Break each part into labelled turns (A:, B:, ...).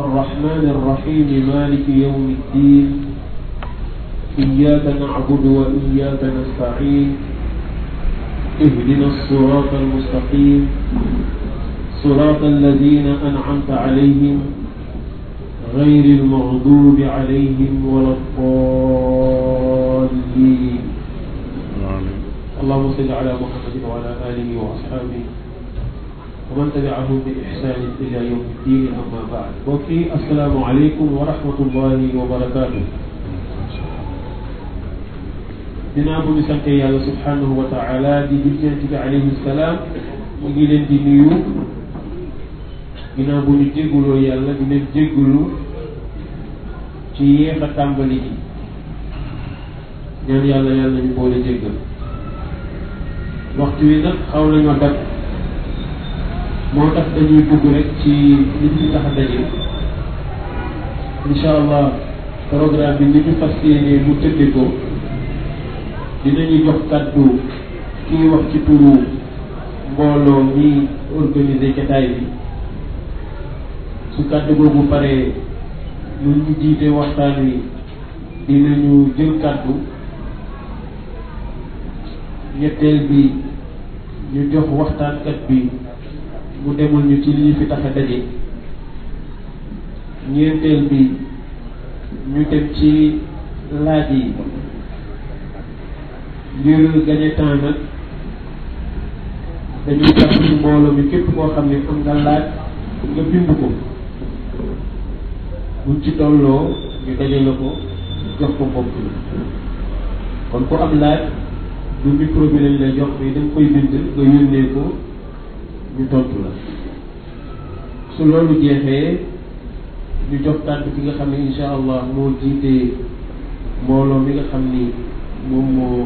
A: الرحمن الرحيم مالك يوم الدين إياك نعبد وإياك نستعين اهدنا الصراط المستقيم صراط الذين أنعمت عليهم غير المغضوب عليهم ولا الضالين اللهم صل على محمد وعلى آله وأصحابه wa man tabiahum bi ihsanin ila yawmi ddiini amma baad mbokk yi asalaamaaleykum wa rahmatullahi wa barakaatu. dinaa bu ñu sante yàlla subhanahu wa taala di julleent bi alayhi salaam mu ngi leen di nuyu ginnaaw bu ñu jégguloo yàlla di leen jéggulu ci yéex a tàmbali ji ñaan yàlla yàlla ñu boole jéggal waxtu wi nag xaw nañoo dagg moo tax dañuy dugg rek ci li ñu tax a daje incha allah programme bi ni ñu fas yéenee mu tëddee ko dinañu jox kàddu kii wax ci turu mbooloo mi organiser jotaay bi su kàddu boobu paree ñun ñu jiite waxtaan wi dinañu jël kàddu ñetteel bi ñu jox waxtaankat bi. mu demul ñu ci li ñu fi tax a daje ñeenteel bi ñu dem ci laaj yi ngir gagné temps nag dañuy tax ci mbooloo mi képp xam ne am nga laaj nga bind ko buñ ci tolloo ñu la ko jox ko mbokk yi kon ku am laaj du micro bi lañ jox mais dañ koy bind nga yónnee ko ñu tontu la su loolu jeexee ñu jox kàddu ki nga xam ne insha allah moo jiite mbooloo mi nga xam ni moom moo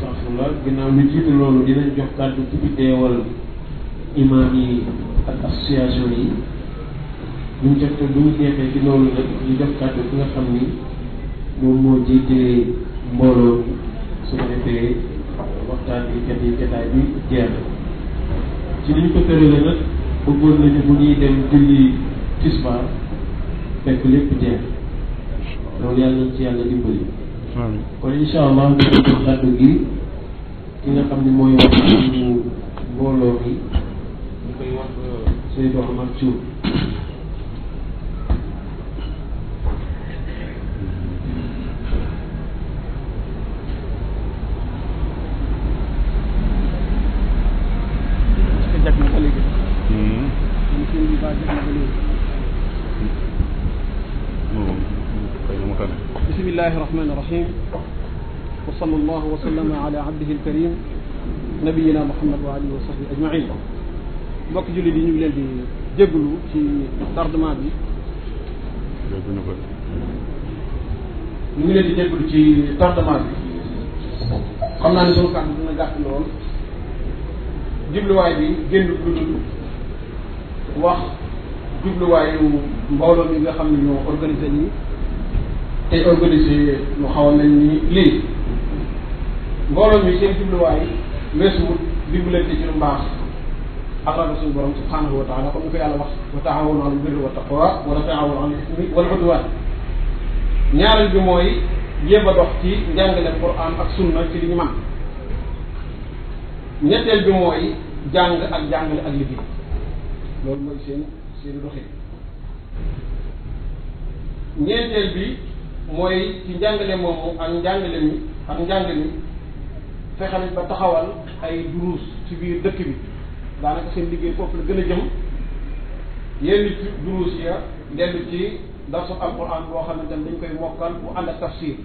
A: saxu la ginnaaw ñu jiite loolu dinañ jox kàddu ki fi teewal imaam yi ak association yi ñu jox ko bu ñu jeexee ci loolu nag ñu jox kàddu ki nga xam ni moom moo jiite mbooloo su ko defee waxtaan bi kat yi jotaay bi jeex ci li ñu ko tëralee nag bëggoon nañu bu ñuy dem julli tisbaar fekk lépp jeex loolu yàlla ci yàlla dimbali. kon incha allah ñu ngi ko kàddu gi ki nga xam ne mooy wax suñu mbooloo mi ñu koy wax euh, Seydou Omar Thioub. الله الرحمن الرحيم وصلى الله وسلم على عبده الكريم نبينا محمد وعليه وصحبه أجمعين mbokk julli di ñu ngi leen di jéggalu ci tardement bi ñu ngi leen di jéggalu ci tardement bi xam naa ne sunu kàddu dina gàtt lool jubluwaay bi génn lu dul wax jubluwaayu mbooloo mi nga xam ne ñoo organisé nii te organisé mu xaw a mel ni lii mbooloo mi seen jubluwaay weesuwut dimbalante ci lu mbaax akrabu suñu borom subhanahu wa taala comme ni ko yàlla wax wa taawanu alal birri wa taqwa wala taawanu alal ismi wal udwan ñaareel bi mooy jéem a dox ci njàngale quran ak sunna ci li ñu man ñetteel bi mooy jàng ak jàngale ak liggéey loolu mooy seen seen doxin ñeenteel bi mooy ci njàngale moomu ak njàngale mi ak njàng mi fexeel ba taxawal ay duruus ci biir dëkk bi daanaka seen liggéey foofu la gën a jëm yenn ci duruus ya dellu ci darsu alquran boo xamante ne dañ koy mokkal bu ànd ak tafsir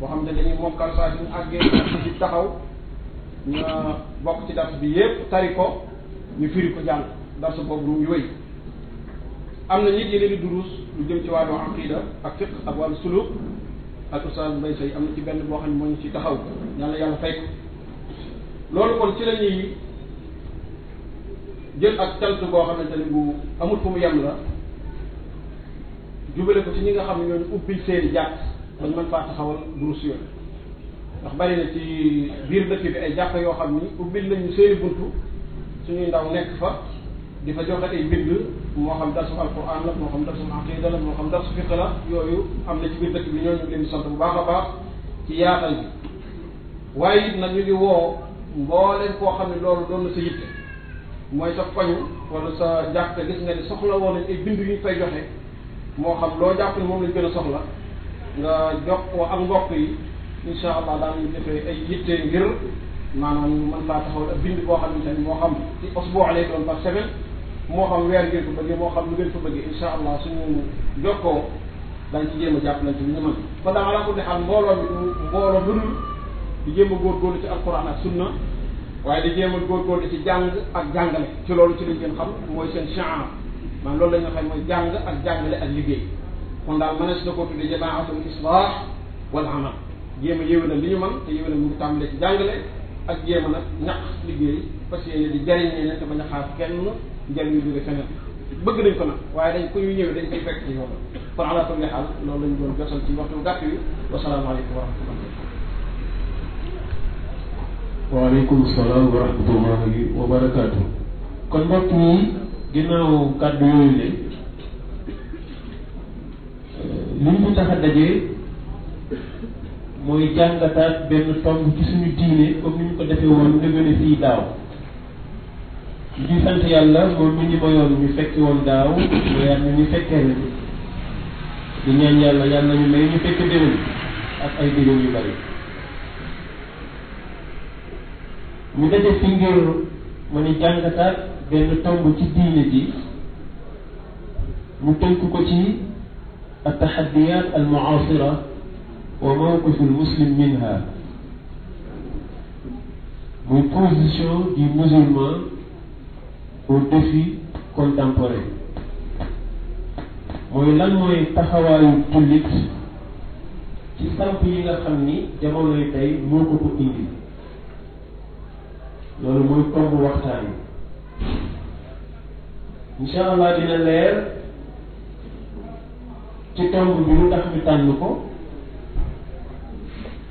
A: boo xam ne dañuy mokkal saa suñu àggee ci taxaw ñu bokk ci dars bi yépp tari ko ñu firi ko jàng dars boobu ñu wéy am na ñuy jëlee di duruus lu jëm ci wàllu aqida ak fiq ak wàllu suluk ak ustaas Mbay Sey am na ci benn boo xam ne moo ñu ci taxaw yàlla la fay ko loolu kon ci la jël ak cant boo xamante ne bu amul fu mu yem la jubale ko ci ñi nga xam ne ñooñu ubbi seen jàpp dañ mën faa taxawal duruus yooyu ndax bari na ci biir dëkk bi ay jàpp yoo xam ni ubbil nañu seeni buntu suñuy ndaw nekk fa di fa ay bind moo xam darsu alquran la moo xam darsu aqida la moo xam darsu fiq la yooyu am na ci biir dëkk bi ñooñu ngi leen sant bu baax a baax ci yaatal bi waaye it nag ñu ngi woo mbooleen koo xam ne loolu doon na sa yitte mooy sa koñu wala sa jàkka gis nga ni soxla woon nañ ay bind yu ñu fay joxe moo xam loo jàpp ne moom lañ gën a soxla nga jox ko ak mbokk yi incha allah daan defee ay yitte ngir maanaam mën faa taxawal ak bind boo xam ne moo xam ci osboo lay doon moo xam weer ngeen ko bëggee moo xam lu ngeen ko bëggee insha allah suñu jokkoo dañ ci jéem a jàpp nañ ci lu ñu mën kon daal ala kulli xaal mbooloo mi mbooloo mënul di jéem a góorgóorlu ci alquran ak sunna waaye di goor a lu ci jàng ak jàngale ci loolu ci lañ gën xam mooy seen chaan maanaam loolu la ñu xam mooy jàng ak jàngale ak liggéey kon daal mënees na ko tudde jamaatul islah wal amal jéem a yéwéna li ñu mën te yéwéna mu ngi tàmbalee ci jàngale a nag ñaq liggéey parce que yéen te bañ a xaar njëriñ yu jóge feneen bëgg nañ ko nag waaye dañ ku ñu ñëwee dañ koy fekk ci yoon kon ala kulli xaal loolu lañ doon jotal ci waxtu gàtt wi wasalaamaaleykum wa rahmatullah waaleykum salaam wa rahmatullahi wa barakaatu kon mbokk yi ginnaaw kàddu yooyu ne eh, li ñu tax a dajee mooy jàngataat benn tomb ci suñu diine comme ni ko defee woon dëgg ne fii daaw di sant yàlla moom mi ñu mayoon ñu fekki woon daaw ba yàlla ñu fekkee na di ñaan yàlla yàlla ñu may ñu fekk déwén ak ay déwén yu bari ñu daje fi ngir ma ni jàngataat benn tomb ci diine ji mu tënk ko ci at-tahaddiyat al-mu'asira wa mawqif al-muslim minha muy position du musulman aux défis contemporains mooy lan mooy taxawaayu jullit ci samp yi nga xam ni jamonoy tey moo ko ko indi loolu mooy tomb waxtaan yi incha allah dina leer ci tomb bi lu tax ñu tànn ko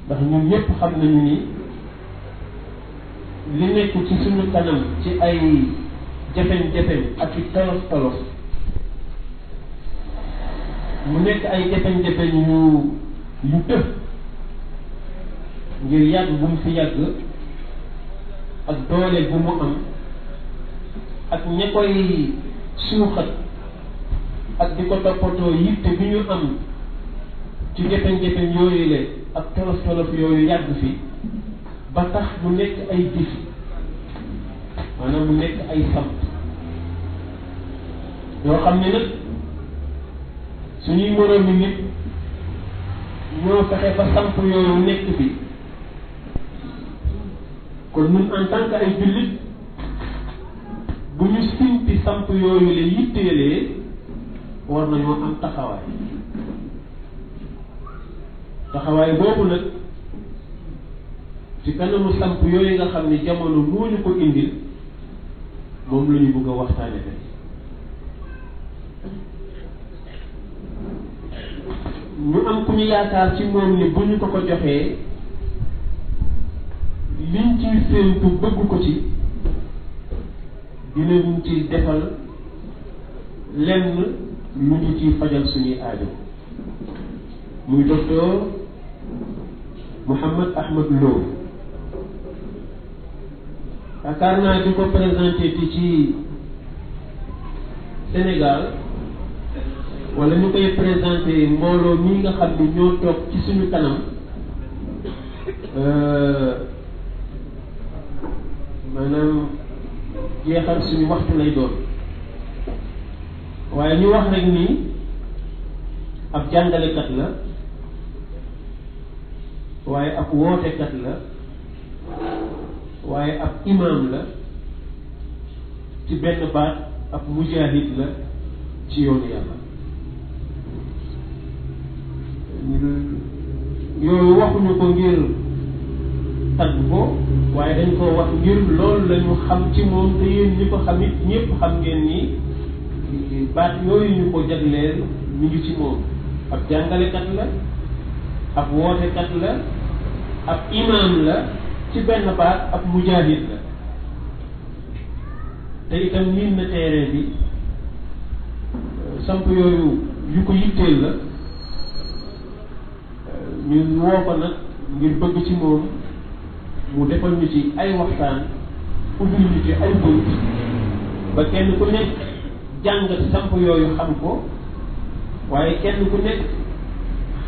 A: ndax ñun ñëpp xam nañu ni li nekk ci suñu kanam ci jafeñ-jafeñ ak i tolof tolof mu nekk ay jafeñ-jafeñ yu yu tëb ngir yàgg bu mu fi yàgg ak doole bu mu am ak ña suuxat ak di ko toppatoo yitte bi ñu am ci jafeñ-jafeñ yooyu le ak tolof tolof yooyu yàgg fi ba tax mu nekk ay difi maanaam mu nekk ay samp yoo xam ne nag suñuy moroomi nit ñoo fexe ba samp yooyu nekk bi kon ñun en tant que ay jullit bu ñu simpi samp yooyu la yitteelee war nañoo am taxawaay taxawaay boobu nag ci kanamu samp yooyu nga xam ne jamono moo ñu ko indil moom la ñu bëgg a waxtaane mu am ku ñu yaakaar ci moom ni bu ñu ko ko joxee ñu ciy séentu bëgg ko ci dinañ ci defal lenn lu ñu ci fajal suñuy aajo muy docteur Mouhammad Ahmad Lo yaakaar naa di ko présenté ci Sénégal wala ñu koy présenté mbooloo mi nga xam ne ñoo toog ci suñu kanam euh, maanaam jeexal suñu waxtu lay doon waaye ñu wax rek nii ab jàngalekat la waaye ab wootekat la waaye ab imaam la ci benn baat ab mujahid la ci yoonu yooyu waxuñu ko ngir tagg ko waaye dañ ko wax ngir loolu lañu ci moom te yéen ñi ko xam it ñëpp xam ngeen ni baat yooyu ñu ko jagleel ñu ngi ci moom ab jàngalekat la ab wootekat la ab imaam la ci benn baat ab mujahid la te itam miin na téere bi samp yooyu yu ko yitteel la ñu woo ko nag ngir bëgg ci moom mu defal ñu ci ay waxtaan ubbil ñu ci ay bunt ba kenn ku nekk jàngat samp yooyu xam ko waaye kenn ku nekk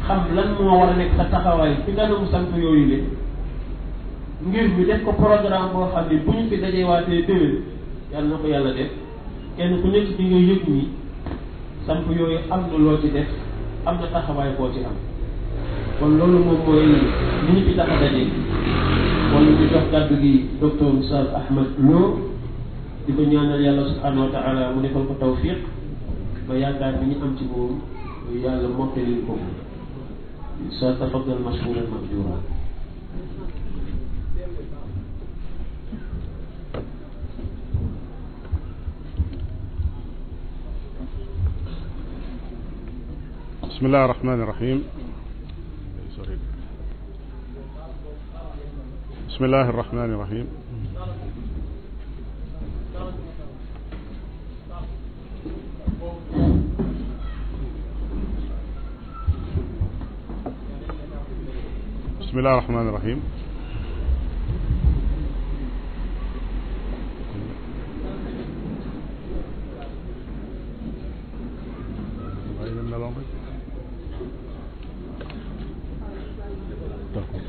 A: xam lan moo war a nekk sa taxawaay fi kanamu samp yooyu le ngir ñu def ko programme boo xam ne bu ñu fi dajewaatee déwén yàlla na ko yàlla def kenn ku nekk ci yëg ni samp yooyu am na loo ci def am na taxawaay boo ci am kon loolu moom mooy li ñu fi tax a daje kon ñu jox kàddu gi docteur Oustaz Ahmad Lo di ko ñaanal yàlla subhanahu wa taala mu defal ko tawfiq ba yaakaar bi ñu am ci moom yàlla mottali ko Oustaz tafaddal mashkuran mahjura
B: bismillah rahmaani rahim bismillahi irrahmani irrahim bismillahi irrahmani irrahim d'accord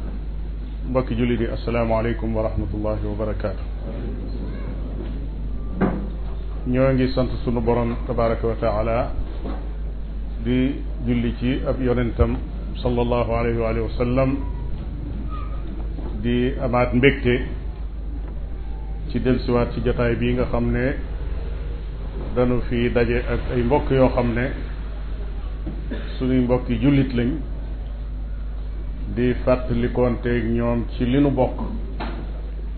B: mbokki jullit yi asalaamaaleykum wa rahmatullahi wa barakaatu. ñoo ngi sant sunu borom tabaraka wa taala di julli ci ab yonentam sallallahu alayhi wa alihi wa sallam di amaat mbégte ci siwaat ci jotaay bii nga xam ne dañu fi daje ak ay mbokk yoo xam ne sunuy mbokki jullit lañ di fàttalikonteeg ñoom ci li nu bokk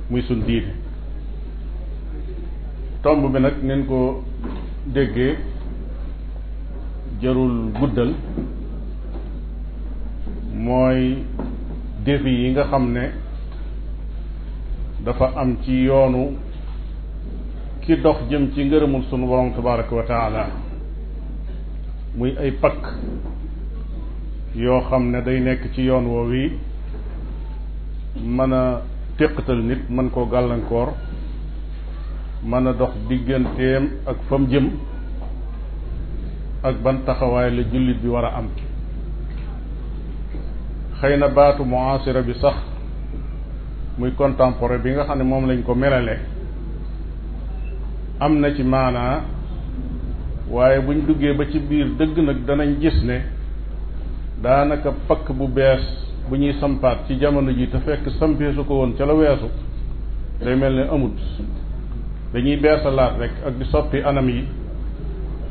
B: muy suñ diine tomb bi nag nen ko dégge jërul guddal mooy défi yi nga xam ne dafa am ci yoonu ki dox jëm ci ngërëmul sunu borom tabaraka wa muy ay pakk yoo xam ne day nekk ci yoon woow yi mën a téqatal nit mën koo gàllankoor mën a dox digganteem ak fam jëm ak ban taxawaay la jullit bi war a am xëy na baatu muasira bi sax muy contemporain bi nga xam ne moom lañ ko melale am na ci maanaa waaye buñ duggee ba ci biir dëgg nag danañ gis ne daanaka pakk bu bees bu ñuy sampaat ci jamono ji te fekk sampee su ko woon ca la weesu day mel ni amut dañuy beesalaat rekk ak di soppi anam yi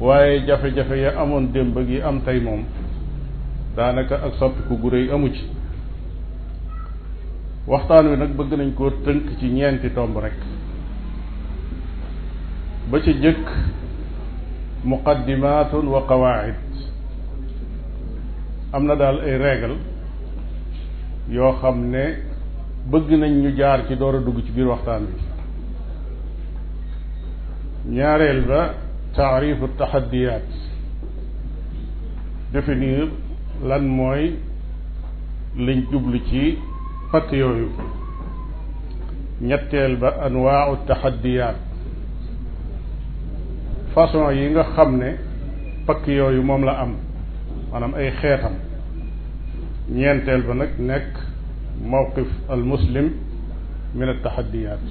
B: waaye jafe-jafe ya amoon démb ak yi am tey moom daanaka ak soppiku gu rëy amu ci waxtaan wi nag bëgg nañ koo tënk ci ñeenti tomb rek ba ca jëkk muqaddimaatun wa qawaid am na daal ay règle yoo xam ne bëgg nañ ñu jaar ci door a dugg ci biir waxtaan bi ñaareel ba taarifu taxaddiyaat définir lan mooy liñ jublu ci patt yooyu ñetteel ba anwaau taxaddiyaat façon yi nga xam ne pakk yooyu moom la am maanaam ay xeetam ñeenteel ba nag nekk mawqif al muslim min al taxaddiyaat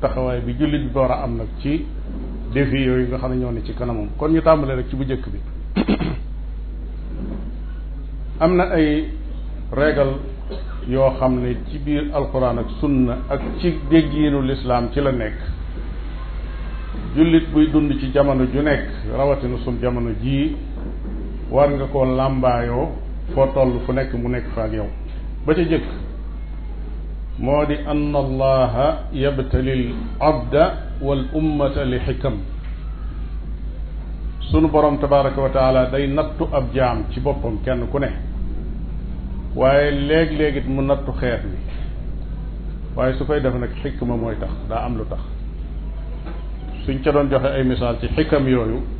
B: taxawaay bi jullit bi war a am nag ci défi yooyu nga xam ne ñoo ne ci kanamam kon ñu tàmbalee rek ci bu njëkk bi am na ay régal yoo xam ne ci biir alquran ak sunna ak ci déggiinu lislaam ci la nekk jullit buy dund ci jamono ju nekk rawatina sum jamono jii war nga koo làmbaayoo foo toll fu nekk mu nekk fa ak yow ba ca jëkk moo di ann allaha yabtali l abda wal ummata li xikam sunu boroom tabaraka wa taala day nattu ab jaam ci boppam kenn ku ne waaye léeg-léeg mu nattu xeet bi waaye su koy def nag xikma mooy tax daa am lu tax suñ ca doon joxe ay misaal ci xikam yooyu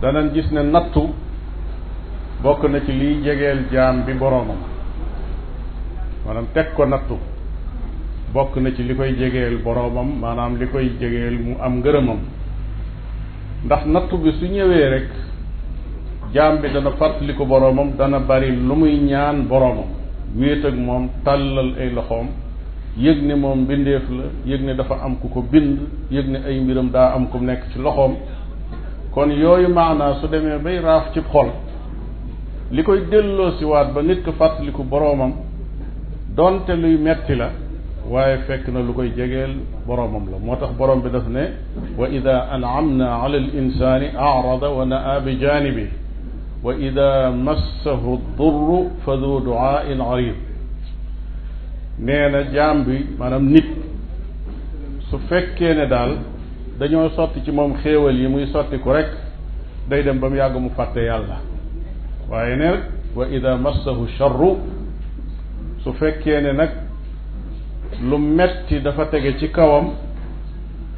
B: danañ gis ne nattu bokk na ci liy jegeel jaam bi boroomam maanaam teg ko nattu bokk na ci li koy jegeel boroomam maanaam li koy jegeel mu am ngërëmam ndax nattu bi su ñëwee rek jaam bi dana fàttaliku boroomam dana bari lu muy ñaan boroomam wéet ak moom tàllal ay loxoom yëg ne moom bindeef la yëg ni dafa am ku ko bind yëg ne ay mbiram daa am ku nekk ci loxoom kon yooyu maanaa su demee bay raaf ci xol li koy delloosiwaat ba nit ko fàttaliku boroomam donte luy metti la waaye fekk na lu koy jegeel boroomam la moo tax boroom bi daf ne wa ida anamna ala al insani arada wa naa bi janibi wa ida massahu durru fa du duain arid nee na jaam bi maanaam nit su fekkee ne daal dañoo sotti ci moom xéewal yi muy sotti ku rek day dem ba mu yàgg mu fàtte yàlla waaye ne nag wa ida massahu charru su fekkee ne nag lu metti dafa tege ci kawam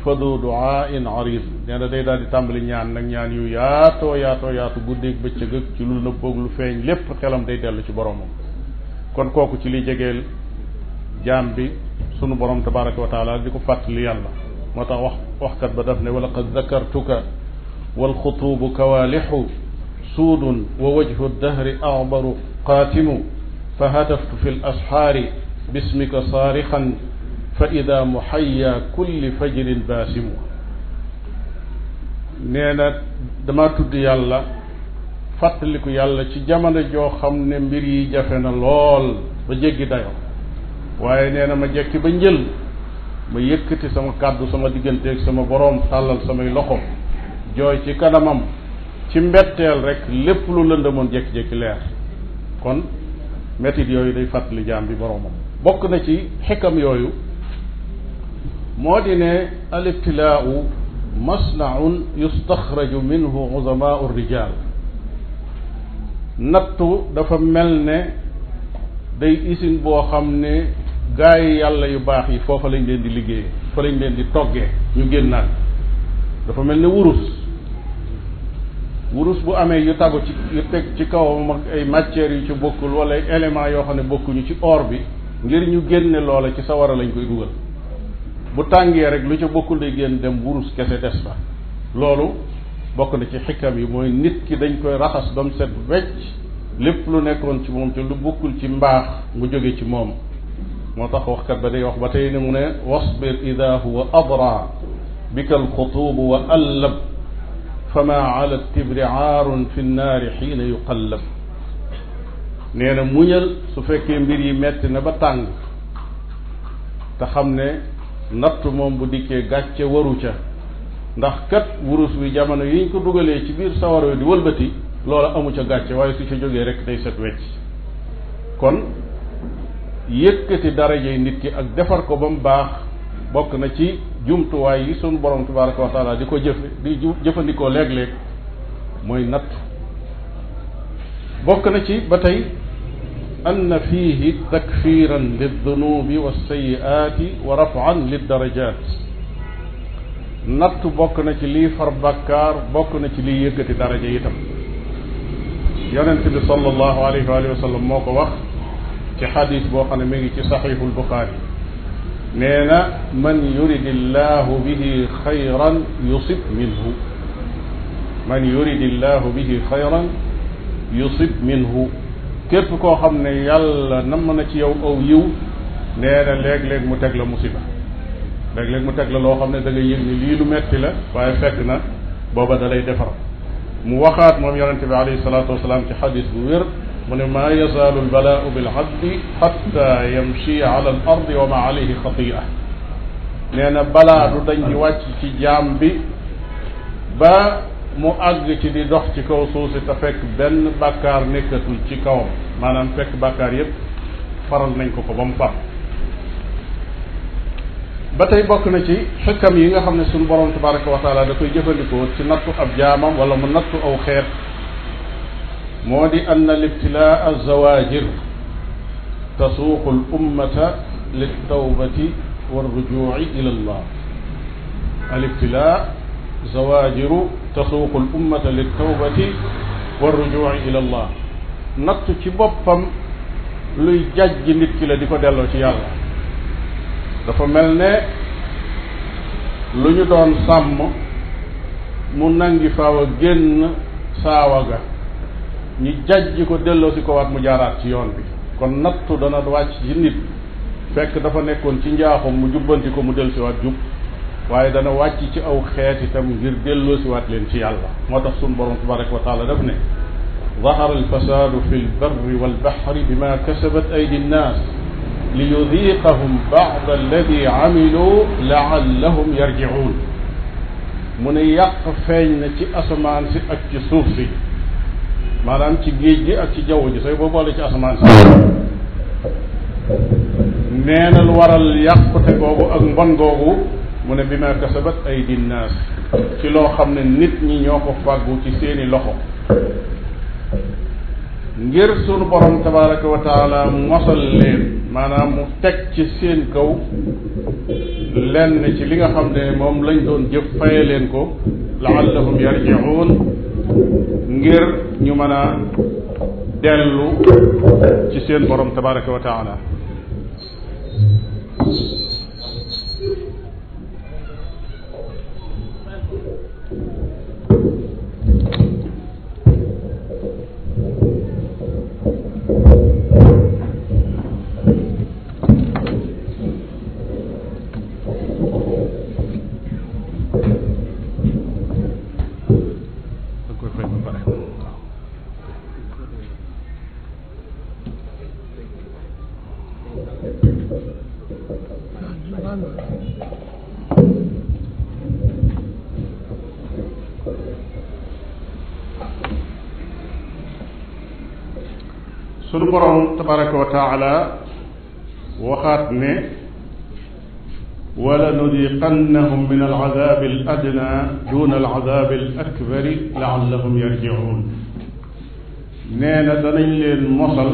B: fa du duain arid nee na day daal di tàmbali ñaan nag ñaan yu yaatoo yaato yaatu guddeeg bëccëg ak ci lu nëbboog lu feeñ lépp xelam day dellu ci boroomam kon kooku ci li jege jaam bi sunu borom tabaraka wa taala di ko fàttali yàlla moo tax wax waxkat ba daf ne wala qad dakartuka walxutuubu kawaalixu suudun wa wajhu dahri acbaru qaatimu fa hataftu fi lasxaari bismika saarixan fa ida muxaya kulli fajrin baasimu nee na dama tudd yàlla fàttaliku yàlla ci jamono joo xam ne mbir yi jafe na lool ba jéggi dayo waaye nee na ma jekki ba njël ma yëkkati sama kàddu sama digganteeg sama boroom tàllal samay loxo jooy ci kanamam ci mbetteel rek lépp lu lëndëmoon jékki-jékki leer kon metit yooyu day fàttali jaam bi boroomam bokk na ci xekkam yooyu moo di ne alibtilaau masnaun yustaxraju minhu uzamaau rijaal nattu dafa mel ne day usine boo xam ne gaa yi yàlla yu baax yi foofa lañ leen di liggéey fa lañ leen di toggee ñu génnaat dafa mel ni wurus wurus bu amee yu tagu ci yu teg ci kawam ak ay matières yu ci bokkul wala ay yoo xam ne bokkuñu ci oor bi ngir ñu génne loola ci sa war a lañ koy dugal bu tàngee rek lu ca bokkul day génn dem wurus kese des fa loolu bokk na ci xikam yi mooy nit ki dañ koy raxas ba mu set wecc lépp lu nekkoon ci moom te lu bokkul ci mbaax mu jóge ci moom moo tax waxkat ba day wax ba tey ne mu ne wax ida huwa adra bika alxutubu wa allab fama ala tibri aarun fi nnaari xiina yuqallab nee na muñal su fekkee mbir yi metti na ba tàng te xam ne natt moom bu dikkee gàcce waru ca ndax kat wurus wi jamono yiñ ko dugalee ci biir di walbati loola amu ca gàcce waaye su ca jógee rek day set kon yëkkati darajey nit ki ak defar ko ba mu baax bokk na ci jumtuwaay yi sunu borom tabaraka wa di ko jëfe di jëfandikoo léeg-léeg mooy natt bokk na ci ba tey ann fiihi takfiran lildunubi walsayiati wa rafan lildarajat natt bokk na ci liy far bàkkaar bokk na ci liy yëkkati daraja itam yonent bi sallallahu alayhi wa sallam moo ko wax ci xadis boo xam ne mi ngi ci saxiixul buxaari nee na man yuridi llahu bihi xayran yusib minhu man yuridi llahu bihi xayran yusib minhu koo xam ne yàlla namm na ci yow aw yiw nee leeg léeg mu teg la musiba léeg-léeg mu teg la loo xam ne da nga ni lii lu metti la waaye fekk na booba da lay defar mu waxaat moom yonente bi alayhi salaatu wasalaam ci xadis bu wér mu ne maa yazaalu albalaau bilabdi xatta yamshiya ala al ardi wa ma alayhi xatia nee na balaa du dañ di wàcc ci jaam bi ba mu àgg ci di dox ci kaw suuf si te fekk benn bàkkaar nekkatul ci kawam maanaam fekk bàkkaar yépp faral nañ ko ko ba mu far ba tey bokk na ci xëkkam yi nga xam ne suñu borom tabaraka wa taala da koy jëfandikoo ci nattu ab jaamam wala mu nattu aw xeet moo di ann libtilaa alzawaajir tasuuqu l ummata liltawbati warrujuci ila allah alibtilaa zawaajiru tasuuqu l ummata liltawbati warrujuci ila allah nattu ci boppam luy jàjj nit ki la di ko delloo ci yàlla dafa mel ne lu ñu doon sàmm mu nangi faaw a génn saawaga ni jajj ko delloo si ko waat mu jaaraat ci yoon bi kon nattu dana wàcc ci nit fekk dafa nekkoon ci njaaxum mu jubbanti ko mu del si waat jub waaye dana wàcc ci aw xeet itam ngir delloo si waat leen ci yàlla moo ta suñu borom tabaraka wa taala daf ne ظهر الفساد في البر والبحر بما كسبت أيدي الناس ليذيقهم بعض الذي عملوا لعلهم يرجعون mu ne yàq feeñ na ci asamaan si ak ci suuf si maanaam ci géej gi ak ci jaww ji sooy boo boole ci asamaan si nee lu waral yàqute googu ak mbon googu mu ne bi ma kasabat ay dinnaas ci loo xam ne nit ñi ñoo ko fàggu ci seeni loxo ngir sunu borom tabaraka wa taala mosal leen maanaam mu teg ci seen kaw lenn ci li nga xam ne moom lañ doon jëf faye leen ko laallahum yarjiun ngir ñu mën a dellu ci seen borom tabaraka wa taala suñu borom tabaraka wa taala waxaat ne wala nudiqannahum min aladabi al adna duna aladabi al akbari laallahum yarjiun nee na danañ leen mosal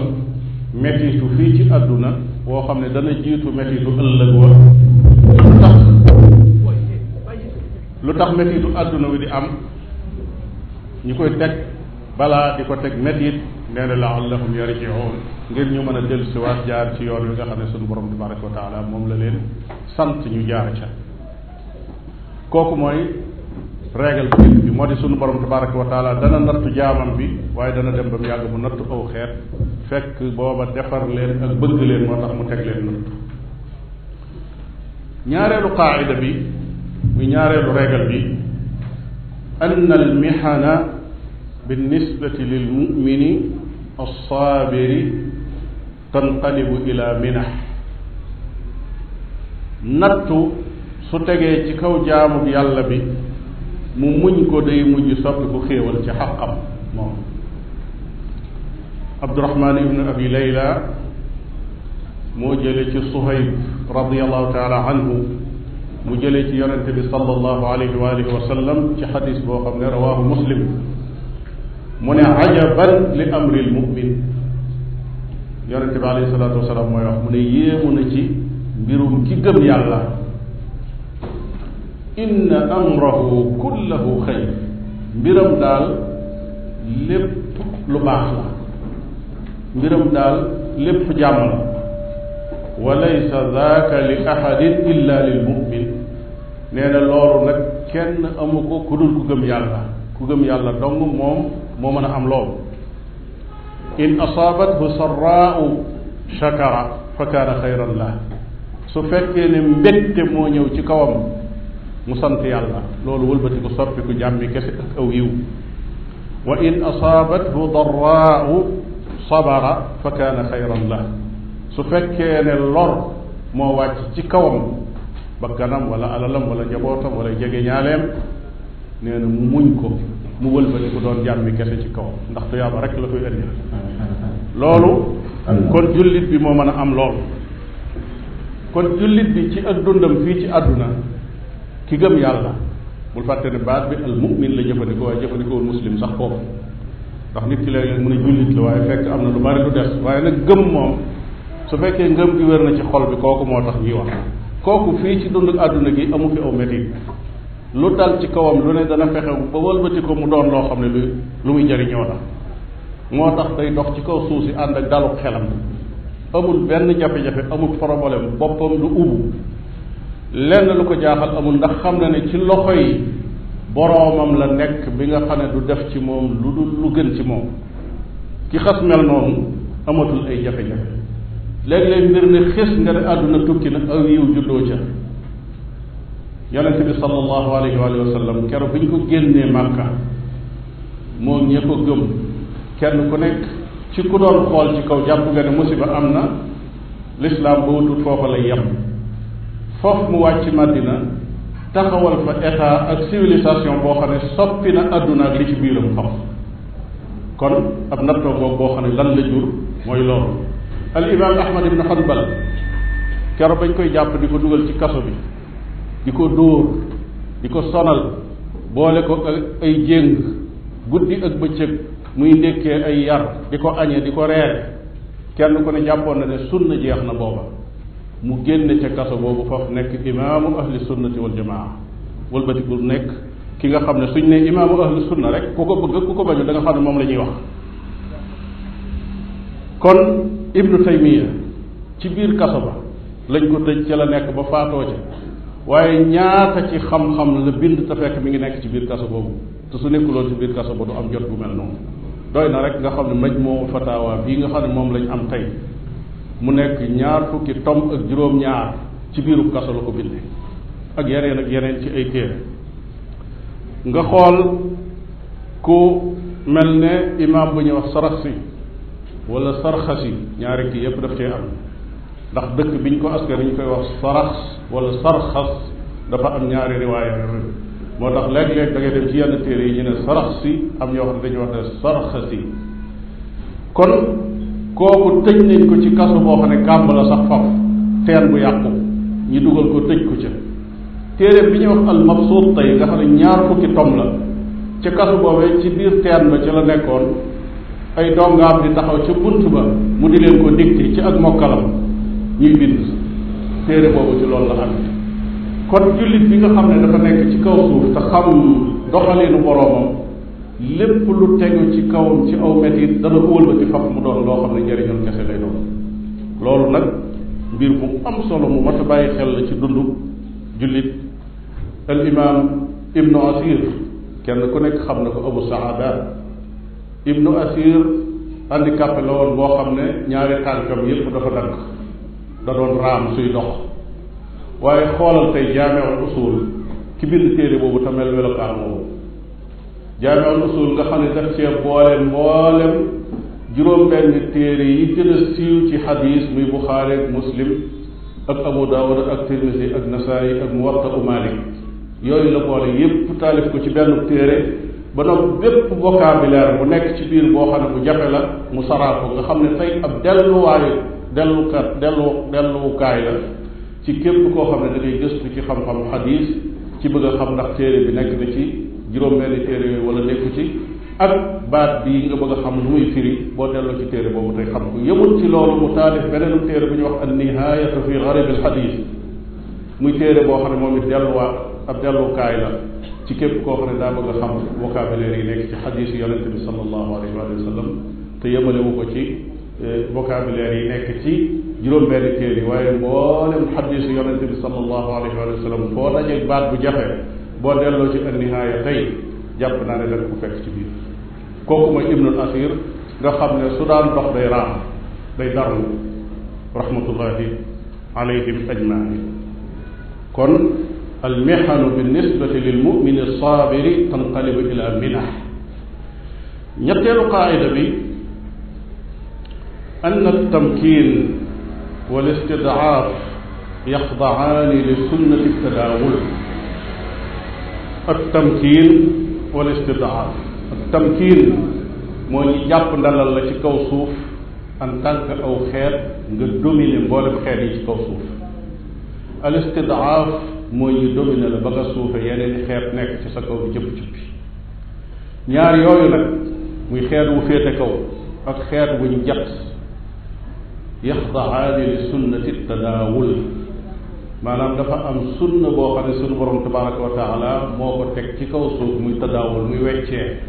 B: métitu fii ci àdduna woo xam ne dana jiitu métitu ëllëg wa lu
C: tax lu tax
B: métitu àdduna wi di am ñu koy teg balaa di ko teg metit nee na laallahum yarjiun ngir ñu mën a dellusiwaat jaar ci yoon wi nga xam ne sunu borom tabaraka wa taala moom la leen sant ñu jaar ca kooku mooy régal bi moo di sunu borom tabaraka wa taala dana nattu jaamam bi waaye dana dem ba mu yàgg mu nattu aw xeet fekk booba defar leen ak bëgg leen moo tax mu teg leen nattu ñaareelu qaayida bi muy ñaareelu régal bi ann mihana binnisbati lil mumini assaabiri tanqalibu ila minax nattu su tegee ci kaw jaamu yàlla bi mu muñ ko day mujj soppi ku xéewal ci xaqam moom abdurahman ibnu abi layla moo jële ci suhayb radiallahu taala anhu mu jële ci yonente bi salallahu alayhi wa alihi wa sallam ci xadis boo xam ne rawahu muslim
A: mu ne ajaban
B: li amril mumin yonente bi alayhi salaatu mooy wax mu ne yéemu na ci mbirum ki gëm yàlla inna amrahu kullahu xayr mbiram daal lépp lu baax la mbiram daal lépp jàmm la wa laysa daaka li ahadin illa loolu nag kenn amu ko ku ku gëm yàlla ku gëm yàlla dong moom moo mën a am loo in asaabathu sarraau shakara fa kaana xayran lah su fekkee ne mbégte moo ñëw ci kawam mu sant yàlla loolu wëlbati ko soppi ku jàmmi kese ak aw yiw in asaabathu darraau sabara fa kaana xayran lah su fekkee ne lor moo wàcc ci kawam bakkanam wala alalam wala njabootam wala jege ñaaleem nee na mu muñ mu wëlbati ku doon jaam bi kese ci kaw ndax tuyaaba rek la koy indi
C: loolu kon
B: jullit bi moo mën a am loolu kon jullit bi ci ak dundam fii ci àdduna ki gëm yàlla bul fàtte ne baat bi al mu'min la jëfandikoo waaye jëfandikoowul muslim sax foofu ndax nit ki léeg-léeg mën a jullit la waaye fekk am na lu bari lu des waaye nag gëm moom su fekkee ngëm gi wér na ci xol bi kooku moo tax ñuy wax kooku fii ci dund àdduna gi amu fi aw métit lu dal ci kawam lu ne dana fexe ba wëlbati ko mu doon loo xam ne lu lu muy jëriñoo la moo tax day dox ci kaw suuf si ànd ak dalu xelam amul benn jafe-jafe amul problème boppam du ubbu lenn lu ko jaaxal amul ndax xam na ne ci loxo yi boroomam la nekk bi nga xam ne du def ci moom lu dul lu gën ci moom ki xas mel noonu amatul ay jafe-jafe léeg-léeg mbir ne xis nga ne àdduna tukki na aw yiw juddoo ca yonente bi sallallahu alayhi wa sallam keroog bi ñu ko génnee màkka moom ñee ko gëm kenn ku nekk ci ku doon xool ci kaw jàpp nga ne musiba am na lislaam ba wutut foofa lay yem foofu mu wàcc Madina taxawal fa état ak civilisation boo xam ne soppi na àdduna ak li ci biiram xam kon ab nattoo boobu boo xam ne lan la jur mooy loolu al imam ahmad ibn hanbal keroog bañ koy jàpp di ko dugal ci kaso bi di ko dóor di ko sonal boole ko ay jéng guddi ak bëccëg muy ndékkee ay yar di ko añe di ko reere kenn ku ne jàppoon na ne sunna jeex na booba mu génne ca kaso boobu foofu nekk imaamu ahli sunnati wal jamaa wëlbatiku nekk ki nga xam ne suñ ne imaamu ahli sunna rek ku ko bëgg ku ko bañu da nga xam ne moom la ñuy wax kon ibnu taymiya ci biir kaso ba lañ ko tëj ca la nekk ba faatoo ca waaye ñaata ci xam-xam la bind te fekk mi ngi nekk ci biir kaso boobu te su nekkuloon ci biir kaso ba du am jot bu mel noonu doy na rek nga xam ne majmu fatawa bii nga xam ne moom lañ am tey nekk ñaar tom ak juróom ci biiru kaso la ko ak yeneen ak yeneen ci ay téere nga xool ku mel ne imaam bu ñuy wax saraxsi wala sarxasi ñaar kii yépp daf cee am ndax dëkk bi ñu ko askan ñu koy wax sarax wala sarxas dafa am ñaari riwaaya yooyu moo tax léeg-léeg da ngay dem ci yenn téere yi ñu ne sarax si am ñoo xam ne dañuy wax ne sarxasi kon kooku tëj nañ ko ci kaso boo xam ne kàmb la bu yàqu ñu dugal ko tëj ko ca bi ñuy wax al mabsuut tey nga xam ne ñaar fukki tom boobee ci biir teen ba ci la nekkoon ay dongaam di taxaw ca bunt ba mu di leen ko dikti ci ak mokkalam ñuy bind téere boobu ci loolu la amee kon jullit bi nga xam ne dafa nekk ci kaw suuf te xam doxalinu boroomam lépp lu tegu ci kawam ci aw metit dana ko wëlbati fab mu doon loo xam ne njëriñoon kese lay doon loolu nag mbir mu am solo mu mat a bàyyi xel la ci dundu jullit al imam ibnu asir kenn ku nekk xam na ko abu saadat ibnu asir handicapé la woon boo xam ne ñaari tànkam yëpp dafa dakk da doon raam suy dox waaye xoolal tey jaameewul usul ki bind téere boobu te mel melokaan boobu jaameewul usul nga xam ne daf cee boole mboolem juróom-benn téere yi gën a siiw ci xadis muy buxaari ak muslim ak abu daawud ak tirmisi ak nasaayi ak muwatta u malik yooyu la boole yépp taalif ko ci benn téere ba nag bépp vocabulaire bu nekk ci biir boo xam ne bu jafe la mu saraa ko nga xam ne tey ab delluwaayu dellukat dellu dellukaay la ci képp koo xam ne da ngay gëstu ci xam-xam xadis ci bëgg a xam ndax téere bi nekk na ci juróom-benni téere yooyu wala nekku ci ak baat bi nga bëgg a xam lu muy firi boo delloo ci téere boobu tey xam ko yëmul ci loolu mu taalif beneenu téere bu ñu wax an nihaayatu fi garib al xadis muy téere boo xam ne moom it delluwaat ab dellukaay la ci képp koo xam ne daa bëgg a xam vocabulaire yi nekk ci xadis yi yonente ci vocabulaire yi nekk ci juróom-benn téere yi waaye mboolem xadisu yonente bi sallallahu baat bu jafe boo delloo ci annihaaya fekk ci biir kooku mooy asir nga xam ne su daan dox day raam day darlu rahmatullahi alayhim ajmain kon almihanu binisbati lilmumini minah ñetteelu qaida أن التمكين والاستضعاف يخضعان لسنة التداول التمكين والاستضعاف التمkiin moo ñu jàpp ndalal la ci kaw suuf en tant aw xeet nga dominer mboolem xeet yi ci kaw suuf al istidaaf moo ñu dominer la ba nga suufe yeneen i xeet nekk ci sa kaw di jëpp jëppi ñaar yooyu nag muy xeet wu féete kaw ak xeet wu ñu jat yaxdaani li sunnati tadaawul maanaam dafa am sunna boo xam ne sunu borom tabaraka wa taala moo ko teg ci kaw suuf muy tadaawul muy weccee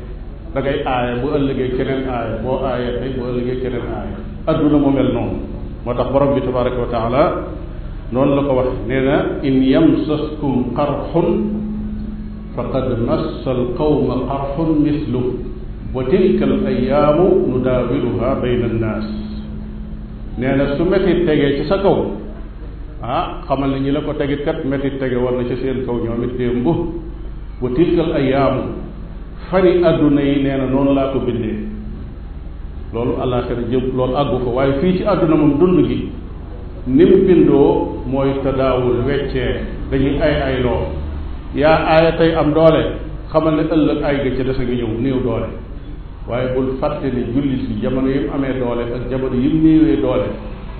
B: da ngay aaya bu ëllëgee keneen aaya boo aaya tey bu ëllëgee keneen aaya adduna mu mel noonu moo tax borom bi tabaraka wa taala noonu la ko wax nee na in yamsaskum qarxun faqad massa alqawma qarxun mislu wa tilka al ayaamu nudaawiluha bayna annaas nee na su metit tegee ci sa kaw ah xamal ne ñi la ko tegit kat metit tege war na ci seen kaw ñoom it démb wa tilkal ayaamu fani adduna yi nee na noonu laa ko bindee loolu àllaaxira jëm loolu àggu ko waaye fii ci àdduna moom dund gi ni mu bindoo mooy tadaawul weccee dañuy ay ay loo yaa aaya tey am doole xamal ne ëllëg ay ga ca des a ngi ñëw néew doole waaye bul fàtte ne jullit bi jamono yim amee doole ak jamono yim néewee doole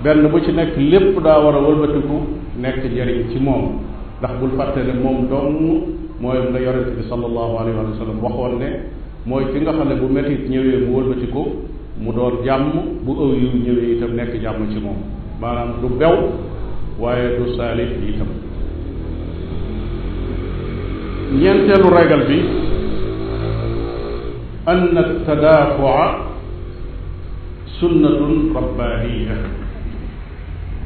B: benn bu ci nekk lépp daa war a wëlbatiku nekk njariñ ci moom ndax bul fàtte moom dong mooy la yonente bi sallallahu alayhi wa sallam waxoon ne mooy ki nga xam ne bu metit ñëwee mu wëlbatiku mu doon jàmm bu ëw yiw ñëwee itam nekk jàmm ci moom maanaam du bew waaye du saalif itam ñeenteelu régal bi ann tadaafua sunnatun rabbaaniya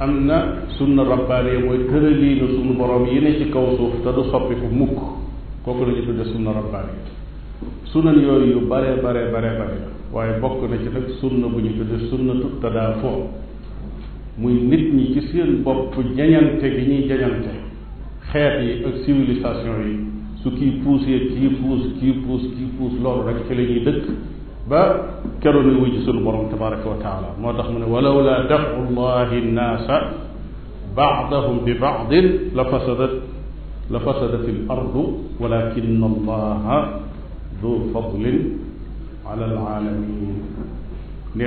B: am na sunna rabbaaniya mooy tëraliinu sunu borom yi ne ci kaw suuf te du soppi fu mukk kooku la ñu tudde sunna rabbaaniya sunan yooyu yu bare bare bare bare waaye bokk na ci nag sunna bu ñu tudde sunnatu tadaafoo muy nit ñi ci seen bopp jañante gi ñuy jañante xeet yi ak civilisation yi su kii puusee kii puus kii puus kii puus dëkk ba keroog ñu wuy ci sunu borom tabaraka wa taala moo tax mu ne walaw laa dafu llahi nnaasa la fasadat la fasadat il ardu walakin du fadlin ala alaalamin nee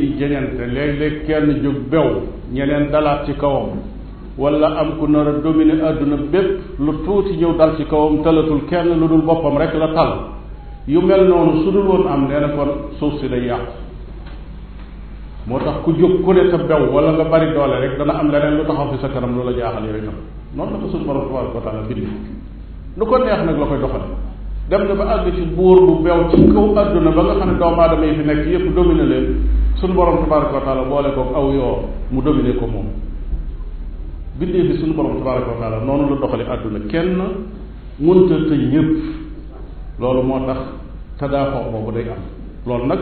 B: di jegante léeg-léeg kenn jóg bew ñeneen ci kawam wala am ku nar a dominer àdduna bépp lu tuuti ñëw dal ci kawam talatul kenn lu dul boppam rek la tal yu mel noonu su dul woon am nee na suuf si day yàqu moo tax ku jóg ku ne te bew wala nga bari doole rek dana am leneen lu taxaw fi sa kanam loola jaaxal yooyu tam noonu la ko suñu borom tabaraka wa taala bind nu ko neex nag la koy doxale dem na ba àgg ci buur bu bew ci kaw àdduna ba nga xam ne doomu aadama fi nekk yëpp dominer leen suñu borom tabaraka wa taala boole mu dominer ko moom bindee fi suñu a tabaraka wa taala noonu la doxale àdduna kenn mënta tëj ñëpp loolu moo tax tadaafoo boobu day am loolu nag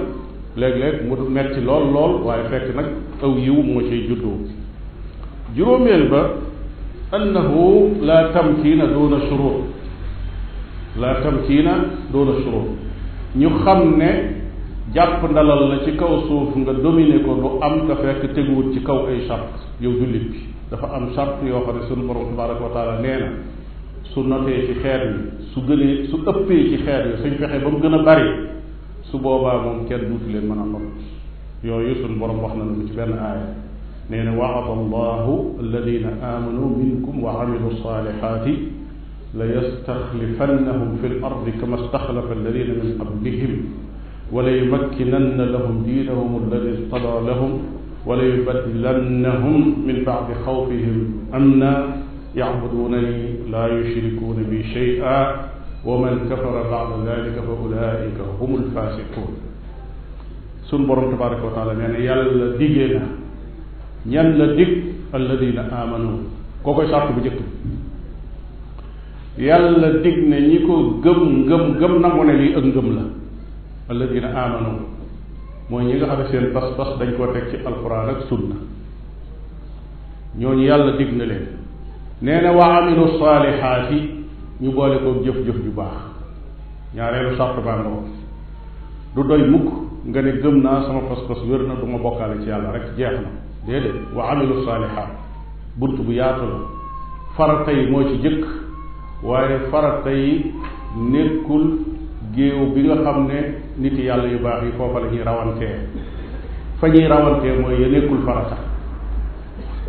B: léeg-léeg mu metti lool lool waaye fekk nag aw yiw moo ciy juddoo juróomeel ba annahu la tamkiina duuna shurut la tamkiina duuna shurut ñu xam ne jàpp ndalal la ci kaw suuf nga dominer ko du am te fekk teguwut ci kaw ay charte yow jullit bi dafa am charte yoo xam ne sunu borom tabaraka wa taala nee na su notee ci xeet yi su gënee su ëppee ci xeet yi suñ fexee ba mu gën a bari su boobaa moom kenn duutu leen mën a not yooyu sunu borom wax na lu ci benn aaya nee na wa'ada allahu alladina amanu minkum wa amilu salihati la yastaxlifannahum fi l ardi kama staxlafa alladina min qablihim wa la yumakkinanna lahum diinahum alladi irtada lahum wala yubaddilannahum min ba'di xawfihim amna yacbudunani laa yushrikuuna bi shay'a wa man kafara ba'da dalika fa ulaika humu lfasiqun sun borom tabaraka wa taala nee na yàlla diggee na ñan la dig alladina amanu koo koy sàkk bu njëkk yàlla dig ne ñi ko gëm ngëm gëm nangu ne lii ak ngëm la alladina amanu mooy ñi nga xam ne seen pas-pas dañ koo teg ci alquran ak sunna ñooñu yàlla dig na leen nee na wa amilu ñu boole koog jëf-jëf ju baax ñaareelu sàrt baa nga wax du doy mukk nga ne gëm naa sama pas-pas wér na du ma bokkaale ci yàlla rek jeex na déedéet wa amilu saalihaat bunt bu yaatu la farata yi moo ci jëkk waaye farata yi nekkul géew bi nga xam ne nit yàlla yu baax yi foofa la ñuy rawantee fa ñuy rawantee mooy ya nekkul farata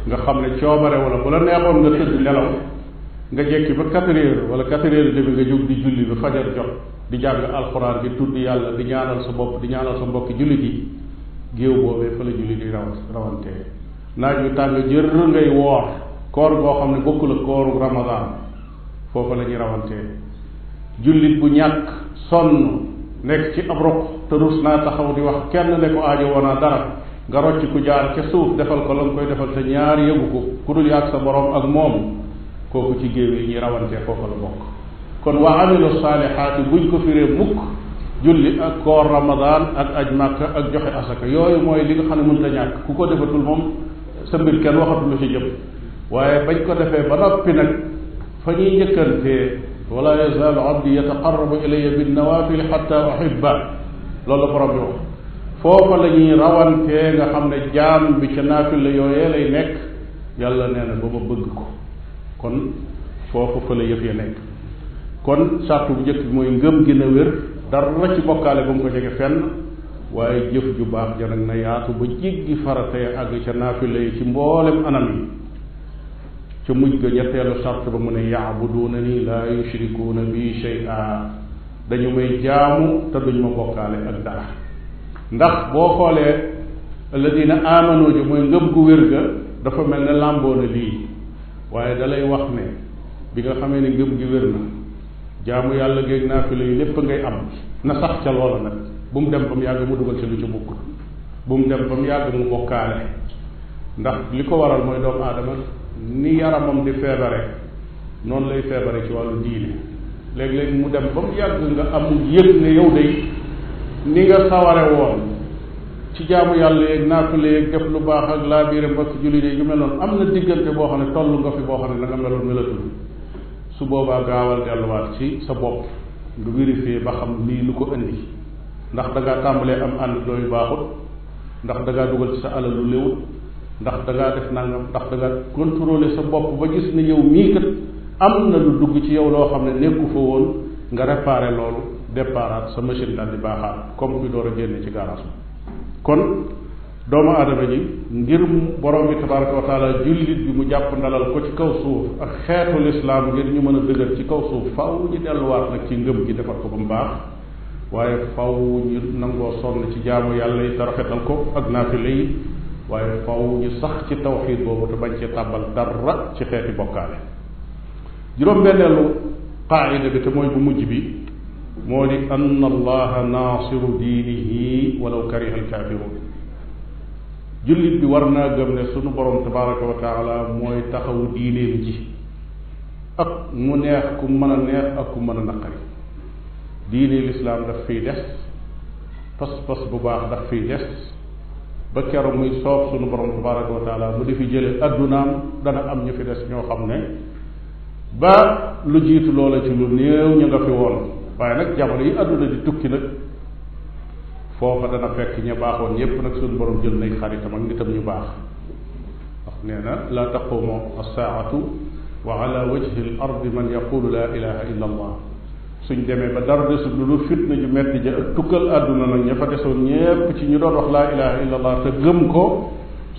B: nga xam ne coobare wala bu la neexoon nga tëdd nelaw nga jekki ba quatre heures wala quatre heures nga jóg di julli ba fajar jot di jàng alxuraan di tudd yàlla di ñaanal sa bopp di ñaanal sa mbokki jullit yi géew boobee fa la julli di raw rawantee naaj wi tàng jër ngay woor koor goo xam ne bokkul ak kooru ramadaan foofa la ñuy rawantee jullit bu ñàkk sonn nekk ci ab rukk te rus naa taxaw di wax kenn ne ko aajo woonaa dara nga rocc ku jaar ca suuf defal ko la nga koy defal te ñaar yëgu ko ku dul yàgg sa borom ak moom kooku ci géew yi ñi rawantee foofa la bokk kon waa amilu saalihaati buñ ko firee mukk julli ak koor ramadan ak aj màkka ak joxe asaka yooyu mooy li nga xam ne mënta ñàkk ku ko defatul moom sa mbir kenn waxatul lu ci jëm waaye bañ ko defee ba noppi nag fa ñuy njëkkantee wala yazaalu abdi yataqarrabu ilayya binnawaafil xatta uhibba loolu la borom bi wax foofa la ñuy nga xam ne jaam bi ca naafila yooyee lay nekk yàlla nee na ba ma bëgg ko kon foofa fa yëf ya nekk kon sàrtu bu njëkk bi mooy ngëm gi na wér dara ci bokkaale bu mu ko jege fenn waaye jëf ju ja nag na yaatu ba jéggi farate àgg ca naafila yi ci mboolem anam yi ca mujj ga ñetteelu sart ba mu ne yaabuduuna ni laa yushrikuuna bi shay'a dañu may jaamu te duñ ma bokkaale ak dara ndax boo xoolee alladina amanu ji mooy ngëm gu wér ga dafa mel ne làmboo na lii waaye dalay wax ne bi nga xamee ne ngëm gi wér na jaamu yàlla géeg naa fi lay lépp ngay am na sax ca loola nag bu mu dem ba mu yàgg mu dugal ci lu ci bukk bu mu dem ba mu yàgg mu bokkaale ndax li ko waral mooy doomu aadama ni yaramam di feebare noonu lay feebare ci wàllu diine léeg-léeg mu dem ba mu yàgg nga amul yëg ne yow day ni nga saware woon ci jaamu yàlla yeeg naafile yeeg def lu baax ak laa biire mbokk jullit yi yu mel noonu am na diggante boo xam ne toll nga fi boo xam ne da nga meloon melatul su boobaa gaawal delluwaat ci sa bopp nga vérifier ba xam lii lu ko indi ndax da ngaa tàmbalee am ànd dooyu baaxut ndax da ngaa dugal ci sa alal lu léwut ndax da ngaa def nangam ndax da nga contrôler sa bopp ba gis ne yow mii kat am na lu dugg ci yow loo xam ne nekku fa woon nga réparé loolu déparaat sa machine daal di baaxaat comme kuy door a génne ci garage kon doomu aadama ji ngir borom bi tabaraka wa taala jullit bi mu jàpp ndalal ko ci kaw suuf ak xeetu lislaam ngir ñu mën a dëgër ci kaw suuf faw ñu delluwaat nag ci ngëm gi defar ko ba mu baax waaye faw ñu nangoo sonn ci jaamu yàlla yi te rafetal ko ak naafile yi waaye faw ñu sax ci tawxid boobu te bañ ci tàbbal dara ci xeeti bokkaale juróom-benneelu qaayida bi te mooy bu mujj bi moo di ann allaha naasiru diinihi walaw kariha alkaafiruun jullit bi war naa gëm ne sunu borom tabaraka wa taala mooy taxawu diineem ji ak mu neex ku mën a neex ak ku mën a naqari diine lislaam daf fiy des pas-pas bu baax daf fiy des ba keroog muy soob sunu borom tabaraka wa taala mu di fi jële addunaam dana am ñu fi des ñoo xam ne ba lu jiitu loola ci lu néew ñu nga fi woon waaye nag jamono yi adduna di tukki nag foofa dana fekk ña baaxoon yépp nag sunu borom jël nay xaritam ak nitam ñu baax wax nee na laa taqumu assaatu wa ala wajhi al man yaqulu la ilaha illa allah suñ demee ba dara desul lu lu fitna ju metti ja ak tukkal àdduna nag ña fa desoon ñépp ci ñu doon wax laa ilaha illa allah te gëm ko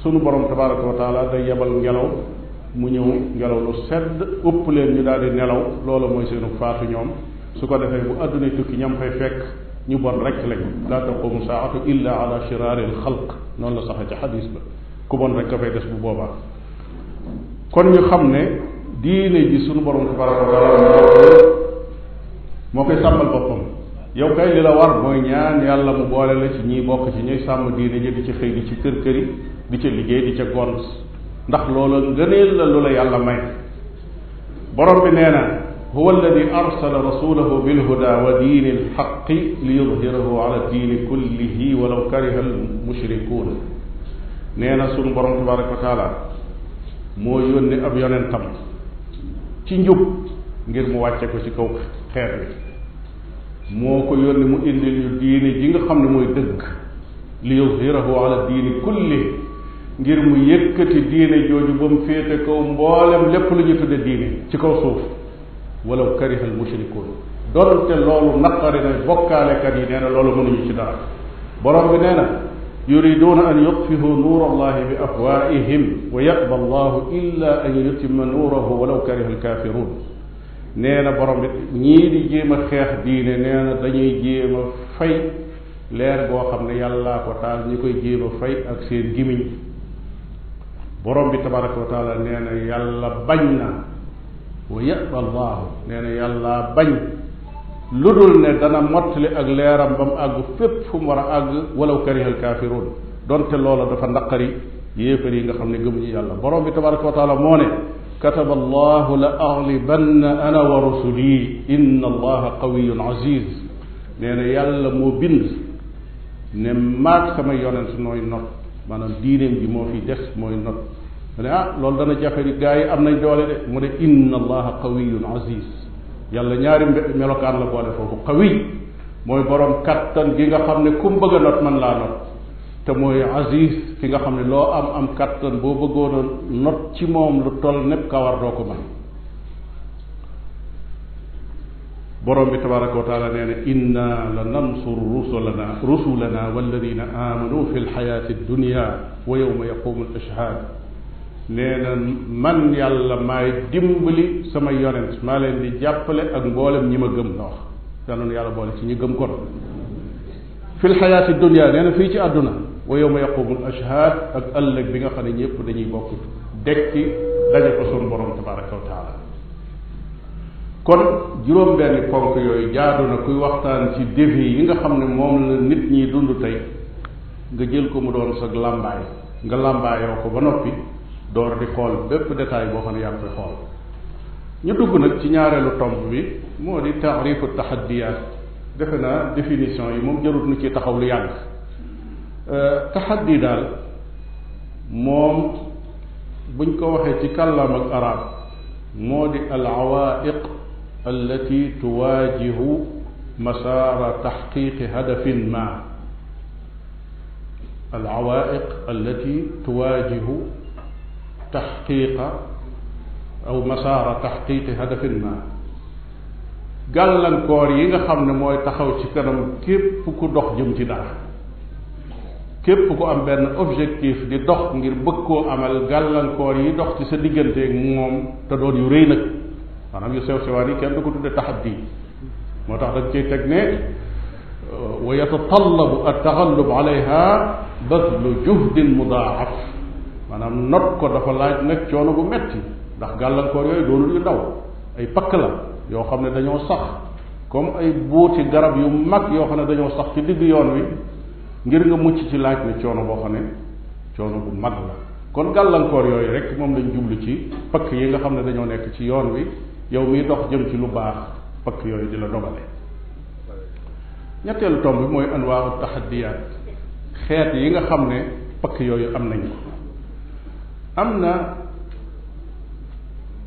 B: sunu borom tabaraka wa taala day yebal ngelaw mu ñëw ngelaw lu sedd ëpp leen ñu daal nelaw loola mooy seenu faatu ñoom su ko defee bu àdduna tukki ñam fay fekk ñu bon rek lañ laa taqumu saatu illa ala shiraari xalq noonu la saxe ci xadis ba ku bon rek ka fay des bu boobaa kon ñu xam ne diine ji sunu borom tabaraka wa moo koy sàmmal boppam yow kay li la war mooy ñaan yàlla mu boole la ci ñiy bokk ci ñuy sàmm diine ñi di ci xëy di ci kër këri di ca liggéey di ca gont ndax loola ngëneel la lu la yàlla may borom bi nee na huwa alladi arsala rasulahu bilhuda wa diini alxaqi liyudhirahu ala diini kullihi walaw kariha almushrikuun nee na sunu borom tabaraka wa taala moo yónni ab yonentam ci njub ngir mu wàcce ko ci kaw xeet wi moo ko yónni mu indil ñu diine ji nga xam ne mooy dëgg li yuzhirahu ala diini kulli ngir mu yëkkati diine jooju ba mu féete kaw mboolem lépp lu ñu tudde diine ci kaw suuf walaw kariha al mushrikuun donte loolu naqari na bokkaalekat yi nee an yutfihu nuur allahi bi afwaihim wa yaqba allahu illa an yutima nuurahu walaw kariha alkaafiruun nee na borom bi ñii di jéem a xeex diine nee na dañuy jéem a fay leer boo xam ne yàlla ko taal ñi koy jéem a fay ak seen gimiñ borom bi tabaraka wa neena nee na yàlla bañ na wa yaba allahu nee yàlla yàllaa bañ lu dul ne dana mottali ak leeram bam mu àgg fépp fu mu war a àgg walaw karihal kaafiruun donte loola dafa naqari yéefar yi nga xam ne gëmuñu yàlla borom bi tabaraka wa moo ne kataba allahu la aghlibanna ana wa rusuli inna allaha qawiyun aziz nee na yàlla moo bind ne maag samay yonent nooy not maanaam diineem ji moo fi des mooy not mu ne ah loolu dana jafe ni yi am nañ doole de mu ne inna allaha qawiyun aziz yàlla ñaari melokaan la boole foofu qawiy mooy borom kattan gi nga xam ne ku mu bëgg a not man laa not te mooy aziz ki nga xam ne loo am am kàttan boo bëggoon a not ci moom lu toll népp kawar doo ko mën borom bi tabaraka wa taala nee na inna la nansuru rusulana rusulana walladina amanu fi lxayaati dunia wa yowma yaqumu l ashhaad nee man yàlla maay dimbali sama yonent maa leen di jàppale ak mboolem ñi ma gëm la wax danoonu yàlla boole ci ñi gëm kon fi lxayaati dunia nee fii ci àdduna wa yawma yaqumul ashhad ak ëllëg bi nga xam ne ñëpp dañuy bokk dekki daje ko sunu borom tabaraka wa kon juróom benni ponk yooyu jaadu na kuy waxtaan ci défi yi nga xam ne moom la nit ñi dund tey nga jël ko mu doon sag làmbaay nga làmbaayoo ko ba noppi door di xool bépp détail boo xam ne yaa ngi xool ñu dugg nag ci ñaareelu tomb bi moo di taarifu tahaddiyaat defe naa définition yi moom jarut nu ci taxaw lu yàgg taxaddi daal moom buñ ko waxee ci kàllaam ak arab moo di al awaiq allati tuwaajihu masaara taxqiqi hadafin ma al awaiq allati tuwaajihu taxqiqa aw masaara taxqiqi hadafin ma gàllankoor yi nga xam ne mooy taxaw ci kanam képp ku dox jëm ci dara képp ku am benn objectif di dox ngir bëgg koo amal gàllankoor yi dox ci sa digganteeg moom te doon yu rëy nag maanaam yu sew sewaan yi kenn du ko tudde taxaddi moo tax dañ cay teg ne wa yatatallabu at-taxallub alayha badlu juhdin mudaaf maanaam not ko dafa laaj nag coono bu metti ndax gàllankoor yooyu doonul yu ndaw ay pakk la yoo xam ne dañoo sax comme ay buuti garab yu mag yoo xam ne dañoo sax ci digg yoon wi ngir nga mucc ci laaj na coono boo xam ne coono bu mag la kon gàllankoor yooyu rek moom lañ jublu ci pakk yi nga xam ne dañoo nekk ci yoon wi yow miy dox jëm ci lu baax pakk yooyu di la dogale ñetteelu tomb bi mooy anwaaru taxadiyaat xeet yi nga xam ne pakk yooyu am nañ ko am na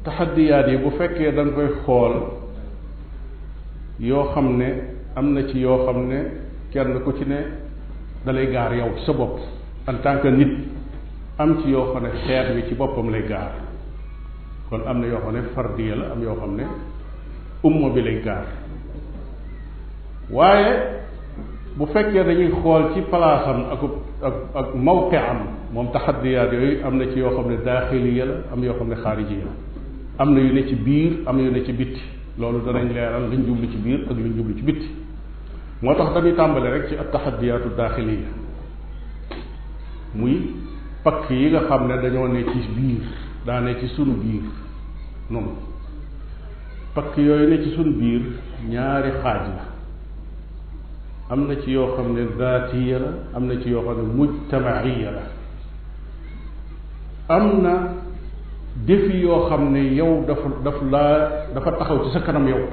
B: taxadiyaat yi bu fekkee da koy xool yoo xam ne am na ci yoo xam ne kenn ku ci ne dalay gaar yow sa bopp en tant que nit am ci yoo xam ne xeet wi ci boppam lay gaar kon am na yoo xam ne fardiya la am yoo xam ne umma bi lay gaar waaye bu fekkee dañuy xool ci palaasam ak ak ak mawqi am moom taxaddiyaat yooyu am na ci yoo xam ne daaxiliya la am yoo xam ne xaarijiya la am na yu ne ci biir am na yu ne ci bitti loolu danañ leeral luñ jublu ci biir ak luñ jublu ci bitti moo tax dañuy tàmbali rek ci at taxadiyaatu daaxiliya muy pakk yi nga xam ne dañoo ne ci biir daane ne ci sunu biir noonu pakk yooyu ne ci sunu biir ñaari xaaj la am na ci yoo xam ne daatiya la am na ci yoo xam ne mujtamaiya la am na défi yoo xam ne yow dafa daf laa dafa taxaw ci sa kanam yow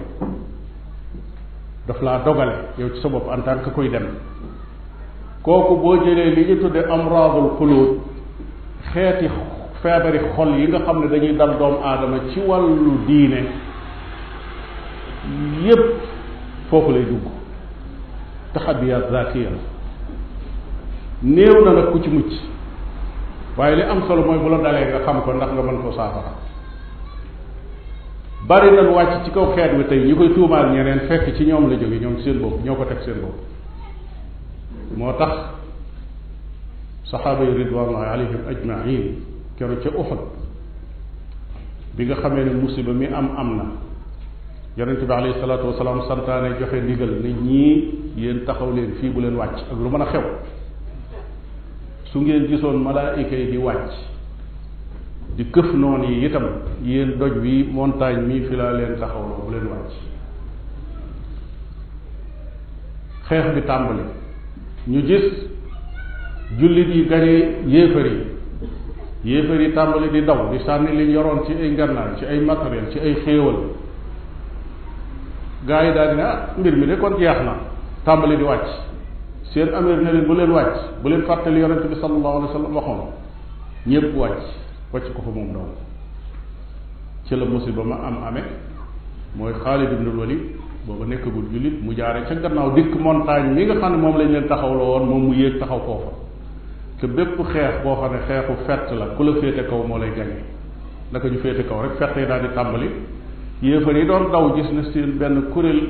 B: daf laa dogale yow ci sa bopp en tant que kuy dem kooku boo jëlee li ñu tudde amradul xuluub xeeti feebari xol yi nga xam ne dañuy dal doomu aadama ci wàllu diine yépp foofu lay dugg taxabiyaat zakiya néew na nag ku ci mucc waaye li am solo mooy bu la dalee nga xam ko ndax nga mën koo saafara bari nañ wàcc ci kaw xeet wi tey ñi koy tuumaal ñeneen fekk ci ñoom la jóge ñoom seen bopp ñoo ko teg seen bopp moo tax saxaaba yi ridwanullahi alayhim ajmain keroog ca Uhud bi nga xamee ni musiba mi am am na yonent bi alayhi salaatu wasalaam santaane joxe ndigal ne ñii yéen taxaw leen fii bu leen wàcc ak lu mën a xew su ngeen gisoon malaayika yi di wàcc di këf noon yi itam yéen doj bi montaañ mi fi laa leen taxawloo bu leen wàcc xeex bi tàmbali ñu gis jullit yi gañe yéefar yi yéefar yi tàmbali di daw di sànni liñ yoroon ci ay ngànnaay ci ay matériel ci ay xéewal gaa yi daal di ne ah, mbir mi de kon jeex na tàmbali di wàcc seen amir ne leen bu leen wàcc bu leen fàttali yonent bi sallallahu alayhi wa waxoon ñépp wàcc wàcc ko fa moom dong ci la musiba ma am amee mooy Xaalid ibnul Walid booba nekkagul jullit mu jaare ca gannaaw dikk montagne mi nga xam ne moom lañ leen taxawloo woon moom mu yéeg taxaw foofa te bépp xeex boo xam ne xeexu fett la ku la féete kaw moo lay gañe naka ñu féete kaw rek fett daal di tàmbali yéefar yi doon daw gis na seen benn kuréel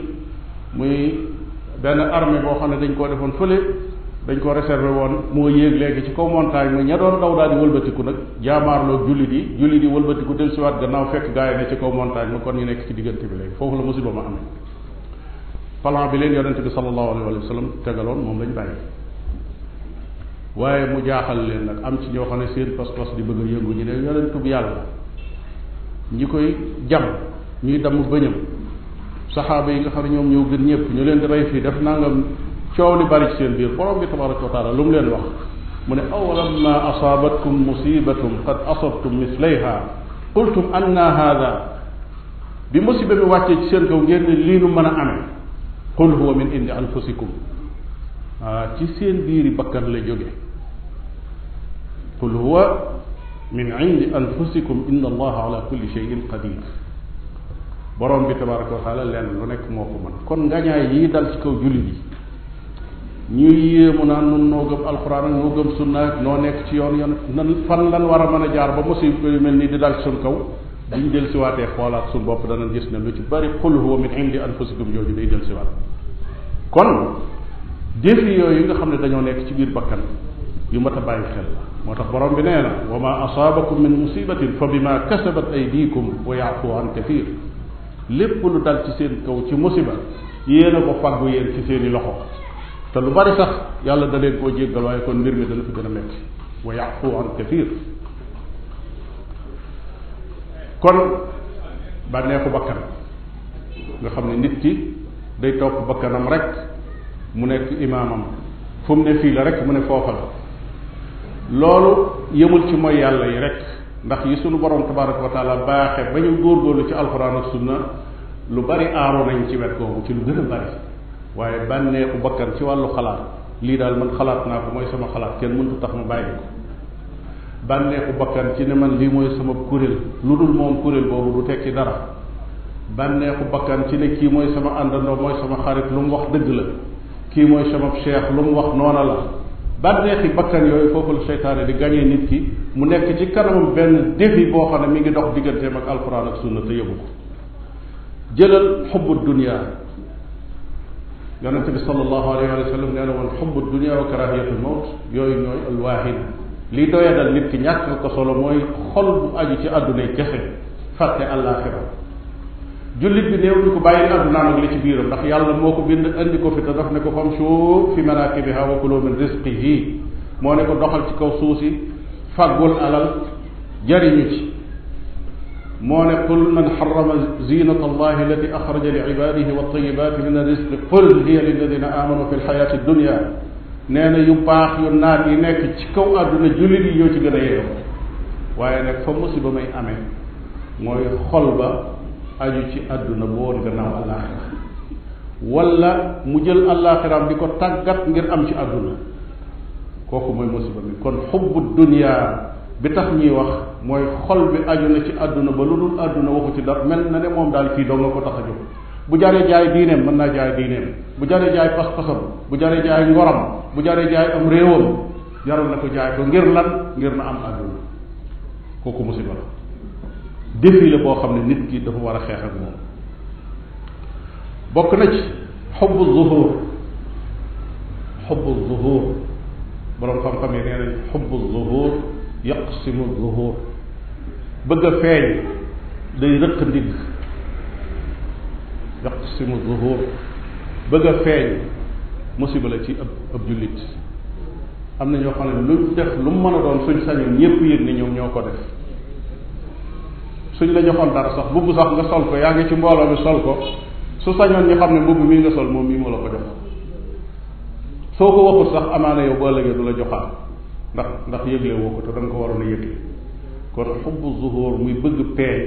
B: muy benn armée boo xam ne dañ koo defoon fële dañ ko réservé woon moo yéeg léegi ci kaw montagne mu ña doon daw daal di wëlbatiku nag jaamaarloog jullit yi jullit yi wëlbatiku del siwaat gannaaw fekk gaa yi ne ci kaw montagne ma kon ñu nekk ci diggante bi léegi foofu la musiba ma amee plan bi leen yonente bi sallallahu alayhi wa sallam tegaloon moom lañ bàyyi waaye mu jaaxal leen nag am ci ñoo xam ne seen pas-pas di bëgg yëngu ñu ne yonentub yàlla ñi koy jam ñuy damm bëñam saxaaba yi nga xam ne ñoom ñoo gën ñëpp ñu leen di fii def nangam coow li bari ci seen biir borom bi tabaraka wa taala lu mu leen wax mu ne awalamma asaabatkum musibatum qad asabtum mislayha qultum anna hada bi musiba bi wàccee ci seen kaw ngeen ne lii nu mën a amee qul huwa min indi anfusikum waa ah, ci seen biiri bakkan la jóge qul huwa min indi anfusikum inna allaha ala kulli shay'in qadir borom bi tabaraka wa taala leen lu nekk moo ko mën kon ngañaay yi dal ci kaw jullit yi ñuy yéemu naan nun noo gëm alxuraan ak noo gëm sunna ak noo nekk ci yoon yoon nan fan lan war a mën a jaar ba musiba yu mel nii di dal suñ kaw diñ del siwaatee xoolaat suñ bopp danañ gis ne lu ci bari qul huwa min indi anfusikum jooju day del siwaat kon défi yooyu nga xam ne dañoo nekk ci biir bakkan yu mat a bàyyi xel moo tax borom bi nee na wa ma asaabakum min musibatin fa bima kasabat aydikum wa yaafu an kathir lépp lu dal ci seen kaw ci musiba yéen a ko faggu yéen ci loxo te lu bari sax yàlla da leen koo jéggal waaye kon mbir mi dana fi gën a metti wa yaqu an kathir kon bànneexu bakkan nga xam ne nit ki day topp bakkanam rek mu nekk imaamam fu ne fii la rek mu ne foofa la loolu yëmul ci mooy yàlla yi rek ndax yi sunu borom tabaraka wa taala baaxe ba ñu góorgóorlu ci alxuraan ak sunna lu bari aaro nañ ci wet googu ci lu gën a bari waaye bànneexu bakkan ci wàllu xalaat lii daal man xalaat naa ko mooy sama xalaat kenn mëntu tax mu bàyyi ko bànneexu bakkan ci ne man lii mooy sama kuréel lu dul moom kuréel boobu bu tekki dara bànneexu bakkan ci ne kii mooy sama àndandoo mooy sama xarit lu mu wax dëgg la kii mooy sama cheikh lu mu wax noona la bànneexi bakkan yooyu foofu la seytaane di gañee nit ki mu nekk ci kanamam benn défi boo xam ne mi ngi dox digganteem ak alxuraan ak sunna te yëgu yonente bi sallallahu alayhi wa sallam nee na woon xubbu dunia wa karahiyatul yooyu ñooy al waahid li doyadal nit ki ñàkk ko solo mooy xol bu aju ci àddunay kese fàtte àllaaxira jullit bi néew ñu ko bàyyi àddunaam ak li ci biiram ndax yàlla moo ko bind andi ko fi te daf ne ko famshu fi manaakibiha wa kulu min rizqihi moo ne ko doxal ci kaw suuf fàggul alal jariñu ci moo ne qul man xarama zinata allahi allati axraja li ibadihi wa tayibaati min arrisqi qul hiya lilladina amanu fi lxayaati dunia nee na yu baax yu naat yi nekk ci kaw àdduna jullit yi ñoo ci gën a yeew waaye nag fa musiba may amee mooy xol ba aju ci àdduna bu woon gannaaw àllaaxira wala mu jël àllaaxiraam di ko tàggat ngir am ci àdduna kooku mooy musiba mi kon xubbu dunia bi tax ñuy wax mooy xol bi aju na ci àdduna ba lu dul àdduna waxu ci dara mel na ne moom daal kii doo nga ko tax a jóg bu jaree jaay diineem mën naa jaay diineem bu jaree jaay pas-pasam bu jaree jaay ngoram bu jaree jaay am réewam jaral na ko jaay ko ngir lan ngir na am àdduna kooku musiba la défi boo xam ne nit ki dafa war a xeex moom bokk na ci xubbu zuhur xubbu zuhur boroom xam-xam yi nee nañ xubbu zuhur yaqsimu zuhur bëgg a feeñ day rëq ndigg yaqsimu zuhur bëgg a feeñ musiba la ci ab ab jullit am na ñoo xam ne luñ def lu mu mën a doon suñ sañoon ñépp yëg ni ñoom ñoo ko def suñ la joxoon dara sax mbubb sax nga sol ko yaa ngi ci mbooloo mi sol ko su sañoon ñu xam ne mbubb mii nga sol moom mii moo la ko jox soo ko waxul sax amaana yow boo léegi du la joxaat ndax ndax yëgle woo ko te da nga ko waroon a yëgle kon xubbu zuhur muy bëgg peeñ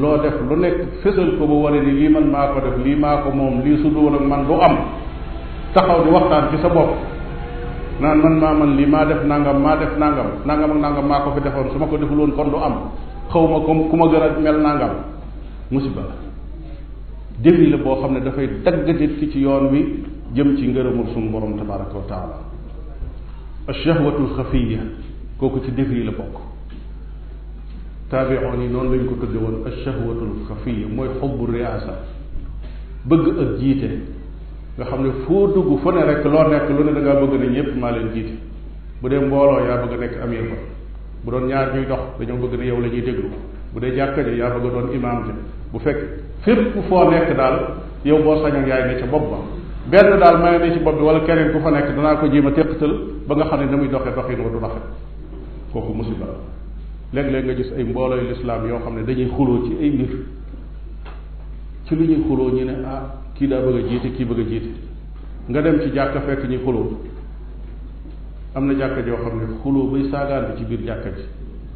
B: loo def lu nekk fësal ko ba wane ni lii man maa ko def lii maa ko moom lii su doon ak man du am taxaw di waxtaan ci sa bopp naan man maa man lii maa def nangam maa def nangam nangam ak nangam maa ko fi defoon su ma ko deful woon kon du am xaw ma comme ku ma gër a mel nangam musiba la jëfi la boo xam ne dafay dagg nit ki ci yoon wi jëm ci ngërëmul sunu borom tabaraka wa taala ashahwatul xafiya kooku ci degré la bokk taabiroon yi noonu lañ ko tudde woon ashahwatul xafiya mooy xobbu riyaasa bëgg ak jiite nga xam ne foo dugg fu ne rek loo nekk lu ne da ngaa bëgg ne ñëpp maa leen jiite bu dee mbooloo yaa bëgg a nekk amir ba bu doon ñaar ñuy dox dañoo bëgg ne yow la ñuy déglu bu dee jàkka ja yaa bëgg a doon imaam ja bu fekk fépp foo nekk daal yow boo sañoon yaay ne ca bopp ba benn daal may ne ci bopp bi wala keneen ku fa nekk danaa ko jéem a teqatal ba nga xam ne damuy doxee doxin wa du rafet kooku musiba léeg-léeg nga gis ay mboolooy lislaam yoo xam ne dañuy xuloo ci ay mbir ci lu ñuy xuloo ñu ne ah kii daa bëgg a jiite kii bëgg a jiite nga dem ci jàkka fekk ñu xuloo am na jàkka joo xam ne xuloo bay saagaan ci biir jàkka ji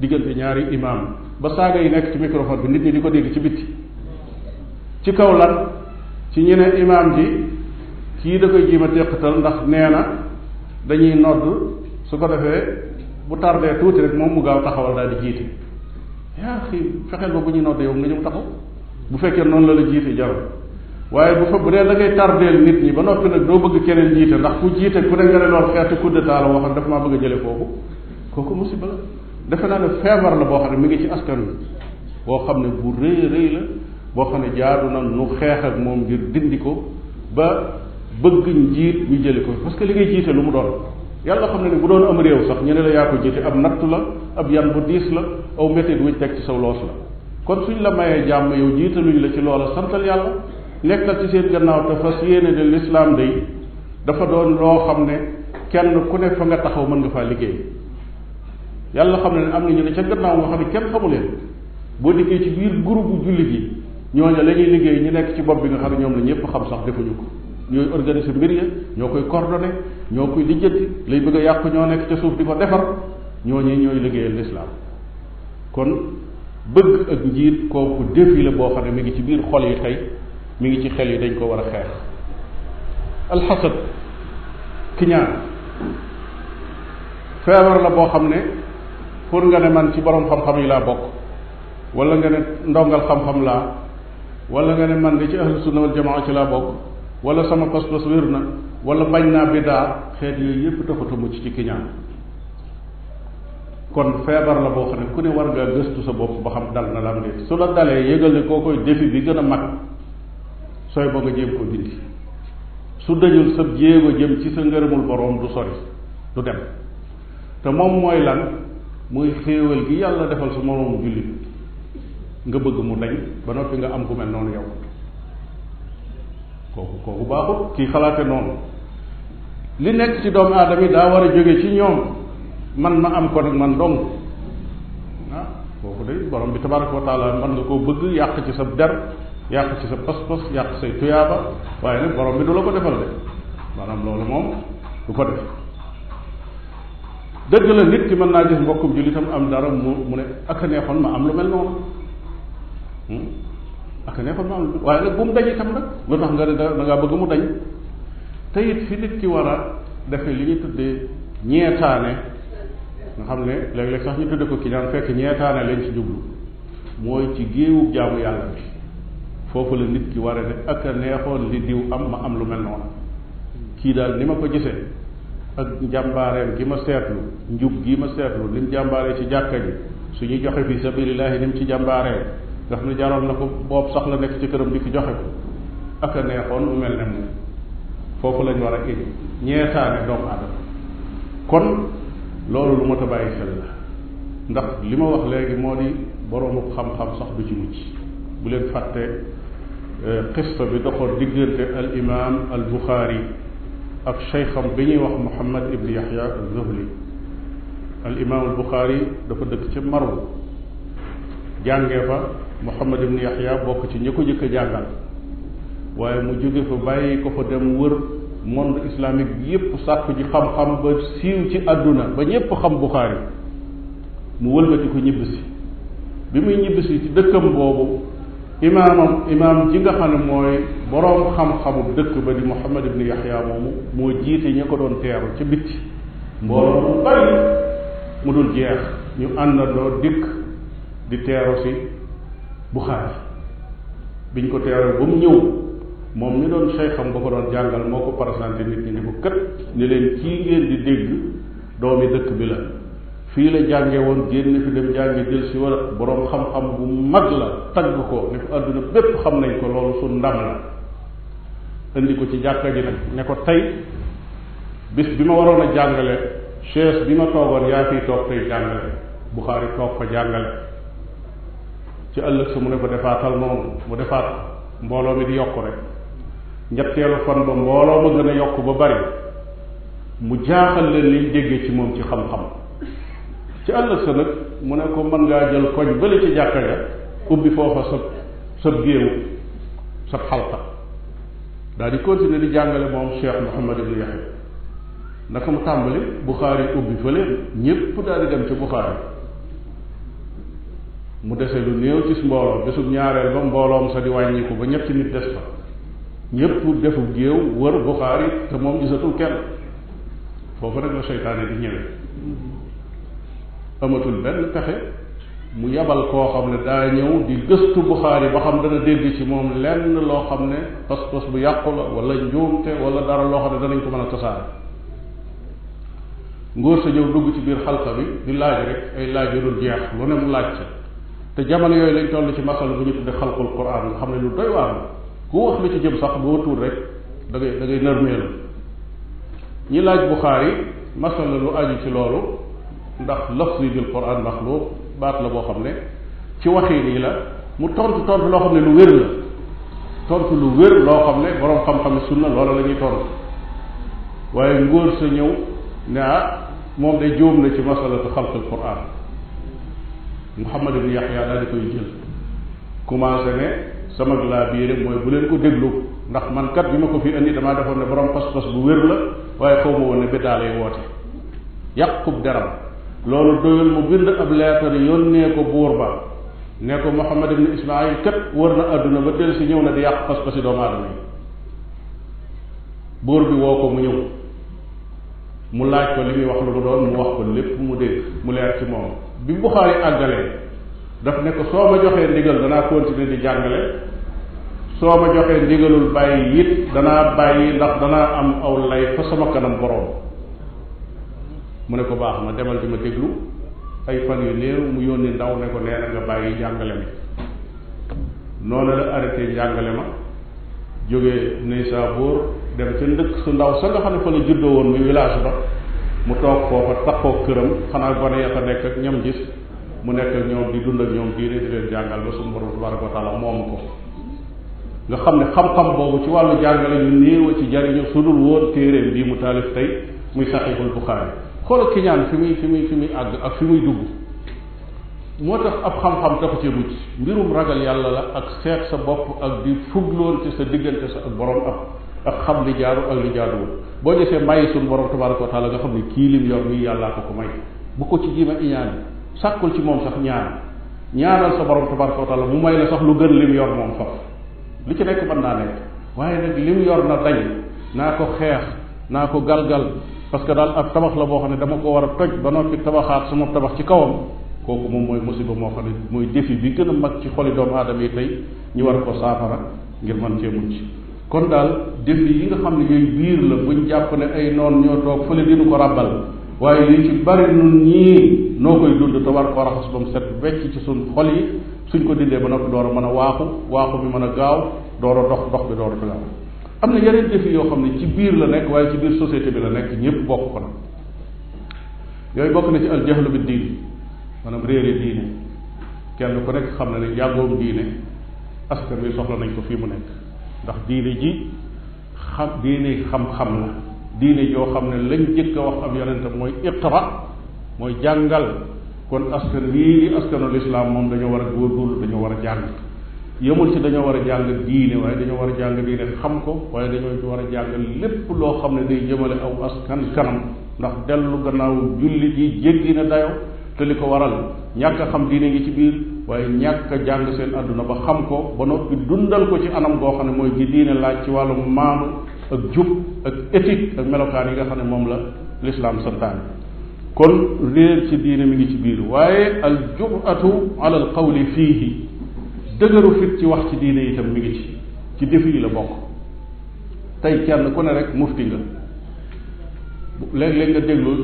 B: diggante ñaari imaam ba saaga yi nekk ci microphone bi nit ñi di ko dégg ci bitti ci kaw lan ci ñu ne imaam kii da koy jéem a téqatal ndax nee na dañuy nodd su ko defee bu tardee tuuti rek moom mu gaaw taxawal daal di jiite yaa xii fexeel ba bu ñuy nodd yow nga ñu taxaw bu fekkee noonu la la jiite jarul waaye bu fa bu dee da ngay tardeel nit ñi ba noppi nag doo bëgg keneen jiite ndax ku jiite ku ne nga ne lool xeetu coup d'état la waxoon dafa maa bëgg a jële foofu kooku musiba la defe naa ne feebar la boo xam ne mi ngi ci askan wi boo xam ne bu rëy rëy la boo xam ne jaadu na nu xeex ak moom ngir ko ba bëgg njiit ñu jëli ko parce que li ngay jiite lu mu doon yàlla xam ne ne bu doon am réew sax ñu ne la yaa ko jiite ab natt la ab yan bu diis la aw métit wuñ teg ci saw loos la kon suñ la mayee jàmm yow jiitaluñ la ci loola santal yàlla nekkal ci seen gannaaw te fas yéene ne l'islam day dafa doon loo xam ne kenn ku ne fa nga taxaw mën nga faa liggéey yàlla xam ne ne am na ñu ne ca gannaaw nga xam ne kenn xamu leen boo dikkee ci biir groupe bu jullit yi ñooñu la ñuy liggéey ñu nekk ci bopp bi nga xam ne ñoom la ñëpp xam sax defuñu ko ñooy organiser mbir ya ñoo koy coordonné ñoo koy lijjanti lay bëgg a yàqu ñoo nekk ca suuf di ko defar ñooñu ñooy liggéeyal lislaam kon bëgg ak njiit kooku défi la boo xam ne mi ngi ci biir xol yi tey mu ngi ci xel yi dañ ko war a xeex alxasad kiñaan feebar la boo xam ne pour nga ne man ci boroom xam-xam yi laa bokk wala nga ne ndongal xam-xam laa wala nga ne man de ci ahlu jamaa ci laa bokk wala sama pas-pas wér na wala bañ naa biddaa xeet yooyu yépp taxut mu mucc ci kiñaan kon feebar la boo xam ne ku ne war ngaa gëstu sa bopp ba xam dal na la am déet su la dalee yëgal ne koo koy défi bi gën a mag sooy ba nga jéem ko dindi su dajul sa jéego jëm ci sa ngërëmul boroom du sori du dem te moom mooy lan muy xéewal gi yàlla defal sa moroom jullit nga bëgg mu dañ ba noppi nga am ku mel noonu yow kooku kooku baaxut kii xalaate noonu li nekk ci doomu aadama yi daa war a jóge ci ñoom man ma am ko nag man dong
C: ah kooku
B: de borom bi tabaraka wa taala mën nga koo bëgg yàq ci sa der yàq ci sa pas-pas yàq say tuyaaba waaye nag borom bi du la ko defal de maanaam loolu moom du ko def dëgg la nit ki mën naa gis mbokkum jullitam am dara mu mu ne ak a neexoon ma am lu mel noonu hmm? ak neexoon bu mu dañ itam nag lu tax nga ne da ngaa bëgg mu dañ it fi nit ki war a defee li ñuy tuddee xam ne léeg-léeg ko ki ñaan lañ ci jublu mooy ci géewu jaamu yàlla la nit ki war a ne ak neexoon ma am lu mel noonu kii daal ni ma ko gisee ak njàmbaareem gi ma seetlu njub gi ma seetlu lim jàmbaaree ci jàkka ji su ñuy joxe fi nim ci jàmbaaree nga xam ne jaroon na ko boobu soxla nekk ci këram bi ko joxe ko ak a neexoon mu mel ne moom foofu lañ war a indi ñeetaane doomu aadama kon loolu lu mot a bàyyi xel la ndax li ma wax léegi moo di boroomu xam-xam sax du ci mucc bu leen fàtte xista euh, bi doxoon diggante al imam ak cheikham bi ñuy wax muhammad ibn yahya al zuhli al imam al buxaari dafa dëkk ca marwu jàngee fa Muhammad ibn Yahya bokk ci ñi ko jëkk a jàngal waaye mu jóge fa bàyyi ko fa dem wër monde islamique bi yépp sàkku ji xam-xam ba siiw ci àdduna ba ñépp xam Buxaari mu wëlbati ko ñibbisi bi muy ñibbisi ci dëkkam boobu imaamam imaam ji xam ne mooy boroom xam-xamu dëkk ba di Muhammad ibn Yahya moomu moo jiite ña ko doon teeru ci bitti mbooloo mu bari mu dul jeex ñu àndandoo dikk di teeru si Buxaari biñ ko teewee ba mu ñëw moom mi doon cheikham ba ko doon jàngal moo ko présenté nit ñi ne ko kat ni leen kii ngeen di dégg doomi dëkk bi la fii la jànge woon génn fi dem jànge jël si wala boroom xam-xam bu mag la tagg ko ne ko àdduna bépp xam nañ ko loolu su ndam la indi ko ci jàkka ji nag ne ko tey bis bi ma waroon a jàngale chaise bi ma toogoon yaa fiy toog tey jàngale Buxaari toog fa jàngale ci ëllëg sa mu ne ko defaatal noonu mu defaat mbooloo mi di yokk rek ñetteelu fan ba mbooloo ma gën a yokk ba bari mu jaaxal leen liñ déggee ci moom ci xam-xam ci ëllëg sa nag mu ne ko mën ngaa jël koñ bële ci jàkka ja ubbi foofa sa sab géew sab xalqa daal di continuer di jàngale moom Cheikh Mouhamad ibn Yahya naka mu tàmbali Buxaari ubbi fële ñépp daal di ci Buxaari mu dese lu néew ci mbooloo bésub ñaareel ba mbooloom sa di wàññiku ba ñetti nit des fa ñëpp defu géew wër Buxaari te moom gisatul kenn foofu rek la seytaane di ñëwee amatul benn pexe mu yabal koo xam ne daa ñëw di gëstu Buxaari ba xam dana dégg ci moom lenn loo xam ne pas-pas bu yàqu walla wala njuumte wala dara loo xam ne danañ ko mën a tasaare ngóor sa ñëw dugg ci biir xalqa bi di laaj rek ay laaj yu dul jeex lu ne mu laaj ci te jamono yooyu lañ toll ci masala bu ñu tudde xalqul quran nga xam ne lu doy waar la ku wax li ci jëm sax boo tuur rek da dangay da ngay ñi laaj buxaari masala lu aju ci loolu ndax lafzi bil quran maxluq baat la boo xam ne ci waxin yi la mu tontu tontu loo xam ne lu wér la tontu lu wér loo xam ne boroom xam-xam sunna loola la ñuy tontu waaye ngóor sa ñëw ne ah moom day jóom na ci masalatu xalqul quran Muhammad ibn Yaxya daal di koy jël commencé ne sama laa biire mooy bu leen ko déglu ndax man kat bi ma ko fi indi damaa defoon ne borom pas-pas bu wér la waaye xaw ma woon ne biddaa lay woote yàqu deram loolu doyul mu ab leetar yónnee ko buur ba ne ko Muhammad ibn Ismail kat wër na àdduna ba dellu si ñëw na di yàq pas-pasi doomu aadama yi buur bi woo ko mu ñëw mu laaj ko li muy wax lu mu doon mu wax ko lépp mu dégg mu leer ci moom bi Buxaari àggalee daf ne ko soo ma joxee ndigal danaa continuer di jàngale soo ma joxee ndigalul bàyyi yit danaa bàyyi ndax danaa am aw lay fa sama kanam borom mu ne ko baax ma demal di ma déglu ay fan yu néew mu yónni ndaw ne ko nee na nga bàyyi njàngale mi noonu la arrêté njàngale ma jógee Naysabur dem ca ndëkk su ndaw sa nga xam ne fa la juddoo woon muy village ba mu toog foofa taxoo këram xanaa gone ya fa nekk ak ñam gis mu nekk ak ñoom di dund ak ñoom diine di leen jàngal ba suñu borom tabaraka wa moomu ko nga xam ne xam-xam boobu ci wàllu jàngale ñu néew ci jariñu su dul woon téeréem bii mu taalif tey muy saxiixul buxaari xoolal ki ñaan fi muy fi muy fi muy àgg ak fi muy dugg moo tax ab xam-xam taxu ci mucc mbirum ragal yàlla la ak seet sa bopp ak di fugloon ci sa diggante sa ak boroom ab ak xam li jaaru ak li jaaruwul boo gisee may suñu borom tabaraka wa taala nga xam ne kii lim yor nii yàllaa ko ko may bu ko ci jiima iñaan sàkkul ci moom sax ñaan ñaanal sa borom tabaraka wa taala mu may la sax lu gën lim yor moom faf li ci nekk mën naa nekk waaye nag lim yor na dañ naa ko xeex naa ko galgal parce que daal ak tabax la boo xam ne dama ko war a toj ba noppi tabaxaat ma tabax ci kawam kooku moom mooy musiba moo xam ne mooy défi bi gën a mag ci xoli doomu aadama yi tey ñu war saafara ngir mën cee mucc kon daal défi yi nga xam ne yooyu biir la buñ jàpp ne ay noon ñoo toog fële dinu ko ràbbal waaye li ci bari nun ñii noo koy dund te war koo raxas ba mu set wecc ci suñ xol yi suñ ko dindee ba noppi door a mën a waaxu waaxu bi mën a gaaw doora a dox dox bi door a am na yeneen défi yoo xam ne ci biir la nekk waaye ci biir société bi la nekk ñëpp bokk ko nag yooyu bokk na ci al jaxlu bi diin maanaam réere diine kenn ku nekk xam na ne yàggoom diine askan wi soxla nañ ko fii mu nekk ndax diine ji xam diine xam-xam la diine joo xam ne lañ jëkk a wax am yonentam mooy iqra mooy jàngal kon askan wii di askanu lislaam moom dañoo war a góorgóorlu dañoo war a jàng yëmul si dañoo war a jàng diine waaye dañoo war a jàng diine xam ko waaye dañoo war a jàng lépp loo xam ne day jëmale aw askan kanam ndax dellu gannaaw jullit yi jéggi na dayo te li ko waral ñàkk a xam diine ngi ci biir waaye ñàkk a jàng seen àdduna ba xam ko ba noppi dundal ko ci anam goo xam ne mooy gi diine laaj ci wàllu maanu ak jub ak éthique ak melokaan yi nga xam ne moom la lislaam santaane kon réer ci diine mi ngi ci biir waaye al jubatu ala al qawli fiihi dëgëru fit ci wax ci diine itam mi ngi ci ci défi yi la bokk tey kenn ku ne rek mufti nga léeg-léeg nga déglu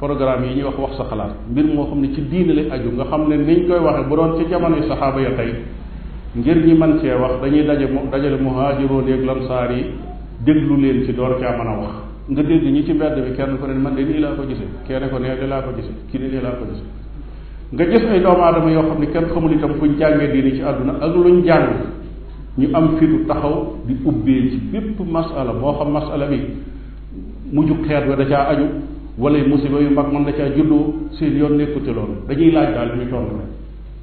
B: programme yi ñuy wax wax sa xalaat mbir moo xam ne ci diine la aju nga xam ne niñ koy waxe bu doon ci jamonoy saxaaba ya tey ngir ñi man cee wax dañuy daje mu dajale muhaajiroon yeeg lansaar yi lu leen ci door caa mën a wax nga dégg ñi ci mbedd bi kenn ko ne man de nii laa ko gisee kenn ko nee de laa ko gisee kii de nii laa ko gisee nga gis ay doomu aadama yoo xam ne kenn xamul itam fuñ jàngee diine ci àdduna ak ñu jàng ñu am fitu taxaw di ubbee ci bépp masala moo xam masala bi mujju xeet wa da caa aju wala musiba yu mag mën na caa juddoo seen yoon nekku ci loolu dañuy laaj daal ñu tontu la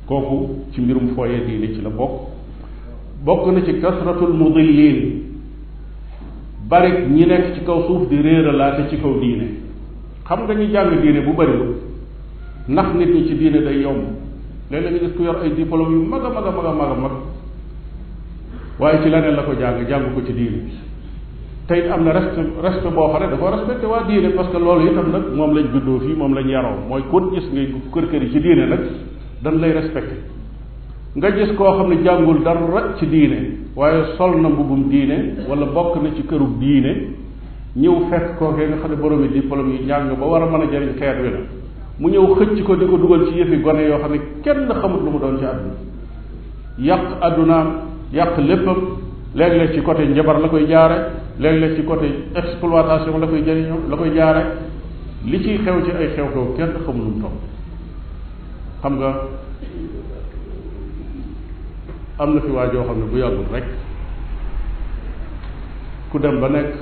B: kooku ci mbirum fooyee diine ci la bokk bokk na ci kasratul mudillin bari ñi nekk ci kaw suuf di réeralaate ci kaw diine xam nga ñu jàng diine bu bariwul ndax nit ñi ci diine day yomb léeg-léeg nga ku yor ay diplôme yu mag a mag a mag a mag a mag waaye ci leneen la ko jàng jàng ko ci diine tey am na reste reste boo xam ne dafa respecté waa diine parce que loolu itam nag moom lañ juddoo fii moom lañ yaroo mooy kon gis ngay kër kër yi ci diine nag dañ lay respecté nga gis koo xam ne jàngul dara ci diine waaye sol na mbubbum diine wala bokk na ci kërub diine ñëw fekk kookee nga xam ne boromi diplôme yi njàng ba war a mën a jariñ xeet wi la mu ñëw xëcc ko di ko dugal ci yëfi gone yoo xam ne kenn xamut lu mu doon ci àdduna yàq àddunaam léeg-léeg ci côté njabar la koy jaare léeg-léeg ci côté exploitation la koy jariñoo la koy jaare li ciy xew ci ay xew-xew kenn xamul lu mu toll xam nga am na fi waa joo xam ne bu yàggul rek ku dem ba nekk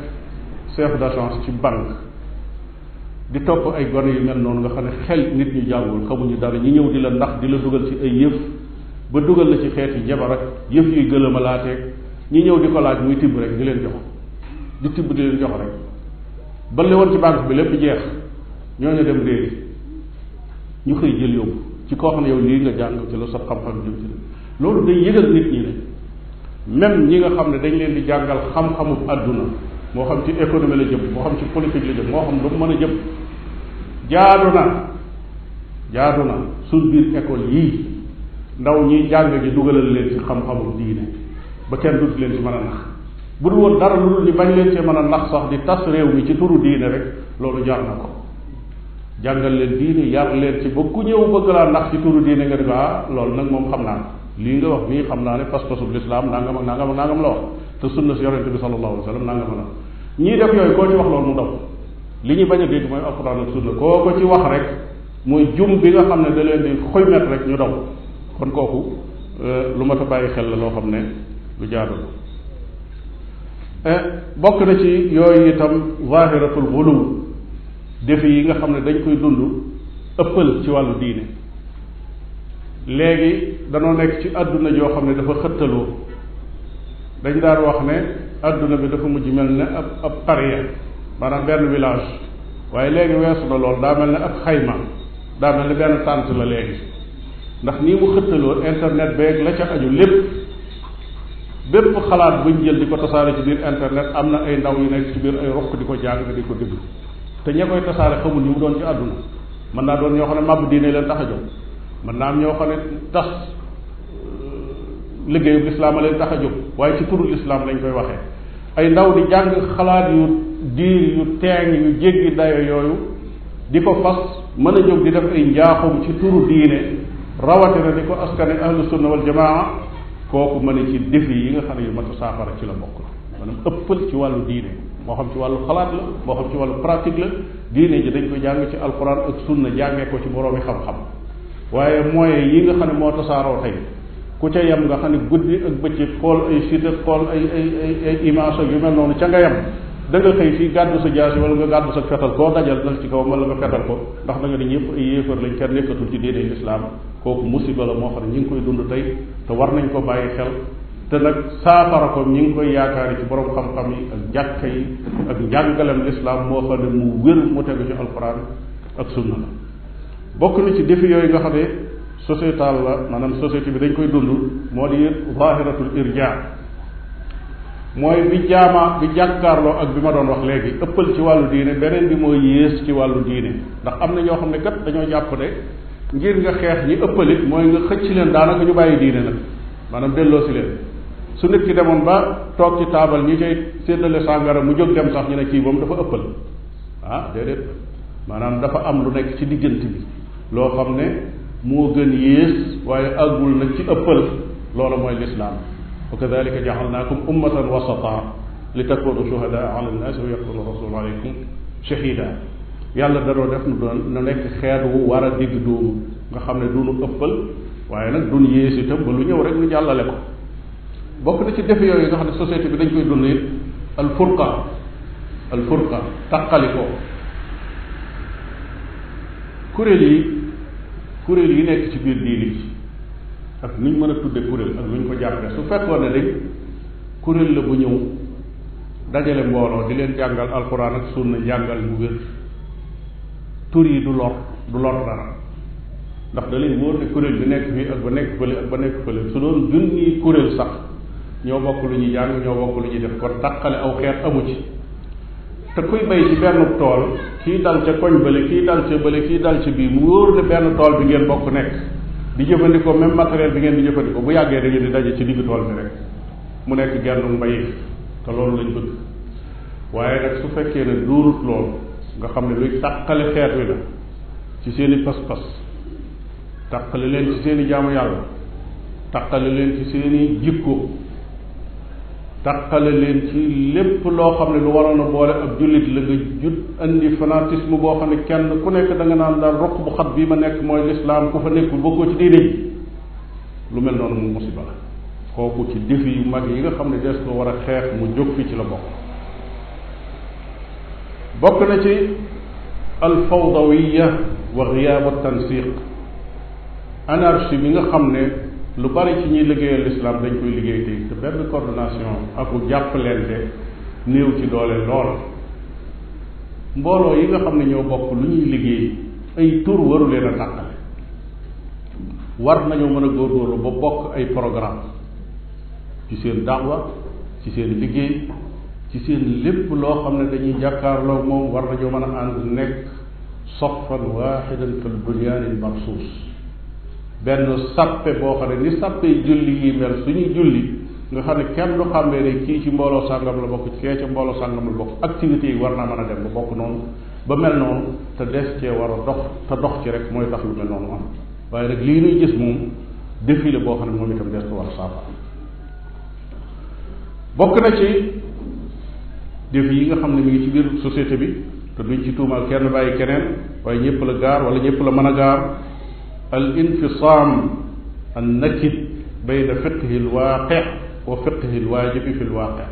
B: chef d'agence ci banque di topp ay gone yu mel noonu nga xam ne xel nit ñu jàngul xamuñu dara ñi ñëw di la ndax di la dugal ci ay yëf ba dugal la ci xeeti jabar ak yëf yuy gëlëmalaateeg ñi ñëw di ko laaj muy tibb rek di leen jox di tibb di leen jox rek ba li woon ci banque bi lépp jeex ñooñu dem réer ñu xëy jël yóbbu ci koo xam ne yow lii nga jàng ci la sa xam-xam loolu day yëgal nit même ñi nga xam ne dañ leen di jàngal xam-xamu àdduna moo xam ci économie la jëm moo xam ci politique la jëm moo xam lu mu mën a jëm jaadu na jaadu na suñ biir école yii ndaw ñuy jàng ji dugalal leen ci xam-xamu diine ba kenn dut leen ci mën a nax bu dul woon dara lu dul ñu bañ leen cee mën a nax sax di tas réew mi ci turu diine rek loolu jar na ko jàngal leen diine yar leen ci ba ku ñëw bëgg laa nax ci turu diine nga di ah loolu nag moom xam naa lii nga wax nii xam naa ne pas-pasub lislaam nangam ak nangam ak nangam la wax te sunna si yonente bi sallallahu alayhi wa sallam nangam la ñii def yooyu koo ci wax loolu mu dog li ñu bañ a dégg mooy alquran ak sunna koo ko ci wax rek muy jum bi nga xam ne da leen di xoymet rek ñu daw kon kooku euh, lu ma bàyyi xel la loo xam ne lu jaadul eh, bokk na ci yooyu itam zahiratul xuluw defi yi nga xam ne dañ koy dund ëppal ci wàllu diine léegi danoo nekk ci àdduna yoo xam ne dafa xëttaloo dañ daan wax ne àdduna bi dafa mujj mel ne ab ab pariya maanaam benn village waaye léegi weesu na lool daa mel ne ab xayma daa mel ne benn tànt la léegi ndax nii mu xëttaloo internet beeg la ca aju lépp bépp xalaat bu ñu jël di ko tasaare ci biir internet am na ay ndaw yu nekk ci biir ay rokk di ko jàng di ko déglu te ña koy tasaare xamul ñu mu doon ci àdduna mën naa doon ñoo xam ne màbb diine leen tax a jóg mën naa am ñoo xam ne tas euh, liggéeyu lislaam a leen tax a jóg waaye ci turu lislaam lañ koy waxee ay ndaw di jàng xalaat yu diir yu teeng yu jéggi dayo yooyu di ko fas mën a jóg di def ay njaaxum ci turu diine rawatina di ko askane ahlu kooku mën a ci défi yi nga xam ne yu matu saafara ci la bokk maanaam ëppal ci wàllu diine moo xam ci wàllu xalaat la moo xam ci wàllu pratique la diine ji dañ ko jàng ci alkuraan ak sunna jàngee ko ci boroomi xam-xam waaye moyens yi nga xam ne moo tasaaroo tey ku ca yem nga xam ne guddi ak bëccëg xool ay site xool ay ay ay image ak yu mel noonu ca nga yem da nga xëy fii gàddu sa jaasi wala nga gàddu sa fetal koo dajal dal ci kawam wala nga fetal ko ndax da nga ne ñëpp ay yéefar lañ kenn nekkatul ci diine lislaam kooku musiba la moo xam ne ñu ngi koy dund tey te war nañ ko bàyyi xel te nag saafara ko ñi ngi koy yaakaari ci borom xam-xam yi ak jàkka yi ak njàngalem lislaam moo xam ne mu wér mu tegu ci alquran ak sunna la bokk na ci défi yooyu nga xam ne sociétal la maanaam société bi dañ koy dund moo di zahiratul irja mooy bi jaama bi jàkkaarloo ak bi ma doon wax léegi ëppal ci wàllu diine beneen bi mooy yées ci wàllu diine ndax am na ñoo xam ne kat dañoo jàpp ne ngir nga xeex ñi ëppalit mooy nga xëcc leen daanaka ñu bàyyi diine nag maanaam delloo si leen su nit ki demoon ba toog ci taabal ñi koy séddale sàngara mu jóg dem sax ñu ne kii moom dafa ëppal ah déedéet maanaam dafa am lu nekk ci diggante bi loo xam ne moo gën yées waaye àggul nag ci ëppal loola mooy lislaam wa kadalika jacalnaakum ummatan wasata li takunu shuhadaa ala nnaasi wa yakuna rasulu aleykum shahida yàlla danoo def nu doon nu nekk xeet wu war a digg doomu nga xam ne duñu ëppal waaye nag duñ yées itam ba lu ñëw rek ñu jàllale ko bokk na ci defe yooyu nga xam ne société bi dañ koy dund it al furqa al furqa taqalikoo kuréel yi kuréel yi nekk ci biir diini ak ñu mën a tudde kuréel ak ñu ko jàppe su fekkoon ne dañ kuréel la bu ñëw dajale mbooloo di leen jàngal alxuraan ak sunna jàngal mu wér tur yi du lor du lor dara ndax da lay wóor ne kuréel bi nekk fii ak ba nekk fële ak ba nekk fële su doon junni kuréel sax ñoo bokk lu ñuy jàng ñoo bokk lu ñuy def ko tàqale aw xeet amu ci te kuy bay ci benn tool kii dal ca koñ bële kii dal ca bële kii dal ca bii mu wóor ne benn tool bi ngeen bokk nekk di jëfandikoo même matériel bi ngeen di jëfandikoo bu yàggee da ngeen di daje ci diggu tool bi rek mu nekk genn mbayif te loolu lañ bëgg waaye nag su fekkee ne duurut loolu nga xam ne luy tàqale xeet wi la ci seeni i pas-pas tàqale leen ci seen i jaamu yàlla tàqale leen ci seen jikko taqale leen ci lépp loo xam ne lu waroon a boole ab jullit la nga jut andi fanatisme boo xam ne kenn ku nekk danga nga naan daal roq bu xat bii ma nekk mooy lislaam ku fa nekkul bokkoo ci diine lu mel noonu mu musiba la kooku ci défi yu mag yi nga xam ne des ko war a xeex mu jóg fi ci la bokk bokk na ci alfawdawiya wa giyaab tansiq anarchie bi nga xam ne lu bari ci ñuy liggéeyal lislaam dañ koy liggéey tey te benn coordination aku jàppalente néew ci doole lool mbooloo yi nga xam ne ñoo bokk lu ñuy liggéey ay tur waru leen a tàqale war nañoo mën a góorgóorlu ba bokk ay programme ci seen daxwa ci seen liggéey ci seen lépp loo xam ne dañuy jàkkaarloo moom war nañoo mën a ànd nekk sofan waaxidan fil bunyaanil marsuus benn sappe boo xam ne ni sappe julli yi mel suñuy julli nga xam ne kenn du xàmmee ne kii ci mbooloo sàngam la bokk kee ci mbooloo sàngam la bokk activités yi war naa mën a dem ba bokk noonu ba mel noonu te des cee war a dox te dox ci rek mooy tax lu mel noonu am waaye nag lii nuy gis moom défilé boo xam ne moom itam des ko war a saafara bokk na ci défi yi nga xam ne mu ngi ci biir société bi te duñ ci tuumaal kenn bàyyi keneen waaye ñëpp la gaar wala ñëpp la mën a gaar al infisaam an nakit bayna fiqhi lwaaqi wa fiqhi lwaajibi fi lwaaqi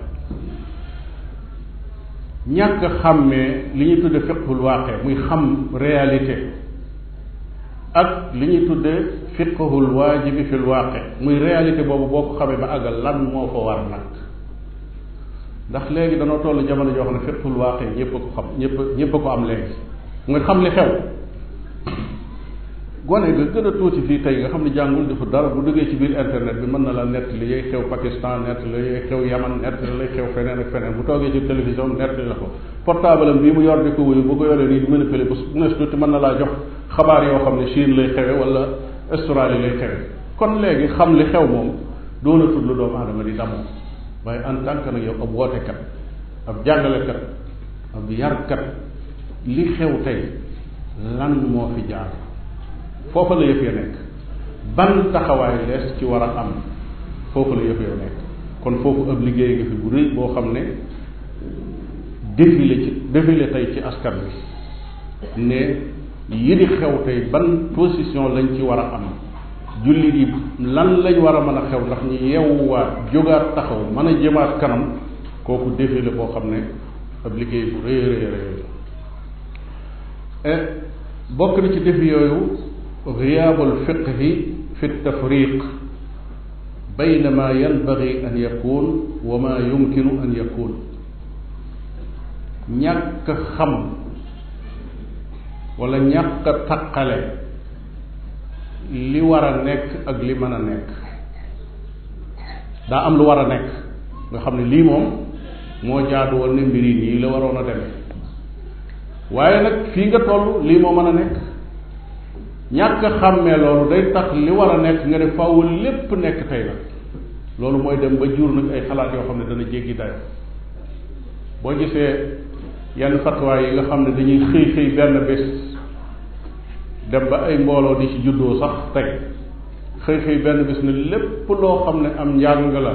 B: ñàkk xàmmee li ñuy tudde fiqhu lwaaqi muy xam réalité ak li ñuy tudde fiqhu lwaajibi fi lwaaqi muy réalité boobu boo ko xamee ba àggal lan moo fa war nag ndax léegi danoo toll jamono joo xam ne fiqhu lwaaqi ñëpp a ko xam ñëpp ñëpp ko am léegi muy xam li xew gone ga gën a tuuti fii tey nga xam ne jàngul dafa dara bu duggee ci biir internet bi mën na la nett li yay xew Pakistan nett li yay xew Yaman nett li lay xew feneen ak feneen bu toogee ci télévision nett li la ko portable am bii mu yor di ko wuyu bu ko yoree nii di manipulé bu nes tuuti mën na laa jox xabaar yoo xam ne Chine lay xewe wala Australie lay xewe kon léegi xam li xew moom doona tudd lu doomu aadama di damoo waaye en tant que nag yow ab wootekat ab jàngalekat ab yarkat li xew tey lan moo fi jaar foofa la yëf ya nekk ban taxawaay lees ci war a am foofu la yëf ya nekk kon foofu ab liggéey nga fi bu rëy boo xam ne défilé ci défilé tey ci askan bi ne yi di xew tey ban position lañ ci war a am julli yi lan lañ war a mën a xew ndax ñu yewwaat jógaat taxaw mën a jëmaat kanam kooku défilé boo xam ne ab liggéey bu rëy rëy rëy la eh, bokk na ci défi giyaabul fiqhi fi tafriq bayna ma yanbagi an yakun wa ma yumkinu an yakun ñàkk xam wala ñàkk a taqale li war a nekk ak li mën a nekk daa am lu war a nekk nga xam ne lii moom moo jaadu woon ne mbir nii la waroon a demee waaye nag fii nga toll lii moo mën a nekk ñàkk a xàmmee loolu day tax li war a nekk nga ne faaw lépp nekk tey la loolu mooy dem ba jur nag ay xalaat yoo xam ne dana jéggi dayo boo gisee yenn fatwaay yi nga xam ne dañuy xëy xëy benn bés dem ba ay mbooloo di ci juddoo sax tey xëy xëy benn bés ne lépp loo xam ne am njàng la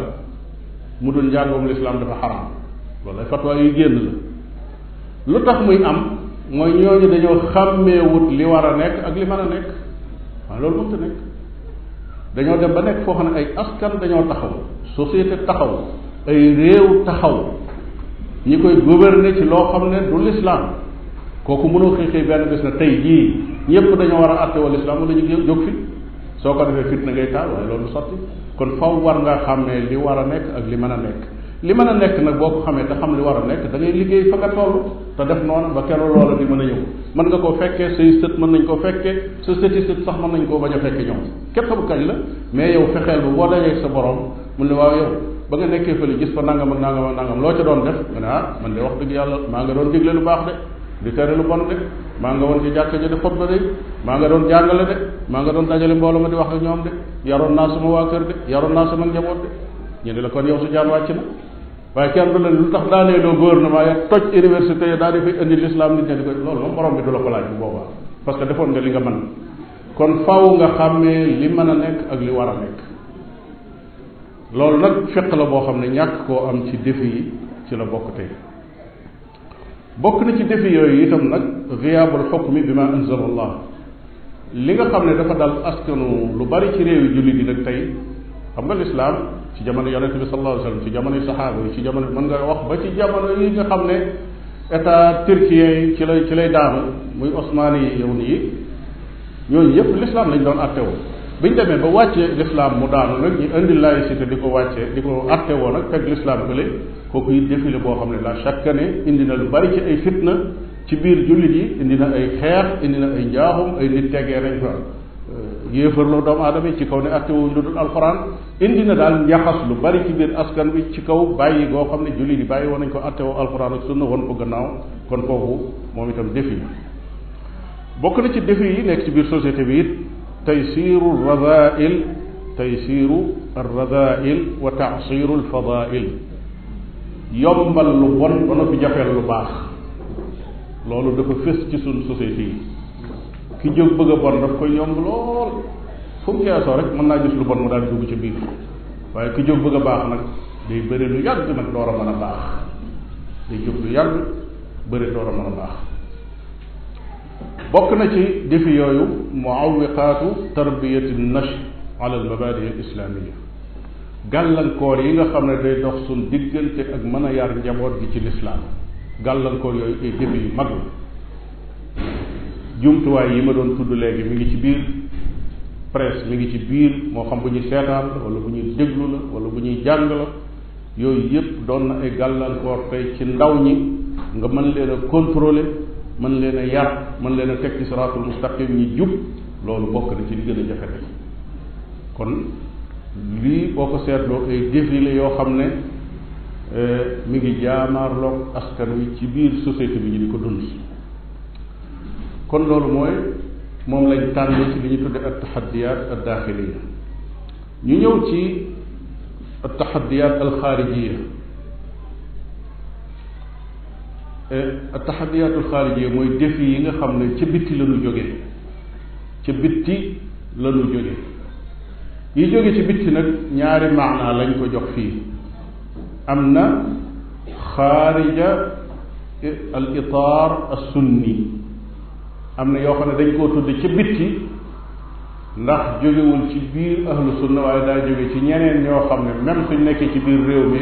B: mu dul njàngoom lislaam dafa xaram loolu ay fatwaay yu génn la lu tax muy am mooy ñooñu dañoo xàmmeewut li war a nekk ak li mën a nekk waaw loolu mënta nekk dañoo dem ba nekk foo xam ne ay askan dañoo taxaw société taxaw ay réew taxaw ñi koy gouverner ci loo xam ne du l'islam kooku mënoo xëy xëy benn bés na tey jii ñépp dañoo war a àtte wal islam ma ñu jóg fi soo ko defee fit na ngay taal waaye loolu sotti kon faw war nga xam ne li war a nekk ak li mën a nekk li mën a nekk nag boo ko xamee te xam li war a nekk da ngay liggéey fa nga toll te def noonu ba keroog loola di mën a yëngu mën nga koo fekkee say sët mën nañ koo fekkee sa sëti sët sax mën nañ koo bañ a fekke ñoom képp xamu kañ la mais yow fexeel ba sa borom mu ne waaw yow nga nekkee fële gis fa nangam ak nangam ak nangam loo ca doon def ah, man de wax dëgg yàlla maa nga doon digle lu baax lu bon maa nga woon ci jàkka ji di xutba de maa nga doon jàngale maa nga doon dajale mbooloo ma di wax ak ñoom de yaroon naa sama waa kër de yaroon naa sama njaboot de ñu ne la kon yow su jaan wàcc na waaye kenn du la lu tax daanee doo gouvernement ya toj université ya daal di indi l'islam nit ñi di ko loolu moom borom bi du la ko laaj boobaa parce que defoon nga li nga mën kon faw nga xàmmee li mën a nekk ak li war a nekk loolu nag fiq la boo xam ne ñàkk koo am ci défi yi ci la bokk tey bokk na ci défi yooyu itam nag ghiyaabul xukmi bi ma anzala allah li nga xam ne dafa dal askanu lu bari ci réew yi jullit nag tey xam nga lislaam ci jamono yonent bi sallallahu alayhi wasallam ci jamono yi saxaaba yi ci jamono mën nga wax ba ci jamono yi nga xam ne état turquien yi ci lay ci lay daanu muy osmaani yi yow nii ñooñu yépp l'islam lañ doon attewoo biñ demee ba wàccee l'islam mu daanu nag ñu indi laïcité di ko wàccee di ko attewoo nag teg l'islam bële kooku it défilé boo xam ne la chaque année indi na lu bari ci ay fitna ci biir jullit yi indi na ay xeex indi na ay njaaxum ay nit tegee nañ fa yéefarloo doomu aadama ci kaw ne attewuñ lu dul alxuraan indi na daal njaxas lu bari ci biir askan bi ci kaw bàyyi goo xam ne jullit yi bàyyi woon nañ ko attewoo alxuraan ak sunna woon ko gannaaw kon foofu moom itam défi bokk na ci défi yi nekk ci biir société bi it taysiru radail taysiru radail wa taasiru lfadail yombal lu bon ba noppi jafeel lu baax loolu dafa fës ci suñ société yi ki jóg bëgg a bon daf koy yomb lool fu mu geesoo rek mën naa gis lu bon mu daal dugg ci biir waaye ki jóg bëgg a baax nag day bëri lu yàgg nag door a mën a baax day jóg lu yàgg bëri door a mën a baax bokk na ci defi yooyu muawiqaatu tarbiyati nash ala al mabadi al islamia gàllankoor yi nga xam ne day dox suñ diggante ak mën a yar njaboot gi ci lislaam gàllankoor yooyu ay defi yu mag la jumtuwaay yi ma doon tudd léegi mu ngi ci biir presse mu ngi ci biir moo xam bu ñuy seetaan la wala bu ñuy déglu la wala bu ñuy jàng la yooyu yépp doon na ay gàllankoor tey ci ndaw ñi nga mën leen a contrôler mën leen a yar mën leen a teg ci siraatul mustaqim ñi jub loolu bokk na ci li gën a jafe kon lii boo ko seetloo ay défi yoo xam ne euh, mi ngi jaamaarloog askan wi ci biir société bi ñu di ko dund kon loolu mooy moom lañ tànn ci li ñu tudde at taxaddiyaat ñu ñëw ci at taxaddiyaat al xaarijiya at taxaddiyaat mooy défi yi nga xam ne ca bitti la ñu jóge ca bitti la ñu jóge yi jóge ci bitti nag ñaari maanaa lañ ko jox fii am na xaarija al itaar as am na yoo xam ne dañ koo tudd ci bitti ndax jógewul ci biir ahlu sunna waaye daa jóge ci ñeneen ñoo xam ne même suñ nekkee ci biir réew mi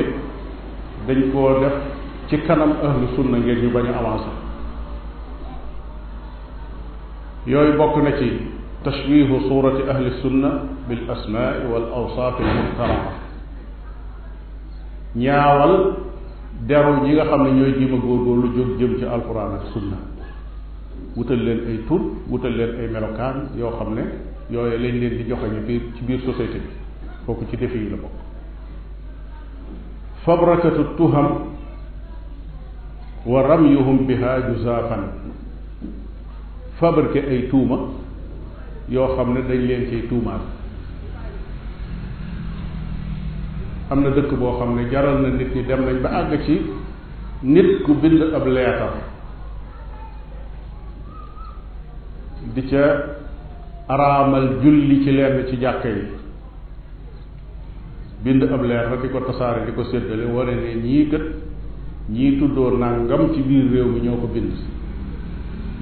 B: dañ koo def ci kanam ahlu sunna ngir ñu bañ a yooyu bokk na ci tashwihu surati ahli sunna bil asmaai wal awsaafi al muhtarama ñaawal deru ñi nga xam ne ñooy jéem a góorgóorlu jóg jëm ci alquran ak sunna wutal leen ay tur wutal leen ay melokaan yoo xam ne yooyu lañ leen di joxeñu biir ci biir société bi kooku ci defe yi la bokk fabrakatu tuham wa ramyuhum biha juzaafan fabriqué ay tuuma yoo xam ne dañ leen ciy tuumaat am na dëkk boo xam ne jaral na nit ñi dem nañ ba àgg ci nit ku bind ab leetar di ca araamal julli ci lenn ci jàkka yi bind ab leer rek di ko tasaare di ko séddale wane ne ñii kët ñii tuddoo nangam ci biir réew mi ñoo ko bind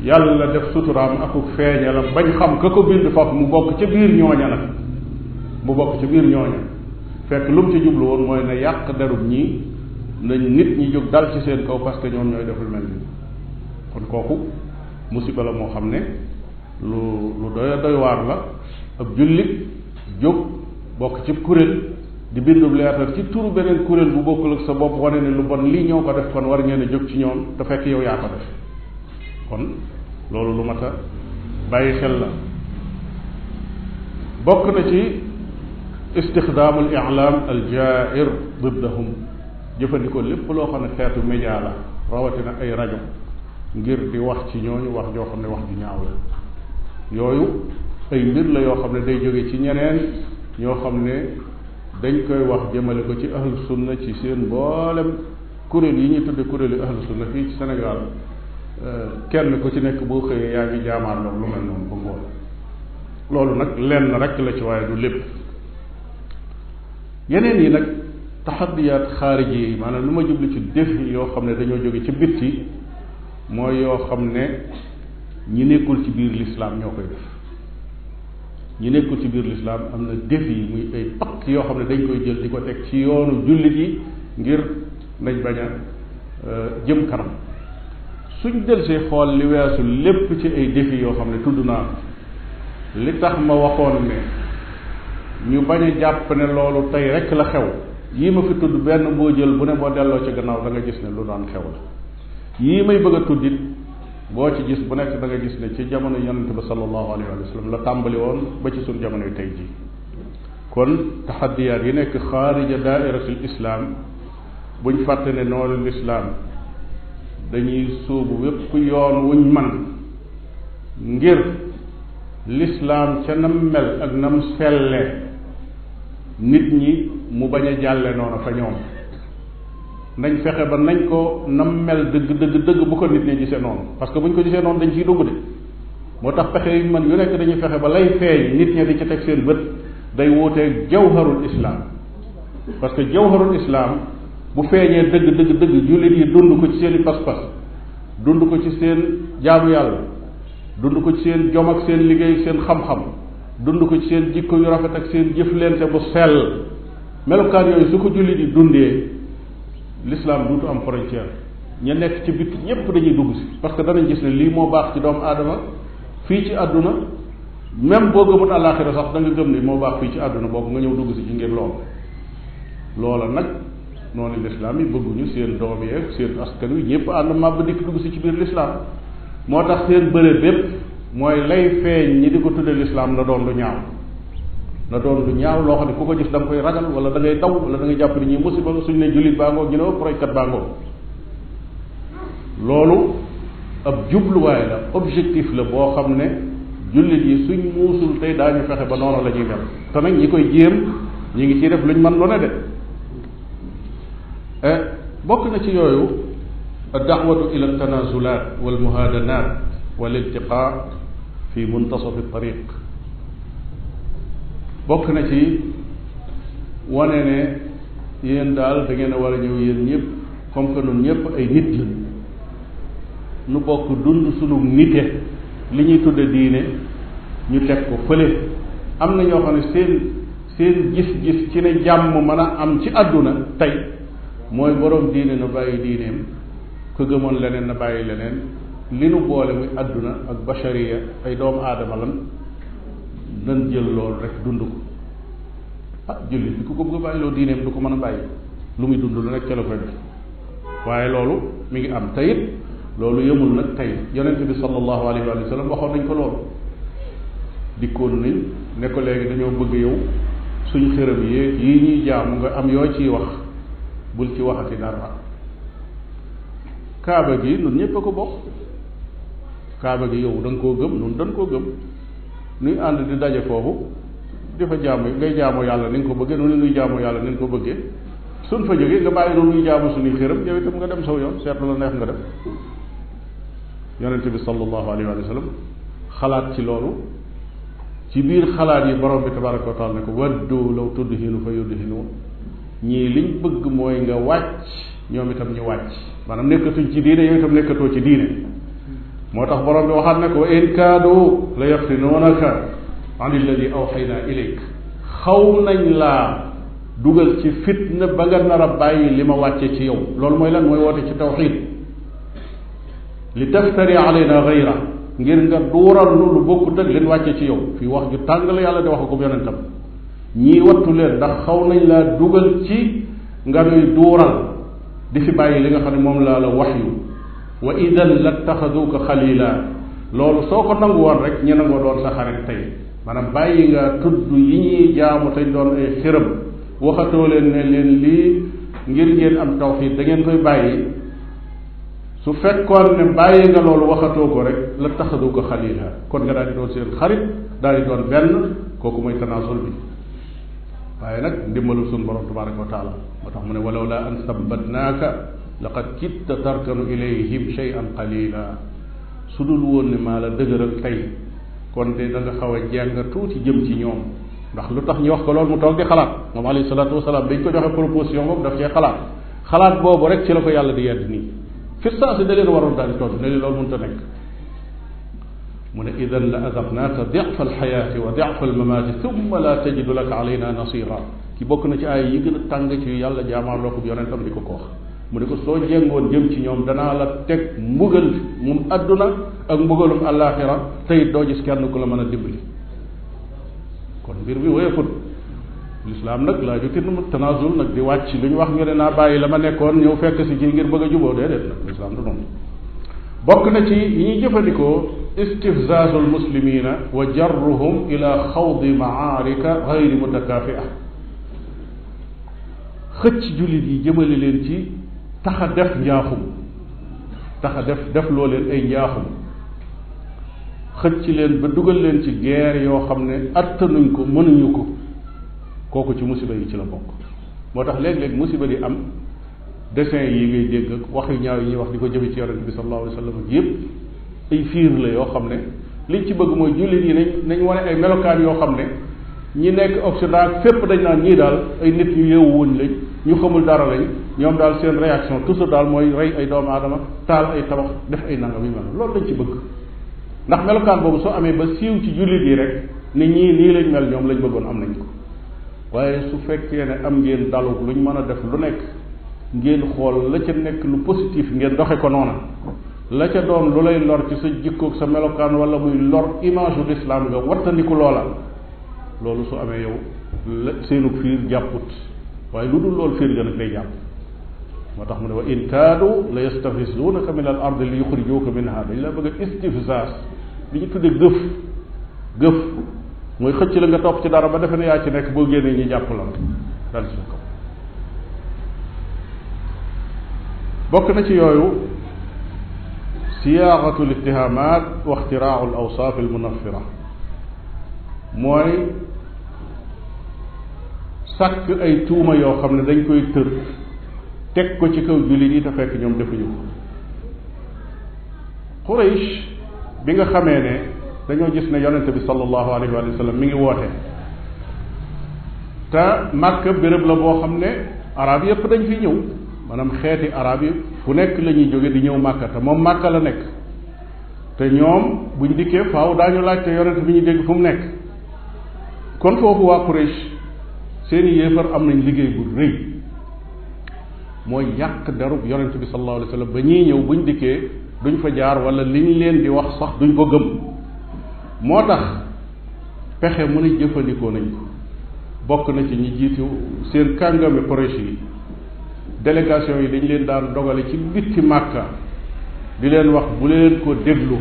B: yàlla def suturaam akuk feeñalam bañ xam ka ko bind foofu mu bokk ca biir ñooña nag mu bokk ca biir ñooña fekk lu ci jublu woon mooy ne yàq derub ñii nañ nit ñi jóg dal ci seen kaw parce que ñoom ñooy def mel nii kon kooku musiba la moo xam ne lu lu doy doy waar la ab jullit jóg bokk ci kuréel di bindub leetar ci turu beneen kuréel bu bokkul ak sa bopp wane ne lu bon lii ñoo ko def kon war ngeen a jóg ci ñoom te fekk yow yaa ko def kon loolu lu mat a bàyyi xel la bokk na ci istixdaamu al ilaam diddahum jëfandikoo lépp loo xam ne xeetu média la rawatina ay rajo ngir di wax ci ñooñu wax joo xam ne wax ju ñaaw yooyu ay mbir la yoo xam ne day jóge ci ñeneen ñoo xam ne dañ koy wax jëmale ko ci ahlu sunna ci seen mboolem kuréel yi ñuy tudde kuréelu ahlu sunna fii ci Sénégal euh, kenn ku ci nekk boo xëyee yaa ngi jaamaar ndox lu mel noonu loolu nag lenn rek la ci waaye du lépp yeneen yi nag taxadiyaat xaariji yi maanaam lu ma jublu ci défi yoo xam ne dañoo jóge ci bitti mooy yoo xam ne ñi nekkul ci biir lislaam ñoo koy def ñi nekkul ci biir lislaam am na def yi muy ay pakk yoo xam ne dañ koy jël di ko teg ci yoonu jullit yi ngir nañ bañ euh, jëm kanam suñ del si xool li weesu lépp ci ay défi yoo xam ne tudd naa ko li tax ma waxoon ne ñu bañ jàpp ne loolu tey rek la xew yii ma fi tudd benn boo jël bu ne boo delloo ci gannaaw da nga gis ne lu daan xew la yii may bëgg a boo ci gis bu nekk da nga gis ne ci jamono yonente bi sallallahu alayhi wa sallam la tàmbali woon ba ci suñ jamonoy tey ji kon taxaddiyaat yi nekk xaarija daairatil islam buñ fàtte ne noonu lislaam dañuy suubu wépp yoon wuñ man ngir lislaam ca nam mel ak nam selle nit ñi mu bañ a jàlle noonu fa ñoom nañ fexe ba nañ ko nam mel dëgg dëgg dëgg bu ko nit ñi gisee noonu parce que bu ñu ko gisee noonu dañ ciy dugg de moo tax pexe yu mën yu nekk dañuy fexe ba lay feeñ nit ñi di ci teg seen bët day wuuteeg jawharul islam parce que jawharul islam bu feeñee dëgg dëgg dëgg jullit yi dund ko ci seen i pas-pas dund ko ci seen jaamu yàlla dund ko ci seen jom ak seen liggéey seen xam-xam dund ko ci seen jikko yu rafet ak seen jëflante bu sell melokaan yooyu su ko jullit yi dundee lislaam duutu am frontière ña nekk ci biti ñépp dañuy dugg si parce que danañ gis ne lii moo baax ci doomu aadama fii ci àdduna même boo gëmut àllaaxira sax da nga gëm ne moo baax fii ci àdduna boobu nga ñëw dugg si ci ngir lool loola nag noonu lislaam yi bëgguñu seen doom yeeg seen askan wi ñëpp ànd màbb dikk dugg si ci biir lislaam moo tax seen bëre bépp mooy lay feeñ ñi di ko tudde lislaam na doon lu ñaaw na doon lu ñaaw loo xam ne ku ko gis da nga koy ragal wala da ngay daw wala da jàpp ni ñuy musiba suñ ne jullit baa ngoog ñu ne roykat baa loolu ab jubluwaay la objectif la boo xam ne jullit yi suñ muusul tey ñu fexe ba noonu la ñuy mel ñi koy jéem ñi ngi ciy def luñ mën lu ne de eh, bokk na ci yooyu ad-da'watu ila wal muhaadanaat wal iltiqaa fi muntasaf at-tariq bokk na ci wane ne yéen daal da ngeen a war a ñëw yéen ñëpp comme que nun ñëpp ay nit la nu bokk dund sunu nite li ñuy tudde diine ñu teg ko fële am na ñoo xam ne seen seen gis-gis ci ne jàmm mën a am ci àdduna tey mooy boroom diine na bàyyi diineem ku gëmoon leneen na bàyyi leneen li nu boole muy àdduna ak bachariya ay doomu aadama lan nan jël loolu rek dund ko ah jullit bi ku ko bëgg a bàyyiloo diineem du ko mën a bàyyi lu muy dund lu nekk ca la koy waaye loolu mi ngi am tayit loolu yëmul nag tey yonent bi sallallahu alayhi wa sallam waxoon nañ ko loolu dikkoon nañ ne ko léegi dañoo bëgg yow suñ xërëm yéeg yii ñuy jaamu nga am yoo ciy wax bul ci waxati dara kaaba gi nun ñépp a ko bokk kaaba gi yow da koo gëm nun dañ koo gëm nuy ànd di daje foofu di fa jaamu ngay jaamu yàlla ni nga ko bëggee nu nuy jaamu yàlla ni nga ko bëggee suñ fa jógee nga bàyyi nu nuy jaamu suñuy xëram yow itam nga dem saw yoon seetlu la neex nga dem yonente bi sallallahu alayhi wa sallam xalaat ci loolu ci biir xalaat yi borom bi tabaraka wa taala ne ko la law tudhinu fa yudhinu ñii liñ bëgg mooy nga wàcc ñoom itam ñu wàcc maanaam nekkatuñ ci diine yow itam nekkatoo ci diine moo tax borom bi waxaat ne ko wa in kaadu la yaftinuunaka an illadi awxayna ilayk xaw nañ laa dugal ci fitna ba nga nar a bàyyi li ma wàcce ci yow loolu mooy lan mooy woote ci tawxid li taftari alayna gayra ngir nga duural nu lu bokkut ak leen wàcce ci yow fii wax ju tàng la yàlla di wax ko yonentam ñii wattu leen ndax xaw nañ laa dugal ci nga nuy duural di fi bàyyi li nga xam ne moom laa la wax yu wa idan la taxaduka xalila loolu soo ko nangu woon rek ñu nangoo doon sa xarit tey maanaam bàyyi nga tudd yi ñuy jaamu tey doon ay xiram waxatoo leen ne leen lii ngir ngeen am tawxiid da ngeen koy bàyyi su fekkoon ne bàyyi nga loolu waxatoo ko rek la taxadu ko xalila kon nga daal di doon seen xarit daal di doon benn kooku mooy tanaasul bi waaye nag ndimbalu suñu borom tabaraka wa moo tax mu ne walaw laa an laqad kitta tarkanu ilayhim shay'an qalila su dul woon ni maa la dëgëral tey kon de da nga xaw a jàng tuuti jëm ci ñoom ndax lu tax ñu wax ko loolu mu toog di xalaat moom alayhi salaatu wasalaam dañ ko joxe proposition boobu daf cee xalaat rek ci la ko yàlla di yedd nii fi saa si da leen waroon daal di tontu ne leen loolu mënta nekk mu ne idan la azaqnaaka difa alxayaati wa difa almamaati thumma la tajidu laka alayna nasira ki bokk na ci ay yi gën a tàng ci yàlla jaamaarloo ko yonentam di ko ko wax mu ne ko soo jéngoon jëm ci ñoom danaa la teg mbugal mum adduna ak mbugalum àllaaxira tey doo gis kenn ku la mën a dimbali kon mbir mi woyefut lislaam nag laa jutin mu tanaasul nag di wàcc lu ñu wax nga naa bàyyi la ma nekkoon ñëw fekk si ci ngir bëgg a juboo déedéet nag lislaam du noonu bokk na ci yi jëfandikoo istifzaazu almuslimina wa jarruhum ila xawdi maarika gayri mutakafia xëcc jullit yi jëmale leen ci taxa def njaaxum taxa def def loo leen ay njaaxum xëcc leen ba dugal leen ci guerre yoo xam ne attanuñ ko mënuñu ko kooku ci musiba yi ci la bokk moo tax léeg-léeg musiba di am dessin yi ngay dégg ak wax yu ñaaw yi ñuy wax di ko jëme ci yonente bi sallallahu alayhi wa sallam ak yépp ay fiir la yoo xam ne li ci bëgg mooy jullit yi nañ nañ wane ay melokaan yoo xam ne ñi nekk Occident fépp dañ naan ñii daal ay nit ñu yeewu woon lañ ñu xamul dara lañ ñoom daal seen réaction toujours daal mooy rey ay doomu aadama taal ay tabax def ay nangam yu mel loolu dañ ci bëgg ndax melokaan boobu soo amee ba siiw ci jullit yi rek nit ñii nii lañ mel ñoom lañ bëggoon am nañ ko waaye su fekkee ne am ngeen lu ñu mën a def lu nekk ngeen xool la ca nekk lu positif ngeen doxe ko noona la ca doon lu lay lor ci sa jikkoog sa melokaan wala muy lor image u lislaam nga wattandiku loola loolu su amee yow la seenu fiir jàpput waaye lu dul loolu fiir ga nag day jàpp moo tax mu ne wa in kaadu la yastafisuunaka min al ard li yuxrijuuka minha dañ la bëgg a istifzaas li ñu tuddee gëf gëf mooy xëcc la nga topp ci dara ba defe ne yaa ci nekk boo génnee ñu jàpp la dal ci kaw bokk na ci yooyu siyaaqatu l ittihaamaat wa ixtiraacu al awsaaf al munafira mooy sàkk ay tuuma yoo xam ne dañ koy tër teg ko ci kaw jullit yi te fekk ñoom defuñu ko Quraysh bi nga xamee ne dañoo gis ne yonente bi sallallahu alayhi wa sallam mi ngi woote te Màkka béréb la boo xam ne arab yëpp dañ fi ñëw maanaam xeeti arab yi fu nekk lañuy jóge di ñëw Màkka te moom Màkka la nekk te ñoom buñ dikkee faaw daañu laajte yonente bi ñu dégg fu mu nekk kon foofu waa Quraysh seeni yéefar am nañ liggéey bu rëy mooy yàq derub yonente bi sallallahu alayhi wa sallam ba ñii ñëw buñ dikkee duñ fa jaar wala liñ leen di wax sax duñ ko gëm moo tax pexe mu ne jëfandikoo nañ ko bokk na ci ñi jiitu seen kàngami projet yi délégation yi dañ leen daan dogale ci bitti màkka di leen wax bu leen ko déglu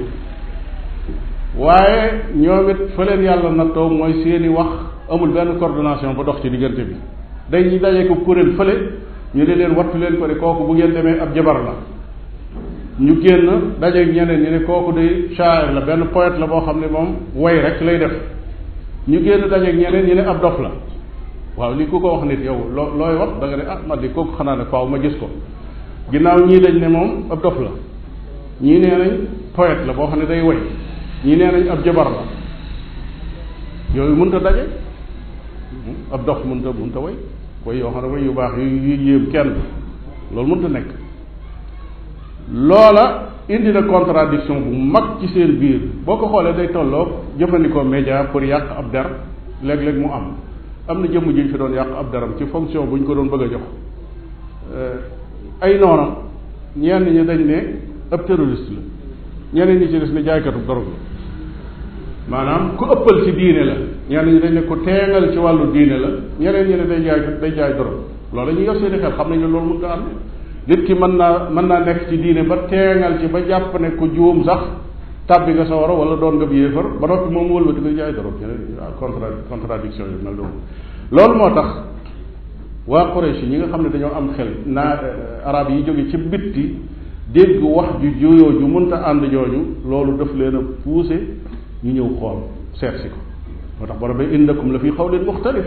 B: waaye ñoom it fa leen yàlla nattoo mooy seeni wax amul benn cordination bu dox ci diggante bi dañ ñu daje ko kuréel fële ñu ne leen wattu leen ko ne kooku bu ngeen demee ab jabar la ñu génn daje ñeneen ñu ne kooku de shaa'ir la benn poète la boo xam ne moom way rek lay def ñu génn daje ñeneen ñu ne ab dof la waaw li ku ko wax nit yow looy wax da nga ne ah man de kooku xanaa ne faaw ma gis ko ginnaaw ñii dañ ne moom ab dof la ñii nee nañ poète la boo xam ne day way ñii nee nañ ab jabar la yooyu mënut a daje ab dof mënta mënta way way yoo xam ne way yu baax yu yu yéem kenn loolu mënta nekk loola indi na contradiction bu mag ci seen biir boo ko xoolee day tolloog jëfandikoo média pour yàq ab der léeg-léeg mu am am na jëmm juñ fi doon yàq ab deram ci fonction bu ñu ko doon bëgg a jox eh, ay noonam ñeen ñi dañ ne ab terroriste la ñeneen ñi ci des ne jaaykatu drogue la maanaam ku ëppal ci diine la ñeneen ñi dañ ne ku teengal ci wàllu diine ñeneen ñi day jaay day jaay dorog loolu dañuy yor seeni xel xam nañ ne loolu nit ki mën naa mën naa nekk ci diine ba teengal ci ba jàpp ne ku juum sax tàbbi nga sa waro wala doon nga bi yéefar ba noppi moom wëlbati nga jaay dorog ñeneen ah, contra contradiction yu mel noonu loolu moo tax waa Quraysh ñi nga xam ne dañoo am xel naa eh, arab yi jóge ci bitti dégg wax ju juyoo ju mënta ànd jooju loolu daf leen a poussé ñu ñëw xool seet si ko moo tax borom bi innakum la fi xawlin muxtalif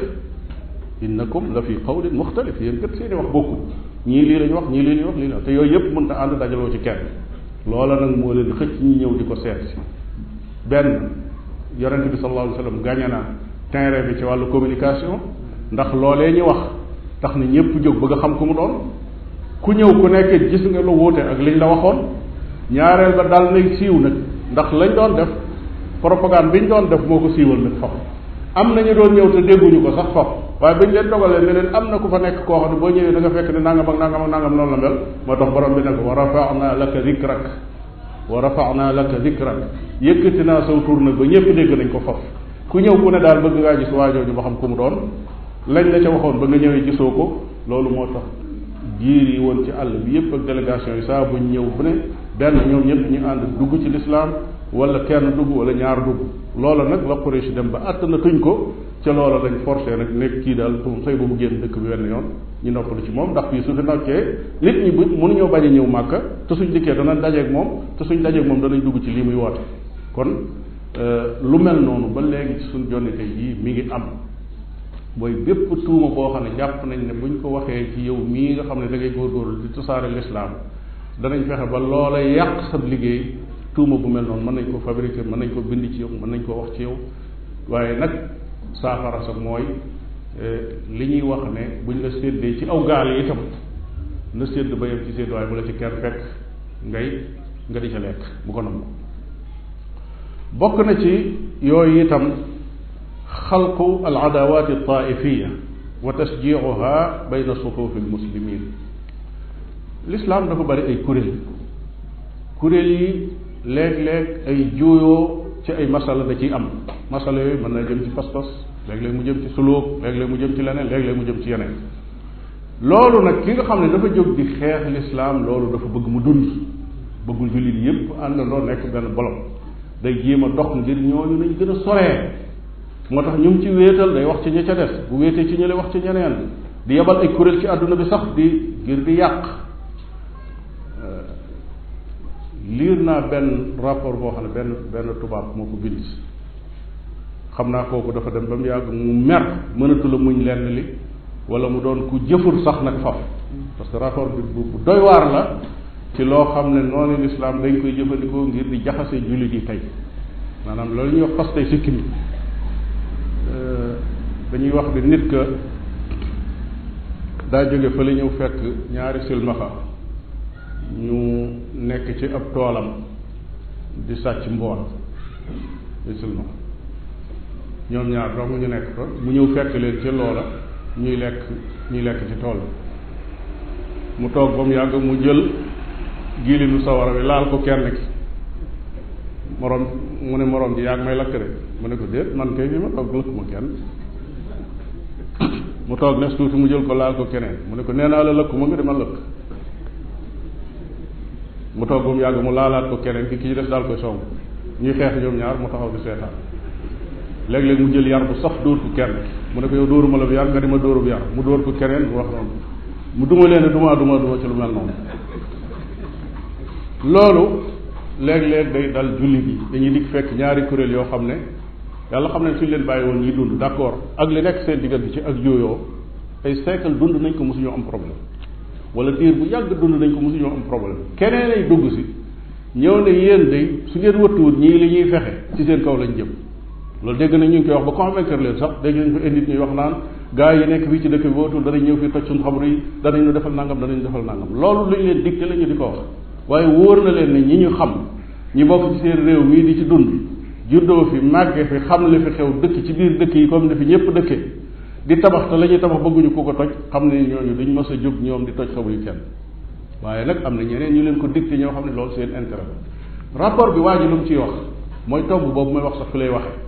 B: innakum la fi xawlin muxtalif yéen kat seeni wax bokkul ñii lii lañu wax ñii lii lañu wax lii la te yooyu yëpp mën na ànd dajaloo ci kenn loola nag moo leen xëcc ñu ñëw di ko seet si benn yonente bi sallallahu alayhi wa sallam gàññe na terrain bi ci wàllu communication ndax loolee ñu wax tax na ñëpp jóg bëgg xam ku mu doon ku ñëw ku nekkee gis nga lu wuute ak liñ la waxoon ñaareel ba dal siiw nag ndax lañ doon def propagande bi ñu doon def moo ko siiwal nag foofu am nañu doon ñëw te dégguñu ko sax foofu waaye bi ñu leen dogalee ne leen am na ku fa nekk koo xam ne boo ñëwee da nga fekk ne nangam ak nangam ak nangam la mel moo tax borom nag ba ñëpp dégg nañ ko foofu ku ñëw ku ne daal bëgg ngaa gis waajooju ba xam ku mu doon lañ la ca waxoon ba nga ñëwee gisoo ko loolu moo tax giir yi woon ci àll bi yëpp ak délégation yi saa buñ ñëw bu ne benn ñoom ñëpp ñu ànd dugg ci lislaam wala kenn dugg wala ñaar dugg loola nag la Quraysh dem ba na attanatuñ ko ca loola lañ forcé nag nekk kii daal tum xëy ba mu génn dëkk bi wenn yoon ñu noppalu ci moom ndax fii su fi nokkee nit ñi bu mënuñoo bañ a ñëw màkka te suñ dikkee dana dajeek moom te suñ dajeeg moom danañ dugg ci lii muy woote kon euh, lu mel noonu ba léegi ci suñ jonni tey jii mi ngi am mooy bépp tuuma boo xam ne jàpp nañ ne bu buñ ko waxee ci yow mii nga xam ne da ngay góorgóorlu di tasaare lislaam danañ fexe ba loola yàq sa liggéey tuuma bu mel noonu mën nañ ko fabriquer mën nañ ko bind ci yow mën nañ ko wax ci yow waaye nag saafara sa mooy eh, li ñuy wax ne buñ la séddee ci aw gaal yi itam na sédd ba yem ci sédd waaye bu la ci kenn ngay nga di ca lekk bu ko nangu bokk na ci yooyu itam xalqu al adawaat al taaifiya wa tasjiicuha bayna sufuufi al muslimin lislaam dafa bari ay kuréel kuréel yi léeg-léeg ay juuyoo ci ay masala da ciy am masala yooyu mën na jëm ci pas-pas léeg-léeg mu jëm ci sulóob léeg-léeg mu jëm ci leneen léeg-léeg mu jëm ci yeneen loolu nag ki nga xam ne dafa jóg di xeex lislaam loolu dafa bëgg mu dund bëggul jullit yépp àndandoo nekk benn bolom day jéem a dox ngir ñooñu nañ gën a soree moo tax ñu ci wéetal day wax ci ñu ca des bu wéetee ci ñële wax ci ñeneen di yebal ay kuréel ci àdduna bi sax di ngir di yàq liir naa benn rapport boo xam ne benn benn tubaab moo ko bind xam naa kooku dafa dem ba mu yàgg mu mer mënatu muñ lenn li wala mu doon ku jëful sax nag faf parce que rapport bi bu doy waar la ci loo xam ne noonu lislaam dañ koy jëfandikoo ngir di jaxasee jullit yi tey maanaam loolu ñuy wax fas tey sikki mi euh, dañuy wax di nit ka daa jóge fa la ñëw fekk ñaari silmaxa ñu nekk ci ab toolam di sàcc mbool gisul ñoom ñaar mu ñu nekk fa mu ñëw fekk leen ca loola ñuy lekk ñuy lekk ci tool mu toog ba mu yàgg mu jël giilinu sawara bi laal ko kenn ki moroom mu ne moroom ji yaa ngi may lakk rek mu ne ko déet man kay bi ma toog lëkkuma kenn mu toog nes tuuti mu jël ko laal ko keneen mu ne ko nee naa la lëkkuma nga di ma lëkk mu toog ba mu yàgg mu laalaat ko keneen ki ki ci des daal koy song ñuy xeex ñoom ñaar mu taxaw di seetaan léeg-léeg mu jël yar bu sax dóor ko kenn mu ne ko yow dóoruma la bu yar nga di ma dóorub yar mu dóor ko keneen mu wax noonu mu duma leen duma duma duma ci lu mel noonu loolu léeg-léeg day dal julli bi dañuy dikk fekk ñaari kuréel yoo xam ne yàlla xam ne suñ leen bàyyi woon ñuy dund d'accord ak li nekk seen diggante ci ak jooyoo ay siècle dund nañ ko mosuñu am problème wala diir bu yàgg dund nañ ko mosuñoo am problème keneen lay dugg si ñëw ne yéen day su ngeen wëttuwut ñii li ñuy fexe ci seen kaw lañ jëm loolu dégg na ñu ngi koy wax ba convaincre leen sax dégg nañ ko indit ñuy wax naan gars yi nekk fii ci dëkk bi wootul danañ ñëw fii toj suñu xabru yi danañ ñu defal nangam danañ defal nangam loolu luñ leen dikte la ñu di ko wax waaye wóor na leen ne ñi ñu xam ñi bokk ci seen réew mii di ci dund juddoo fi màgge fi xam li fi xew dëkk ci biir dëkk yi comme ni fi ñëpp dëkkee di tabax te la ñuy tabax bëgguñu ku ko toj xam ne ñooñu duñ mës a jóg ñoom di toj xamuñu kenn waaye nag am na ñeneen ñu leen ko dicté ñoo xam ne loolu seen intérêt rapport bi waa ji lu mu ciy wax mooy tomb boobu may wax sax fi lay waxee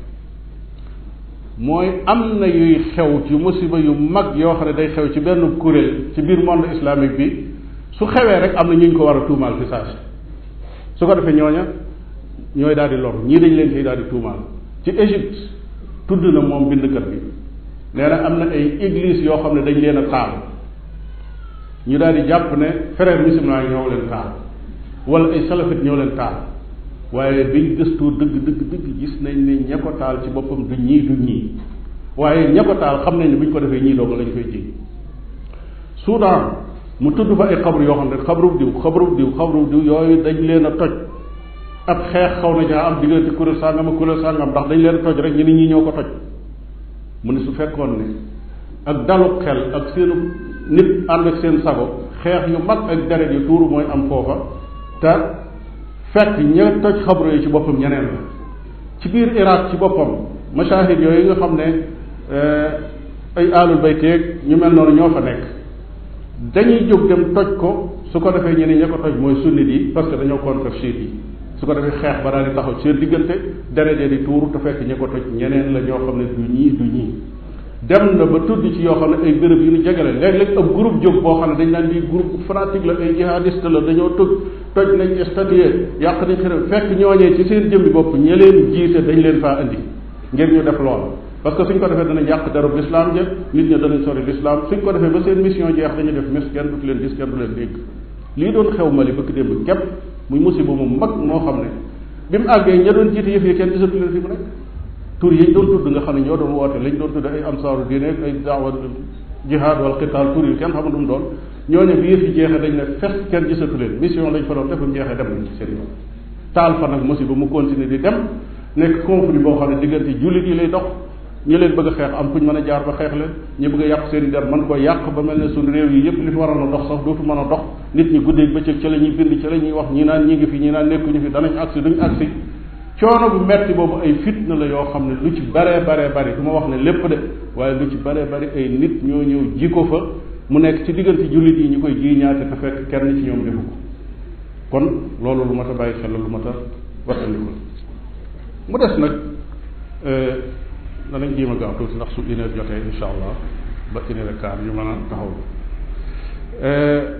B: mooy am na yuy xew ci musiba yu mag yoo xam ne day xew ci benn kuréel ci biir monde islamique bi su xewee rek am na ñu ñu ko war a tuumaal fi saa si su ko defee ñooña ñooy daal di lor ñii dañ leen ciy daal di tuumaal ci Égypte tudd na moom bindkat bi nee am na ay église yoo xam ne dañ leen a taal ñu daal di jàpp ne frère musulman yi ñoo leen taal wala ay salafit ñoo leen taal waaye biñ gëstu dëgg dëgg dëgg gis nañ ne ña taal ci boppam du ñii du ñii waaye ña taal xam nañ ne buñ ko defee ñii doog lañu koy ji Soudan mu tudd fa ay xabru yoo xam ne xabrub diw xabrub diw xabrub diw yooyu dañ leen a toj ab xeex xaw na caa am diggante kuréel sàngam ak kuréel sàngam ndax dañ leen toj rek ñu nit ñi ko toj mu ne su fekkoon ne ak dalu xel ak seenu nit ànd ak seen sago xeex yu mag ak deret yu tuuru mooy am foofa te fekk ña toj xabru yi ci boppam ñeneen la ci biir Irak ci boppam mashahid yooyu nga xam ne eh, ay aalul bayteeg ñu mel noonu ñoo fa nekk dañuy jóg dem toj ko su ko defee ñeneen ña ko toj mooy sunnit yi parce que dañoo contre chiite yi su ko defee xeex ba daal di taxaw seen diggante deret di tuuru te fekk ñi ko toj ñeneen la ñoo xam ne du ñii du ñii dem na ba tudd ci yoo xam ne ay béréb yu ñu jegale léeg-léeg ab groupe jóg boo xam ne dañ naan di groupe fanatique la ay jihadiste la dañoo toj toj nañ statuer yàq nañ xeré fekk ñooñee ci seen jëmmi bopp ña leen jiite dañ leen faa indi ngir ñu def lool parce que suñ ko defee danañ yàq darub l'islam ja nit ñi danañ sori l'islam ko defee ba seen mission jeex dañu leen gis kenn du leen dégg lii doon xew Mali muy musiba mu mag moo xam ne bi mu àggee ña doon jiite yëf yi kenn gisatu leen fi mu nekk tur yi ñu doon tudd nga xam ne ñoo doon woote lañ doon tudd ay am diine ak ay daawa jihaad wala xitaal tur yi kenn xamul lu mu doon ñooñu bi yëf yi jeexee dañ ne fes kenn gisatu leen mission lañ fa doon def bu jeexee dem nañ ci seen yoon taal fa nag musiba mu continuer di dem nekk conflit boo xam ne diggante jullit yi lay dox ñi leen bëgg a xeex am fuñ mën a jaar ba xeex leen ñu bëgg a yàq seen der mën koo yàq ba mel ne suñ réew yi yépp li fi waroon a dox sax dootu mën a dox nit ñi guddeeg bëccëg ci la ñuy bind ci la ñuy wax ñi naan ñi ngi fi ñi naan nekkuñu fi danañ agsi duñ agsi coono bu metti boobu ay fit na la yoo xam ne lu ci baree baree bari du ma wax ne lépp de waaye lu ci baree bari ay nit ñoo ñëw ji ko fa mu nekk ci diggante jullit yi ñu koy ji ñaate te fekk kenn ci ñoom kon loolu lu mat a bàyyi xel lu mat a wattandiku mu des nag euh, danañ jéem a gaaw tuuti ndax su une heure jotee insha allah ba une heure et quart ñu mën a taxaw euh,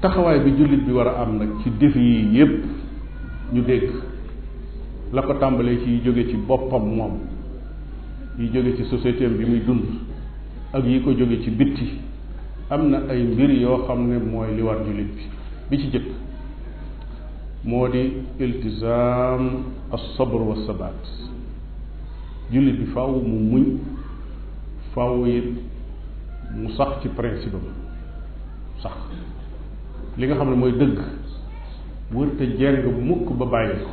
B: taxawaay bi jullit bi war a am nag ci défi yi yépp ñu dégg la ko tàmbalee ci yi jóge ci boppam moom yi jóge ci société bi muy dund ak yi ko jóge ci bitti am na ay mbir yoo xam ne mooy li war jullit bi bi ci jëkk moo di iltizaam as sabr wa jullit bi faw mu muñ faw it mu sax ci principe am sax li nga xam ne mooy dëgg wërte jeng mukk ba bàyyi ko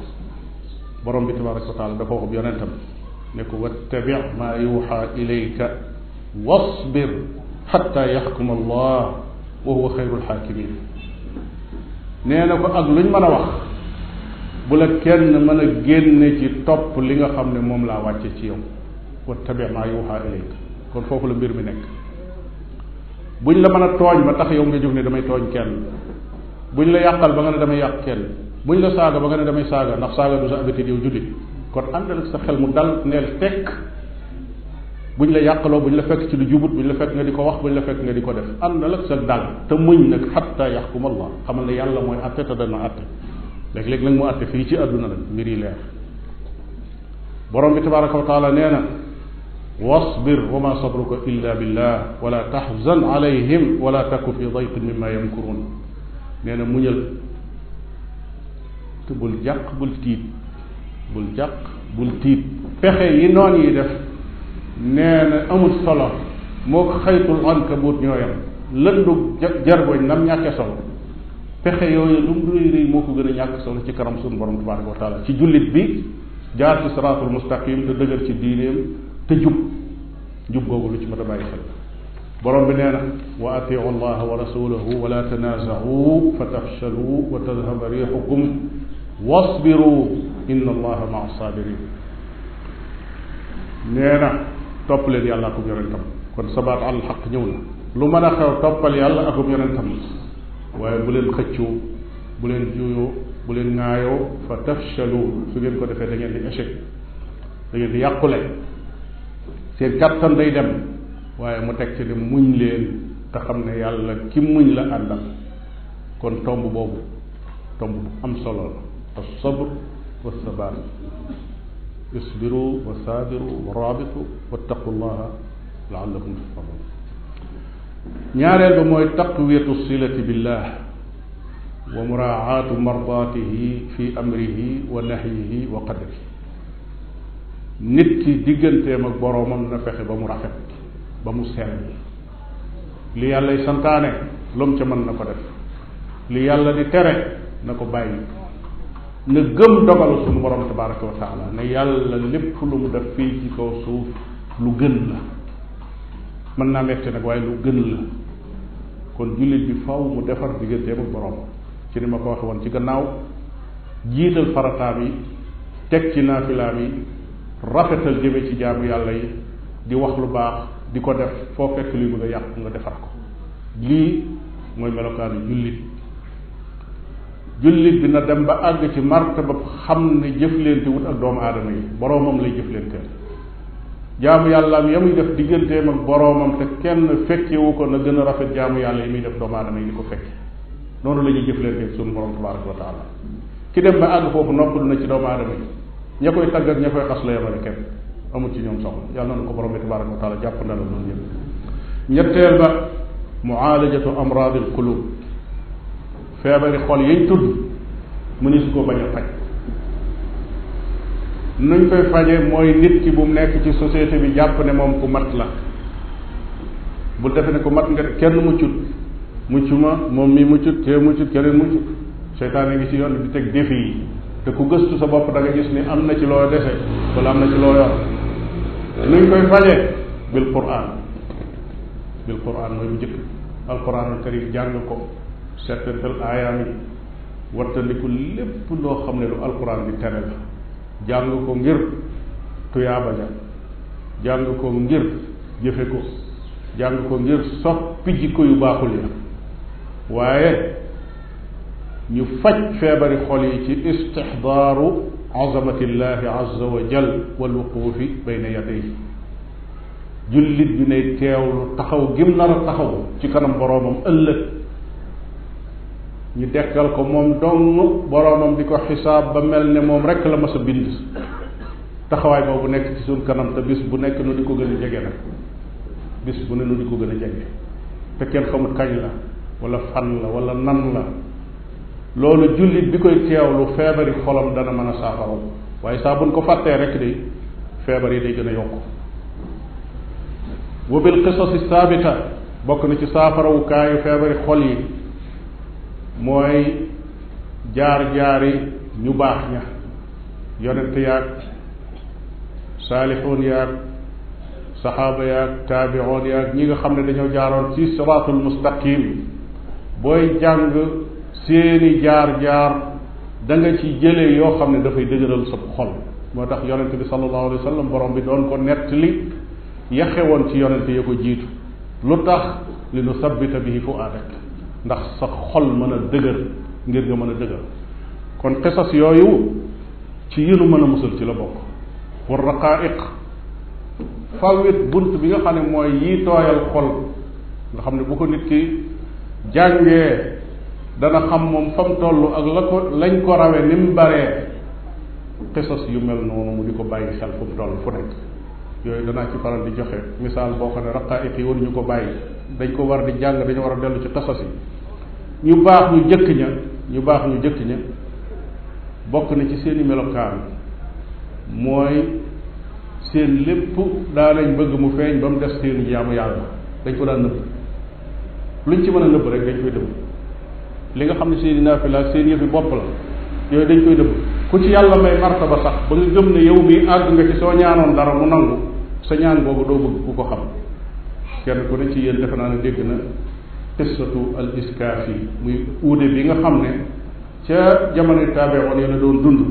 B: borom bi tabaraka wa taala dafa wax yonentam ne ko wattabi maa yuuxa ilayka wasbir xatta yaxkuma allah wa huwa xayrul xaakimin nee na ko ak luñ mën a wax bu la kenn mën a génne ci topp li nga xam ne moom laa wàcce ci yow wattabi maa yuuxa ilayka kon foofu la mbir mi nekk buñ la mën a tooñ ba tax yow nga jóg ne damay tooñ kenn buñ la yàqal ba nga ne damay yàq kenn buñ la saaga ba nga ne damay saaga ndax saaga du sa habitude yow jullit kon àndal sa xel mu dal neel tekk buñ la yàqaloo buñ la fekk ci lu jubut buñ la fekk nga di ko wax buñ la fekk nga di ko def àndal ak sa dal te muñ nag xatta yaxkum allah xamal ne yàlla mooy atte te léeg-léeg nag mu àtte fii ci àdduna nag mbir yi leer borom bi tabaraka wa taala nee na wasbir wa ma sabruka illa billah wala taxzan alayhim wala taku fi dayqin mimma yamkurun nee na muñal te bul jàq bul tiit bul jàq bul tiit pexe yi noon yi def nee na amul solo moo ko xaytul ankabut ñooyam lëndu jargoñ nam ñàkke solo pexe yooyu lu mu rëy rëy moo ko gën a ñàkk solo ci kanam suñu borom tabaraka wa taala ci jullit bi jaar ci siraatul mustaqim te dëgër ci diineem te jub jub googu lu ci mën a bàyyi xel borom bi nee na wa atiu allaha wa rasulahu wala tanazaru fa tafshalu wa tadhaba rixukum wasbiru inna allaha maa sabirin nee na topp leen yàlla akum yonentam kon sabaat alxaq ñëw na lu mën a xew toppal yàlla akum yonentam waaye bu leen xëccoo bu leen juyoo bu leen ŋaayoo fa tafchalu su ngeen ko defee da ngeen di échec da ngeen di yàqule seen kàttan day dem waaye mu teg ci ne muñ leen te xam ne yàlla ki muñ la àndal kon tomb boobu tomb bu am solo la as-sabr wa sabaat isbiru wa saabiru wa raabitu wattaqullaha laallakum tuflahuun ñaareel ba mooy taqwiyatu silati billah wa muraacaatu mardaatihi fi amrihi wa nahyihi wa qadrihi nit ki digganteem ak boroomam na fexe ba mu rafet ba mu sell li yàllay santaane lu ca mën na ko def li yàlla di tere na ko bàyyi na gëm dogalu sunu borom tabaraka wa taala ne yàlla lépp lu mu def fii ci kaw suuf lu gën la mën naa metti nag waaye lu gën la kon jullit bi faw mu defar digganteem ak ci ni ma ko waxe woon ci gannaaw jiital farataam yi teg ci naafilaam yi rafetal jëme ci jaamu yàlla yi di wax lu baax di ko def foo fekk luy bëgg a yàq nga defar ko lii mooy melokaanu jullit jullit bi na dem ba àgg ci ba xam ne jëflante wut ak doomu aadama yi boroomam lay jëflanteel jaamu yàllaam ya muy def digganteem ak boroomam te kenn fekkewu ko na gën a rafet jaamu yàlla yi muy def doomu aadama yi di ko fekke noonu la ñuy jëflante suñu borom tabaraka wa taala ki dem ba àgg foofu noppalu na ci doomu aadama yi ña koy tàggat ña koy xas la yemale kenn amul ci ñoom soxla yàlla na ko borom bi tabaraka wa taala jàpp ndala loolu yëpp ñetteel ba muaalajatu amraadil qulub feebari xol yañ tudd mëni su ko bañ a faj nuñ koy faje mooy nit ki bu mu nekk ci société bi jàpp ne moom ku mat la bu defe ne ku mat nga kenn muccut muccuma moom mii muccut kee muccut keneen muccut seytaane ngi ci yoon bi di teg défi yi te ku gëstu sa bopp da nga gis ni am na ci loo dese wala am na ci loo yor nuñ koy faje bil quran bil quran mooy bu jëkk al quranul jàng ko settantal aayaam yi wattandiku lépp loo xam ne lu alquran bi tere la jàng ko ngir tuyaaba ja jàng ko ngir jëfe ko jàng ko ngir soppi jikko yu baaxul ya waaye ñu faj feebari xool yi ci istixdaaru azamatillahi azza wa jal wal wuquufi bayna yadayhi jullit bi nay teewlu taxaw gim nar a taxaw ci kanam boroomam ëllëg ñu dekkal ko moom dong boroomam di ko xisaab ba mel ne moom rek la mas a bind taxawaay boobu nekk ci suñ kanam te bis bu nekk nu di ko gën a jege nag bis bu ne nu di ko gën a jege te kenn xamut kañ la wala fan la wala nan la loolu jullit bi koy teewlu feebari xolam dana mën a saafaraw waaye saa buñ ko fàttee rek de feebar yi day gën a yokku wa bil qisasi saabita bokk na ci saafarawukaayu feebari xol yi mooy jaar-jaari ñu baax ña yonent yaag saalixoon yaag saxaaba yaag taabiroon yaag ñi nga xam ne dañoo jaaroon ci siraatul mustaqim booy jàng seeni jaar-jaar da nga ci jële yoo xam ne dafay dëgëral sa xol moo tax yonent bi sallallahu alayhi wa sallam borom bi doon ko nettali yaxe woon ci yonent ya ko jiitu lu tax li nu bi bihi fu'aadak ndax sa xol mën a dëgër ngir nga mën a dëgër kon xisas yooyu ci yi mën a musal ci la bokk war raqaiq fawwit bunt bi nga xam ne mooy yi tooyal xol nga xam ne bu ko nit ki jàngee dana xam moom fa mu ak la ko lañ ko rawe ni mu baree xisas yu mel noonu mu di ko bàyyi xel fu mu toll fu nekk yooyu danaa ci faral di joxe misaal boo xam ne raqaiq yi ñu ko bàyyi dañ ko war di jàng dañu war a dellu ci tasas yi ñu baax ñu jëkk ña ñu baax ñu jëkk ña bokk na ci seeni melokaan mooy seen lépp daa lañ bëgg mu feeñ ba mu def seen jaamu yàlla dañ ko daan nëbb luñ ci mën a nëbb rek dañ koy dëbb li nga xam ne seeni naafila ak seen yëfi bopp la yooyu dañ koy dëbb ku ci yàlla may martaba sax ba nga gëm ne yow mi àgg nga ci soo ñaanoon dara mu nangu sa ñaan boobu doo bëgg ku ko xam kenn ku ne ci yéen defe naa ne dégg na qissatu al iskaafi muy uude bi nga xam ne ca jamonoy taabeewoon ya la doon dund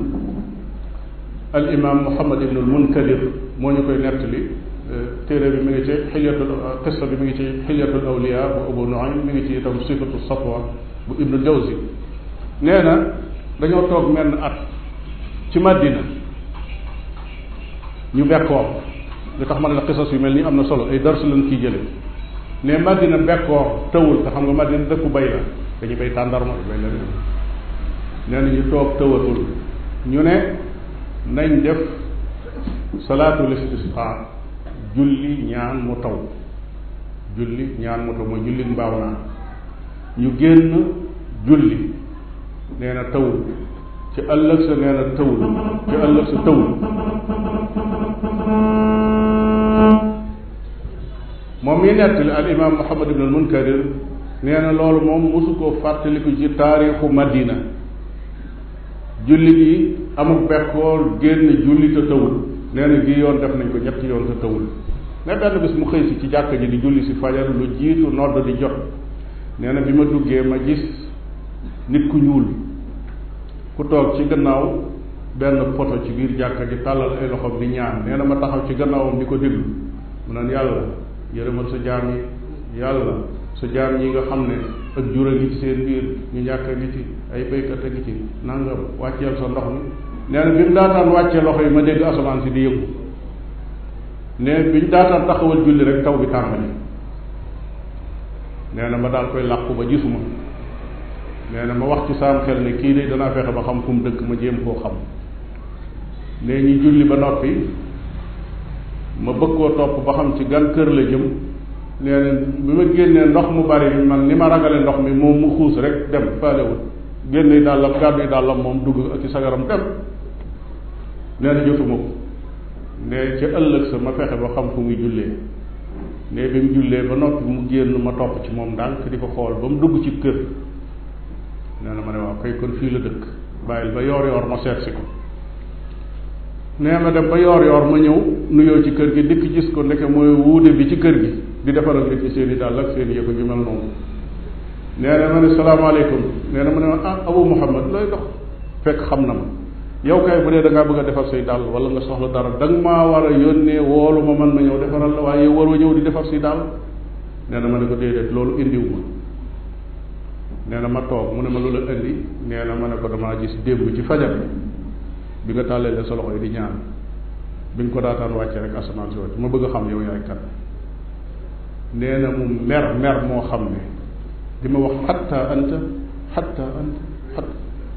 B: al imam muhammad ibn al munkadir moo ñu koy nettali téere bi mi ngi ci xilyatul qissa bi mi ngi ci xilyatul awliya bu abu nuaym mi ngi ci itam sifatu safwa bu ibnu jawzi nee na dañoo toog menn at ci madina ñu bekkoon li tax ma ne la yu mel nii am na solo ay darsu lañ ciy jële ne Madina bekkoor tawul te xam nga Madina dëkku bay la dañuy bay tàndarma bay la nee na ñu toog tawatul ñu ne nañ def salaatul istisqa julli ñaan mu taw julli ñaan mu taw mooy julli mbaaw naa ñu génn julli nee na tawul ci ëllëg sa nee na ci ëllëg sa tawul moom mi nettali al imam Muhammad ibn al Munkadir nee na loolu moom mosu koo fàttaliku ci taarixu Madina jullit yi amul bekkoor génn julli te tawul nee na gi yoon def nañ ko ñetti yoon te tawul ne benn bis mu xëy si ci jàkka ji di julli si fajar lu jiitu nodd di jot nee na bi ma duggee ma gis nit ku ñuul ku toog ci gannaaw benn poto ci biir jàkka ji tàllal ay loxoom di ñaan nee na ma taxaw ci gannaawam ni ko déglu mu naan yàlla ma sa jaam yi yàlla su jaam yi nga xam ne ak jur a ngi ci seen biir ñu ñàkk a ngi ci ay béykat a ngi ci nangam wàcceel sa ndox mi nee bi mu daataan wàccee loxo yi ma dégg asamaan si di yëngu ne bi ñu daataan taxawal julli rek taw bi tàmbali nee na ma daal koy làqu ba gisuma nee na ma wax ci saam xel ne kii de danaa fexe ba xam fu mu ma jéem koo xam nee ñu julli ba noppi ma bëgg topp ba xam ci gan kër la jëm leneen bi ma génnee ndox mu bari man ni ma ragale ndox mi moom mu xuus rek dem faalewut génn yi dàllam gàddu yi dàllam moom dugg ak ci sagaram dem nee na jotuma ko ne ca ëllëg sa ma fexe ba xam fu muy jullee ne bi mu jullee ba noppi mu génn ma topp ci moom daal di ko xool ba mu dugg ci kër nee na ma ne waaw kay kon fii la dëkk bàyyil ba yoor yoor ma seet ko nee ma dem ba yoor yoor ma ñëw nuyoo ci kër gi dikk gis ko ndeke mooy wuude bi ci kër gi di defaral nit ñi seen i dàll ak seen yëpp gi mel noonu nee na ma ne salaamaaleykum nee na ma ne ah abu fekk xam na yow kay bu dee da ngaa bëgg a defar say wala nga soxla dara da nga maa war a yónnee woolu ma man ma la waaye yow war ñëw di defar si dàll nee na ma ne ko déedéet loolu indiwu ma nee na ma toog mu ne ma lu la indi nee ma ne ko damaa gis démb ci fajar bi nga tàllalee sa loxo yi di ñaan bi nga ko daataan wàccee rek asamaan si wàcc ma bëgg xam yow yaay kan nee na mu mer mer moo xam ne li ma wax xatta anta xatta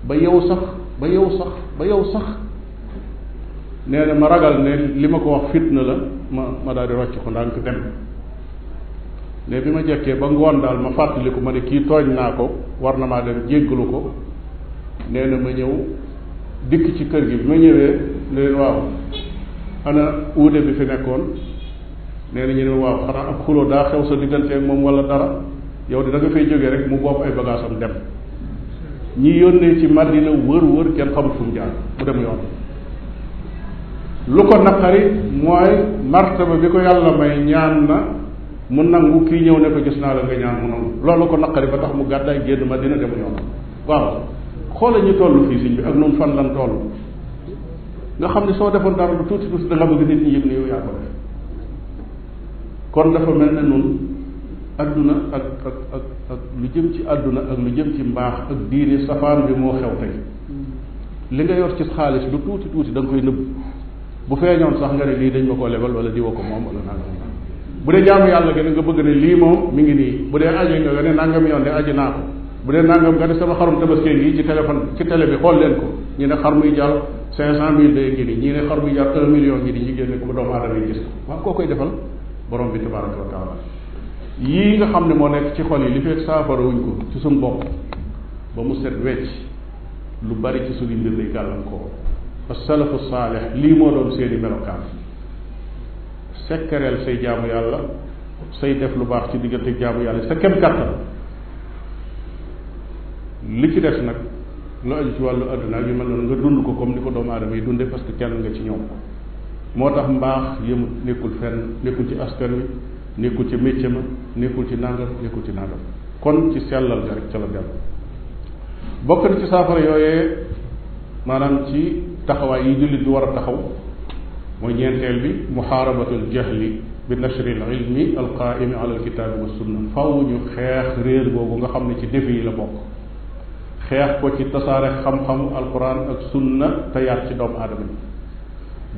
B: ba yow sax ba yow sax ba yow sax nee na ma ragal ne li ma ko wax fitna la ma ma daal di rocc ko ndànk dem ne bi ma jekkee ba ngoon daal ma fàttaliku ma ne kii tooñ naa ko war na maa dem jéggalu ko nee na ma ñëw dikk ci kër gi bi ma ñëwee ne leen waaw ana wuute bi fi nekkoon nee ñu ne waaw xanaa ak xuloo daa xew sa diggante ak moom wala dara yow de da nga fay jógee rek mu boobu ay bagage am dem ñi yónnee ci Madina wër wër kenn xamul fu mu jaar mu dem yoon lu ko naqari mooy martaba bi ko yàlla may ñaan na mu nangu kii ñëw ne ko gis naa la nga ñaan mu nangu loolu ko naqari ba tax mu gàddaay génn Madina dem yoon waaw xoola ñu toll fii sëñ bi ak noonu fan lan toll nga xam ne soo defoon dara lu tuuti tuuti da nga bëgg nit ñi yëg ne yow yaa ko kon dafa mel ne nun adduna ak ak ak lu jëm ci adduna ak lu jëm ci mbaax ak diine safaan bi moo xew tey li nga yor ci xaalis lu tuuti tuuti da nga koy nëbb bu feeñoon sax nga ne lii dañ ma koo lebal wala diwa ko moom wala nangam bu dee jaamu yàlla gën nga bëgg ne lii moom mi ngi nii bu dee aje nga nga ne nangam yoon de aje naa ko bu dee nangam nga ne sama xarum tabaski ngi ci téléphone ci télé bi xool leen ko ñi ne xar muy jar cinq cent mille day ngi ni ñi ne xar muy jar un million ngi ni ñu génne ko ba doomu aadama yi gis ko koo koy defal borom bi tabaraka wa taala yii nga xam ne moo nekk ci xol yi li fekk saafara wuñ ko ci suñu bopp ba mu set wecc lu bari ci suñu mbir day gàllankoor asalafu saalix lii moo doon seeni melokaan sekkareel say jaamu yàlla say def lu baax ci diggante jaamu yàlla sa kem kàttan li ci des nag lu aju ci wàllu adduna bi mel noonu nga dund ko comme ni ko doomu aadama yi dundee parce que kenn nga ci ñoom moo tax mbaax yëmut nekkul fenn nekkul ci askan wi nekkul ci métier ma nekkul ci nangam nekkul ci nangam kon ci sellal ga rek ca la dellu bokk na ci saafara yooyee maanaam ci taxawaay yi jullit bi war a taxaw mooy ñeenteel bi muxaarabatul jahli bi nashri al ilmi al qaimi ala al kitaabi wa sunna faw ñu xeex réer boobu nga xam ne ci défi yi la bokk xeex ko ci tasaare xam-xamu alquran ak sunna te yar ci doomu aadama yi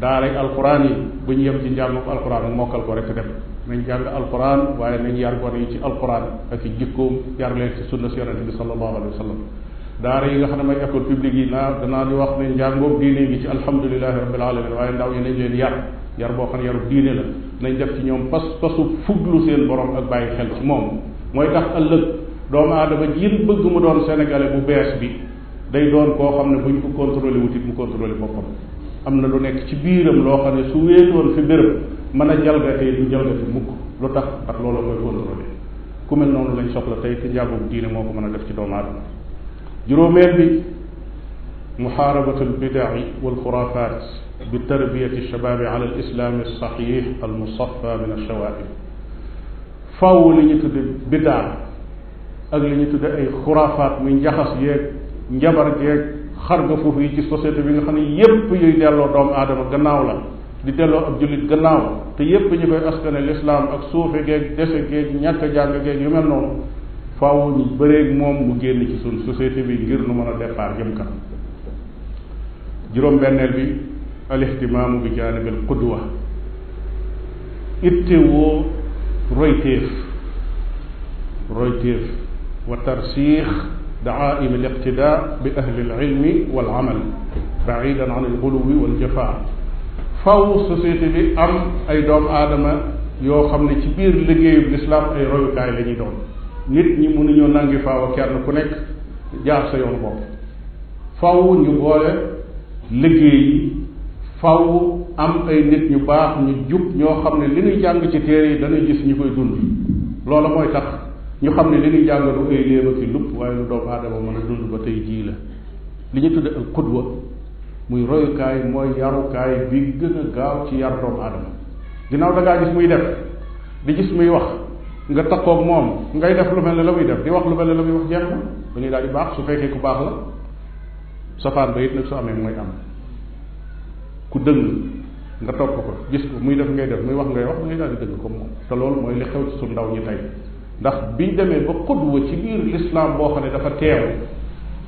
B: daaray alquran yi buñ ñu yem ci njàngum alquran mokkal ko rek dem nañ jàng alquran waaye nañ yar gone yi ci alquran ak i jikkoom yar leen ci sunna si yonente bi sallallahu alayhi wa yi nga xam ne mooy école publique yi naa danaa di wax ne njàngoom diine gi ci alhamdulilahi rabbil alamin waaye ndaw yi nañ leen yar yar boo xam ne yarub diine la nañ def ci ñoom pas pasu fuglu seen borom ak bàyyi xel moom mooy tax ëllëg doomu aadama jin bëgg mu doon sénégalais bu bees bi day doon koo xam ne bu ñu ko contrôlé wutit mu contrôlé boppam am na lu nekk ci biiram loo xam ne su wéetoon fi béréb mën a jalgatee du jalgati mukk lu tax ndax looloo koy contrôlé ku mel noonu lañ soxla tey te njàngum diine moo ko mën a def ci doomu aadama juróomeel bi muxaarabatul bidaai wal xuraafaat bi tarbiyati shababi ala al islaam as saxiix al musafa min ash shawaib faw li ñu tudde ak li ñu tudde ay xuraafaat muy njaxas yeeg njabar geeg xar nga foofu yi ci société bi nga xam ne yépp yuy delloo doomu aadama gannaaw la di delloo ab jullit gannaaw te yépp ñu koy askane lislaam ak suufe geeg dese geeg ñàkk jàng geeg yu mel noonu faaw ñu bëreeg moom mu génn ci suñ société bi ngir nu mën a départ jëm kanam juróom-benneel bi alihtimaamu bi jaanibil qudwa ittewoo royteef royteef wa tarsiix daaim al iqtida bi ahli al ilmi wal amal baidan an al xuluwi wal jafaa faw société bi am ay doomu aadama yoo xam ne ci biir liggéeyub lislaam ay royukaay la ñuy doon nit ñi mënuñoo nangi faawa kenn ku nekk jaar sa yoon bopp faw ñu boole liggéey yi faw am ay nit ñu baax ñu jub ñoo xam ne li ñuy jàng ci téere yi dañuy gis ñi koy dund loola mooy tax ñu xam ne li ñu jàng du ay léeba ki lupp waaye lu doomu aadama mën a dund ba tey jii la li ñu tudde ak xudwa muy royukaay mooy yarukaay bi gën a gaaw ci yar doomu aadama ginnaaw da ngaa gis muy def di gis muy wax nga ko moom ngay def lu mel ni la muy def di wax lu mel ne la muy wax jeex na dañuy daal di baax su fekkee ku baax la safaan ba it nag su amee mooy am ku dëng nga topp ko gis ko muy def ngay def muy wax ngay wax da ngay daal di dëng comme mooy li xew ci ndax biñ demee ba xudwa ci biir l'islam boo xam ne dafa teew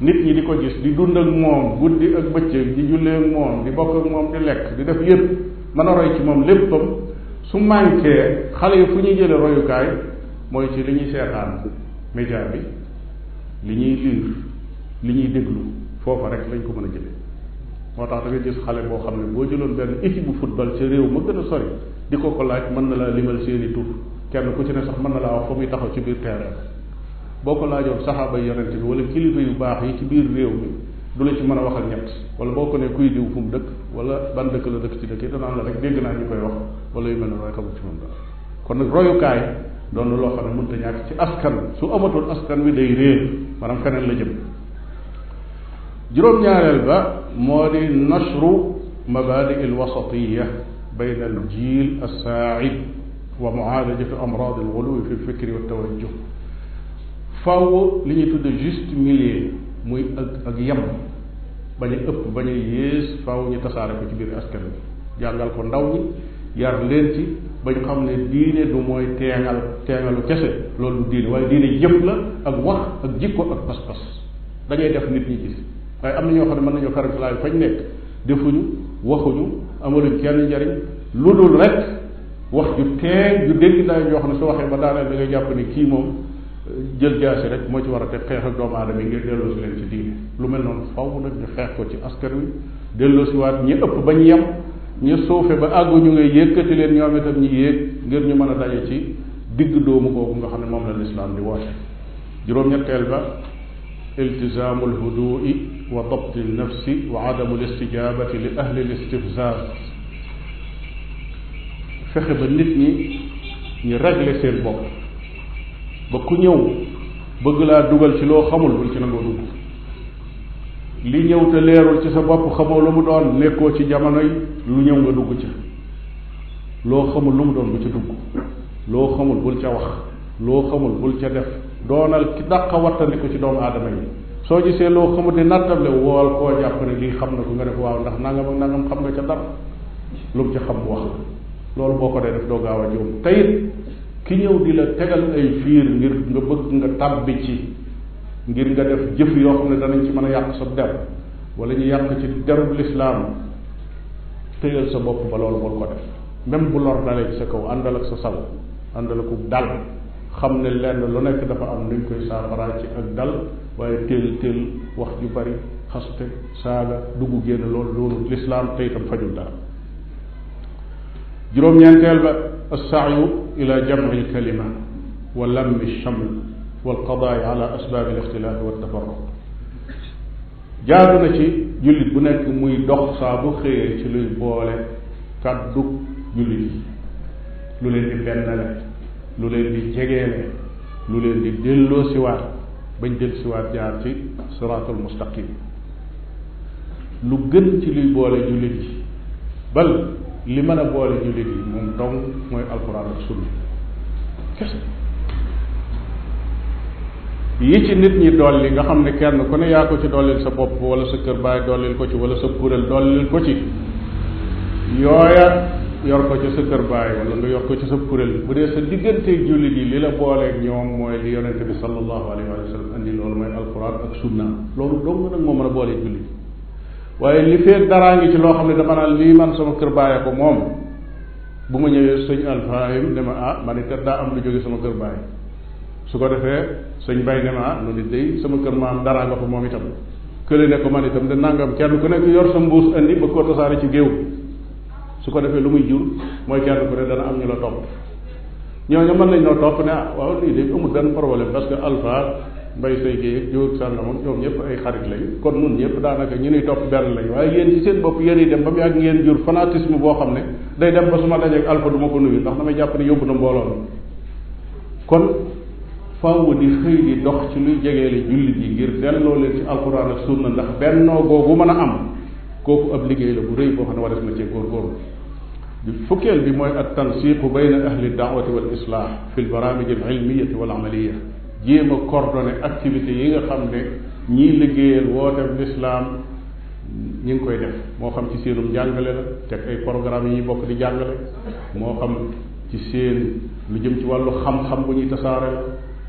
B: nit ñi di ko gis di dund ak moom guddi ak bëccëg di jullee ak moom di bokk ak moom di lekk di def yépp mën a roy ci moom léppam su manqué xale yi fu ñuy jële royukaay mooy ci li ñuy seetaan média bi li ñuy liir li ñuy déglu foofa rek lañ ko mën a jële moo tax da gis xale boo xam ne boo jëloon benn équipe bu football ci réew ma gën a sori di ko ko laaj mën na laa limal seeni tur kenn ku ci ne sax mën na laa wax fa muy taxaw ci biir terrain boo ko laajoon saxaaba yonent bi wala kilifa yu baax yi ci biir réew mi du la ci mën a waxal ñett wala boo ko ne kuy diw fu mu dëkk wala ban dëkk la dëkk ci dëkk yi danaan la rek dégg naa ñu koy wax wala yu mel ne rek amul ci moom dara kon nag royukaay doon na loo xam ne mënta ñàkk ci askan su amatul askan wi day réer maanaam feneen la jëm juróom-ñaareel ba moo di nashru mabadi al wasatiya bayna al jiil as saaid wa muaalajatu amraad alxuluwi fi lfikri wa tawajjuh faw li ñuy tudd juste milieu muy ak ak yem ba a ëpp bañ a yées faw ñu tasaare ko ci biir askan bi jàngal ko ndaw ñi yar leen ci ba ñu xam ne diine du mooy teengal teengalu kese loolu du diine waaye diine yëpp la ak wax ak jikko ak pas-pas da def nit ñi gis waaye am na ñoo xam ne mën nañoo faram fañ nekk defuñu waxuñu amaluñ kenn njariñ lu dul rek wax ju teeg ju dégg daay yoo xam ne su waxee ba daaneel da ngay jàpp ni kii moom jël jaasi rek moo ci war a teg xeex ak doomu aadama yi ngir delloosi leen ci diine lu mel noonu faw nag ñu xeex ko ci askan wi waat ñi ëpp bañ yem ñu suufe ba àggu ñu ngay yëkkati leen ñoom itam ñu yéeg ngir ñu mën a daje ci digg doomu kooku nga xam ne moom la lislaam di woote juróom-ñetteel ba iltisaamu lhudui wa dabti nafsi wa adamu listijabati li ahli listifzaz fexe ba nit ñi ñu régler seen bopp ba ku ñëw bëgg laa dugal ci loo xamul bul ci nangoo dugg li ñëw te leerul ci sa bopp xamoo lu mu doon nekkoo ci jamono yi lu ñëw nga dugg ci loo xamul lu mu doon bu ca dugg loo xamul bul ca wax loo xamul bul ca def doonal ki dàqa wattandiku ci doomu aadama yi soo gisee loo xamul di nattable wool koo jàpp lii xam na ko nga def waaw ndax nangam ak nangam xam nga ca dara lu mu ca xam wax loolu boo ko dee def doo gaaw a juum te it ki ñëw di la tegal ay fiir ngir nga bëgg nga tàbbi ci ngir nga def jëf yoo xam ne danañ ci mën a yàq sa der wala ñu yàq ci derub lislaam téyal sa bopp ba loolu bul ko def même bu lor dalee ci sa kaw àndal ak sa sal àndal ak dal xam ne lenn lu nekk dafa am nuñ koy saafaraa ci ak dal waaye téel téel wax ju bari xaste saaga dugg génn loolu loolu lislaam te itam fajul dara juróom-ñeenteel ba assaayu ila jamci lkalima wa lammi chaml walqadaai ala asbaabi lixtilaafi waltafarruq jaadu na ci jullit bu nekk muy dox saa bu xëyee ci luy boole kàddu jullit yi lu leen di bennale lu leen di jegeele lu leen di delloo siwaat bañ del siwaat jaar ci siraatul mustaqim lu gën ci luy boole jullit yi bal li mën a boole jullit yi moom dong mooy alxuraan ak sunna kese yi ci nit ñi dolli nga xam ne kenn ku ne yaa ko ci dollil sa bopp wala sa kër baay dollil ko ci wala sa kuréel dollil ko ci
C: yooya
B: yor ko ci sa kër baay wala nga yor ko ci sa kuréel bu dee sa digganteeg jullit yi li la booleeg ñoom mooy li yonente bi sallallahu alayhi wa sallam andi loolu mooy alxuraan ak sunna loolu dong nag moo mën a boolee jullit waaye li feeg daraa ngi ci loo xam ne dama naan lii man sama kër bàyyee ko moom bu ma ñëwee sëñ alfahim ne ma ah man it daa am lu jóge sama kër bàyyi su ko defee sëñ bay ne ma ah lu nit day sama kër maam daraa nga ko moom itam kële ne ko man itam de nangam kenn ku nekk yor sa mbuus andi ba koo tasaare ci géew su ko defee lu muy jur mooy kenn ku ne dana am ñu la topp ñooñu mën nañ noo topp ne ah waaw lii de amul benn problème parce que alpha mbay say géey jóor sànnamoon ñoom ñëpp ay xarit lañu kon mun ñëpp daanaka ñu nuy topp benn lañu waaye yéen ci seen bopp yéen yi dem ba mu yàgg ngeen jur fanatisme boo xam ne day dem ba su ma dajeeg alpha du ma ko nuyu ndax damay jàpp ne yóbbu na mbooloo kon faaw di xëy di dox ci luy jegeele jullit yi ngir delloo leen ci alquran ak sunna ndax bennoo googu mën a am kooku ab liggéey la bu rëy boo xam ne war des na cee bi fukkeel bi mooy at tansiqu bayna ahli daawati wal islah fi l baramij al jéem a coordonner activité yi nga xam ne ñii liggéeyal wooteeb lislaam ñi ngi koy def moo xam ci seenum njàngale la teg ay programme yi ñuy bokk di jàngale moo xam ci seen lu jëm ci wàllu xam-xam bu ñuy tasaare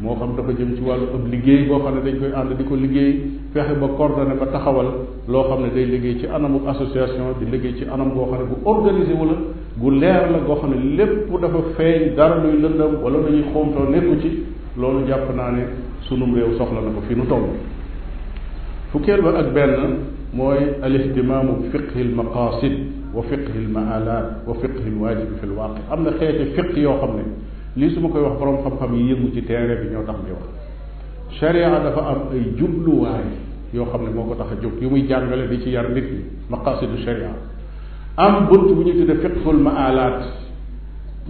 B: moo xam dafa jëm ci wàllu ab liggéey boo xam ne dañ koy ànd di ko liggéey fexe ba coordonné ba taxawal loo xam ne day liggéey ci anamu association di liggéey ci anam goo xam ne bu organisé wu la gu leer la goo xam ne lépp dafa feeñ dara luy lëndam wala lu ñuy ci loolu jàpp naa ne sunum réew soxla na ko fi nu toll fukkeel ba ak benn mooy al ihtimaamu bi fiqhi al maqasid wa fiqhi al maalaat fiqhi al yoo xam ne lii su ma koy wax borom xam-xam yi yëngu ci terrain bi ñoo tax di wax sharia dafa am ay jubluwaay yoo xam ne moo ko tax a jóg yu muy jàngale di ci yar nit ñi maqasidu sharia am bunt bu ñu tudde fiqhul maalaat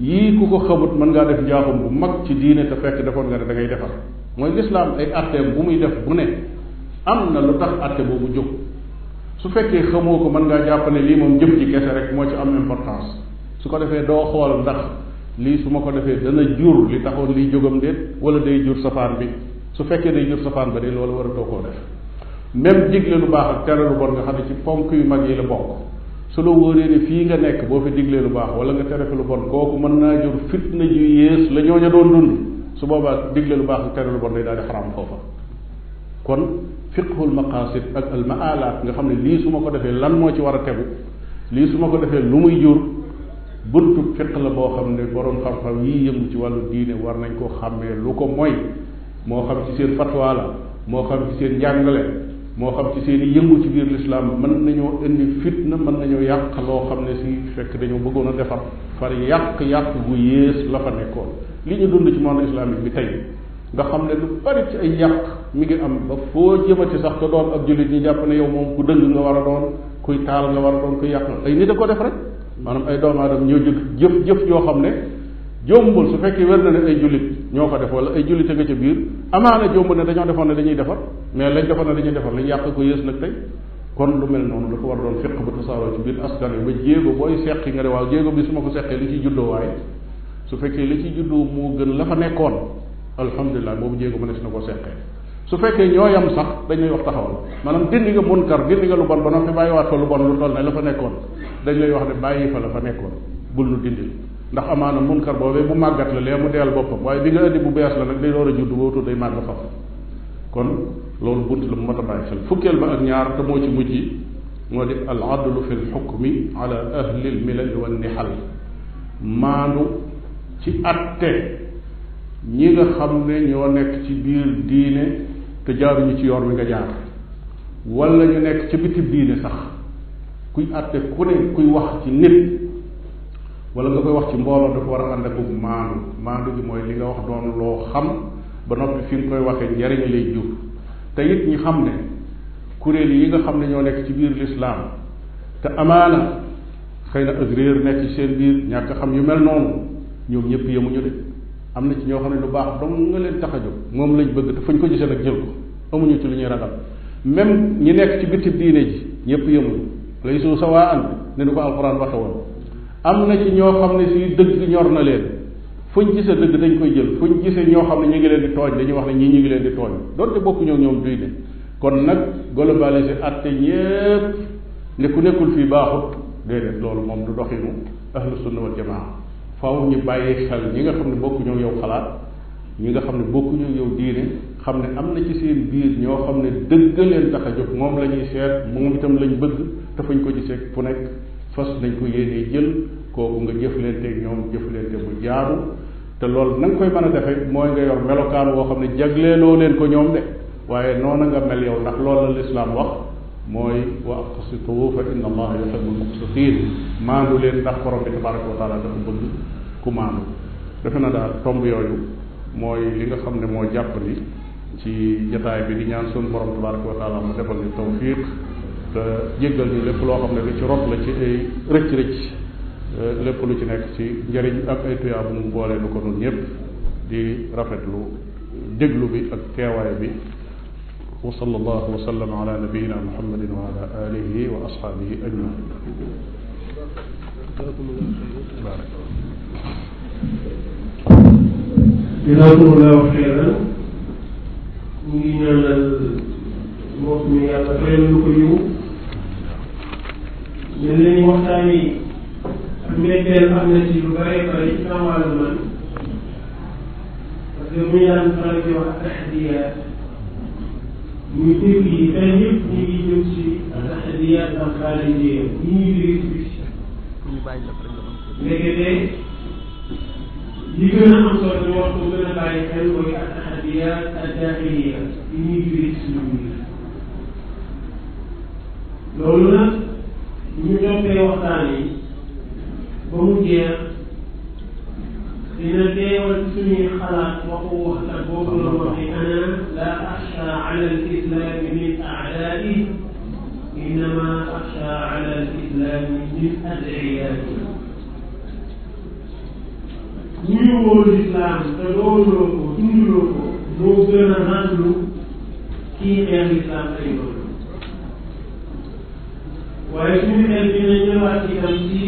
B: yii ku ko xamut mën ngaa def njaaxum bu mag ci diine te fekk defoon nga ne dangay defar mooy lislaam ay atteem bu muy def bu ne am na lu tax atte boobu jóg su fekkee xamoo ko mën ngaa jàpp ne lii moom jëm ci kese rek moo ci am importance su ko defee doo xool ndax lii su ma ko defee dana jur li taxoon liy jógam déet wala day jur safaan bi su fekkee day jur safaan ba de loolu war a doo koo def même digle lu baax ak tere lu bon nga xam ne ci ponk yu mag yi la bokk su la wóoree ne fii nga nekk boo fi diglee lu baax wala nga tere fi lu bon kooku mën naa jur fitna ju yées la ñooña doon dund su boobaa digle lu baax ak tere lu bon day daal di xaram foofa kon fiqhul maqasid ak al nga xam ne lii su ma ko defee lan moo ci war a tegu lii su ma ko defee lu muy jur buntu fiq la boo xam ne borom xam-xam yii yëngu ci wàllu diine war nañ koo xàmmee lu ko moy moo xam ci seen fatwa la moo xam ci seen njàngale moo xam ci seen i yëngu ci biir lislaam mën nañoo indi fitna mën nañoo yàq loo xam ne si fekk dañoo bëggoon a defar far yàq yàq gu yées la fa nekkoon li ñu dund ci monde islamique bi tey nga xam ne lu bari ci ay yàq mi ngi am ba foo jëmati sax te doon ak jullit ñi jàpp ne yow moom ku dëng nga war a doon kuy taal nga war a doon kuy yàq ay nit a ko def rek maanaam ay doomu aadama ñoo jëf jëf jëf yoo xam ne jombul su fekkee wér na ne ay jullit ñoo ko def wala ay jullit a nga ca biir amaana jombul ne dañoo defoon ne dañuy defar mais lañ defoon ne dañuy defar lañ yàq ko yées nag tey lu mel noonu dafa war doon fiq bu tasaaroo ci biir askan wi ba jéego booy seqi nga ne waaw jéego bi li ciy juddoo waaye su fekkee li ciy juddoo moo gën la fa nekkoon alhamdulilah boobu jéego mënees na ko seqee su fekkee ñooyam sax dañuy wax taxawal maanaam dindi nga munkar dindi nga lu bon ba noppi bàyyiwaat fa lu bon lu toll ne la fa nekkoon dañ lay wax ne bàyyi fa la fa nekkoon bul lu dindi ndax amaana munkar boobee bu màggat la lee mu deel boppam waaye bi nga indi bu bees la nag day door a judd boo tudd màgg faf kon loolu bunt la mu mat a bàyyi xel fukkeel ba ak ñaar te moo ci mujj moo di al adlu fi l xukmi ala ahli l milali nekk ci biir diine jaaruñu ci yoon wi nga jaar wala nekk ci bitib diine atte ku ne kuy wax ci nit wala nga koy wax ci mbooloo dafa war a ànd ak maandu maandu gi mooy li nga wax doon loo xam ba noppi fi nga koy waxee njariñ lay jur te it ñi xam ne kuréel yi nga xam ne ñoo nekk ci biir lislaam te amaana xëy na ak réer nekk ci seen biir ñàkk xam yu mel noonu ñoom ñëpp yëmuñu de am na ci ñoo xam ne lu baax dong nga leen tax a jóg moom lañ bëgg te fuñ ko gisee nag jël ko amuñu ci lu ñuy ragal même ñi nekk ci bitti diine ji ñëpp yemuñu lay suu sawaa an ne ni ko am na ci ñoo xam ne si dëgg ñor na leen fuñ gisee dëgg dañ koy jël fuñ gisee ñoo xam ne ñu ngi leen di tooñ dañuy wax ne ñii ñu ngi leen di tooñ doonte bokkuñu ak ñoom diine kon nag globaliser atte ñépp ne ku nekkul fii baaxut déedéet loolu moom du doxinu ahlu sunna wal jamaa faaw ñu bàyyi xel ñi nga xam ne bokkuñu ak yow xalaat ñi nga xam ne bokkuñu ak yow diine xam ne am na ci seen biir ñoo xam ne dëgg leen tax a jóg moom la ñuy seet moom itam lañ bëgg te ko gisee fu nekk fas nañ ko yéenee jël kooku nga jëflanteeg ñoom jëflante bu jaaru te loolu na nga koy mën a defee mooy nga yor melokaan woo xam ne jagleeloo leen ko ñoom de waaye noona nga mel yow ndax loolu la lislaam wax mooy wa aqsitu fa inna allaha yuhibbu al-muqsitin maandu leen ndax borom bi tabaraka wa dafa bëgg ku maandu defe na daal tomb yooyu mooy li nga xam ne moo jàpp ni ci jataay bi di ñaan sun borom tabaraka wa taala mu defal ni te jéggal ñu lépp loo xam ne lu ci rot la ci rëcc-rëcc euh, lépp lu ci nekk ci njariñ ak ay tuyaa bu mu boolee nu ko nun ñëpp di rafetlu déglu bi ak teewaay bi wa sallallahu wa sallam ala na muhammadin wa
C: ala alihi wa ashabihi ajmain
A: jazakumullahu mi yàlla fayal lu ko yiw mel na ni waxtaan wi mbetteel am na ci lu bare bare ci sama wàllu man parce que bu ñu daan faral di wax tahdiyaat muy dëkk yi fen yëpp ñu ngi jëm ci tahdiyaat ak xaale njéem ñu ngi jóge ci bis ndekete li gën a am solo ñu wax ko gën a bàyyi xel mooy ak tahdiyaat ak daaxiliyaat yi ñuy jóge ci suñu biir loolu nag ñu jotee waxtaan yi ba mu jeex dina teewal suñuy xalaat waxu waxtaan boobu la ana la axsha ala al islami min aadaai innama axsha ala al islami min adiyaati ñuy wóor lislaam te doonuloo ko dunduloo ko moo gën a ràññu kii xeex lislaam ay doon waaye suñu xel bi na ñëwaat itam ci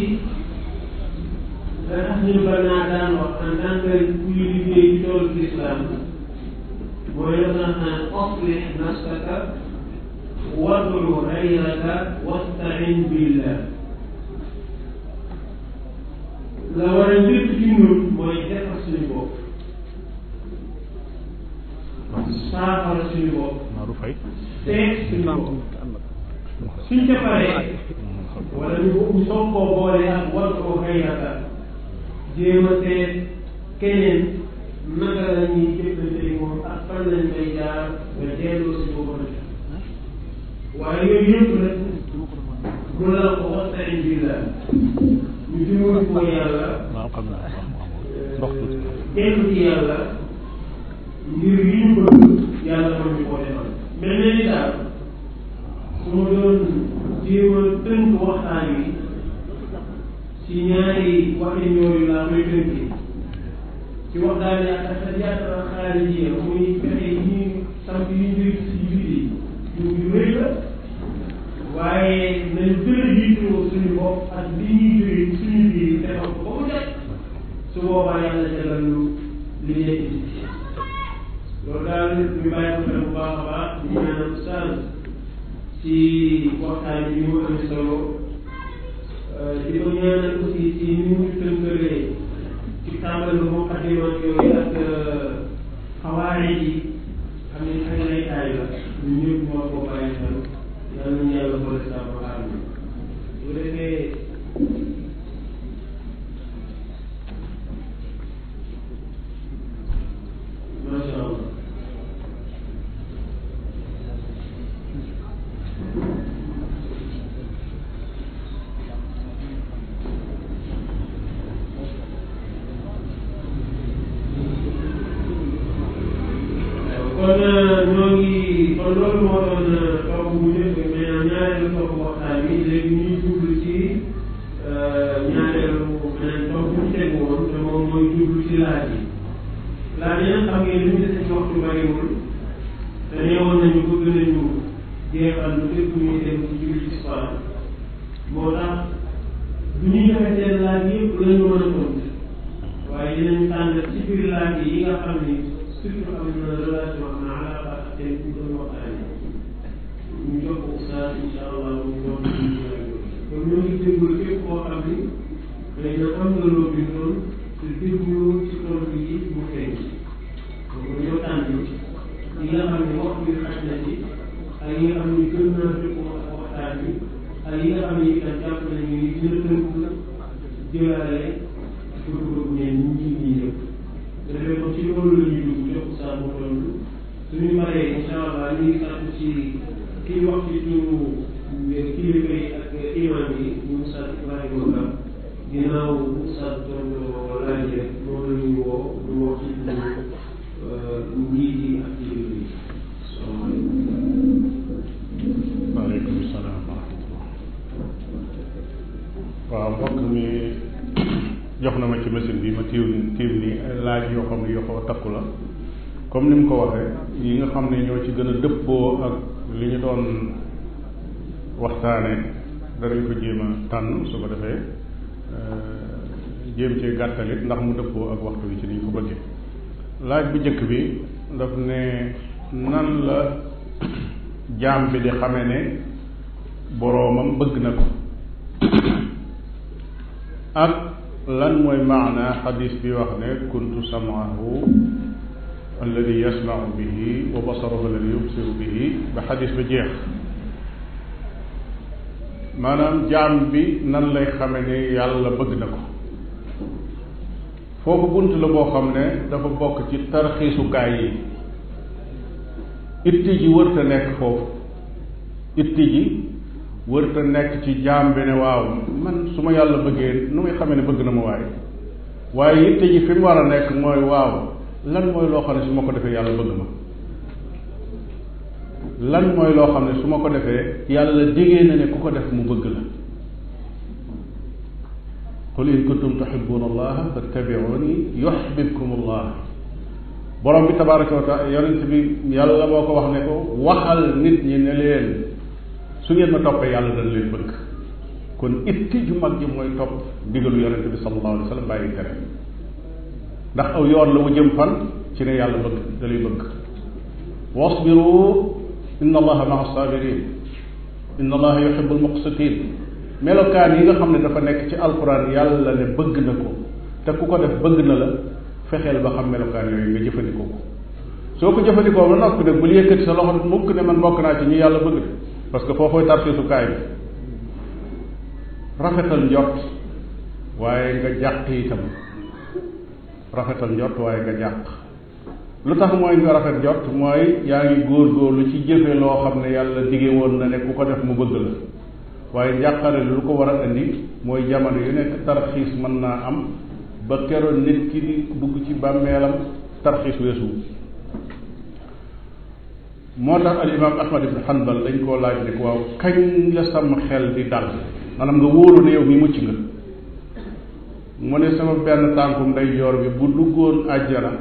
A: la tax ñu ba naa daan wax en tant que kuy liggéey ci toolu l'islam mooy def naa naan aslih nafsaka wadlu xayraka wastain billah
C: la war a njëkk ci
A: ñun mooy defar suñu bopp saafara suñu bopp. Maodo Faye. teg suñu bopp. suñ ca paree wala ñu soog koo boole ak war koo xayrata jéem a seet keneen naka la ñuy jëflante moom ak fan lañ koy jaar nga delloo si boobu nag waaye yooyu yëpp nag mu la ko wastain billah ñu dimbali ko yàlla dellu ci yàlla ngir yi ñu bëgg yàlla mën ñu koo defal mel ne ni daal su ma doon jéem a tënk waxtaan wi ci ñaari waxin yooyu laa koy tënkee ci waxtaan ak asadiyaat al xaarijiya muy fexe yi ñuy samp yi ñuy si jullit yi yu rëy la waaye nañ gën a jiitoo suñu bopp ak li ñuy jógee suñu biir defal ko ba mu nekk su boobaa yàlla jëlal lu li ci waxtaan bi mu am solo euh, di ko ñaanal aussi ci ni mu tënkalee ci tàmbali mu xadimaat yooyu
B: tànn su ko defee euh, jéem cee gàttalit ndax mu dëppoo ak waxtu wi ci niñ ko bëggee laaj bu njëkk bi daf ne nan la jaam bi di xame ne boroomam bëgg na ko ak lan mooy maana xadis bi wax ne kuntu samaahu alladi yasmau bihi wa basarahu alladi yubsiru bihi ba xadis ba jeex maanaam jaam bi nan lay xame ne yàlla bëgg na ko foofu bunt la boo xam ne dafa bokk ci tarxiisukaay yi itti ji wërta nekk foofu itti ji wërta nekk ci jaam bi ne waaw man su ma yàlla bëggee nu muy xamee ne bëgg na ma waaye waaye itti ji fi mu war a nekk mooy waaw lan mooy loo xam ne su ma ko defee yàlla bëgg ma lan mooy loo xam ne su ma ko defee yàlla jege na ne ku ko def mu bëgg la qul in kuntum tuhibbuna allah borom bi tabaraka wa taala yonent ko wax ne ko waxal nit ñi ne leen su ngeen ma toppee yàlla dana leen bëgg kon itti ju ji mooy topp digalu yonent bi sallallahu alayhi wa bàyyi tere ndax aw yoon la mu jëm fan ci ne yàlla bëgg da bëgg wasbiru inna allaha maa sabirin inna allaha yuhibu almuqsitin melokaan yi nga xam ne dafa nekk ci alquran yàlla ne bëgg na ko te ku ko def bëgg na la fexeel ba xam melokaan yooyu nga jëfandikoo ko soo ko jëfandikoo ba noppi nag bul yëkkati sa loxo mukk ne man bokk naa ci ñi yàlla bëgg parce que foofooy tarsiisukaay bi rafetal njort waaye nga jàq itam rafetal njot waaye nga jàq lu tax mooy nga rafet jot mooy yaa ngi góorgóorlu ci jëfe loo xam ne yàlla liggéey woon na ne ku ko def mu bëgg la waaye njàqare lu ko war a indi mooy jamono yu nekk tarxiis mën naa am ba keroon nit ci bàmmeelam tarxiis tax al imaam ahmad ibn hanbal ko waaw xel di dal maanaam nga wóolu ne yow mi mucc nga mu ne sama benn tànkum ndeyjoor bi bu duggoon àjjana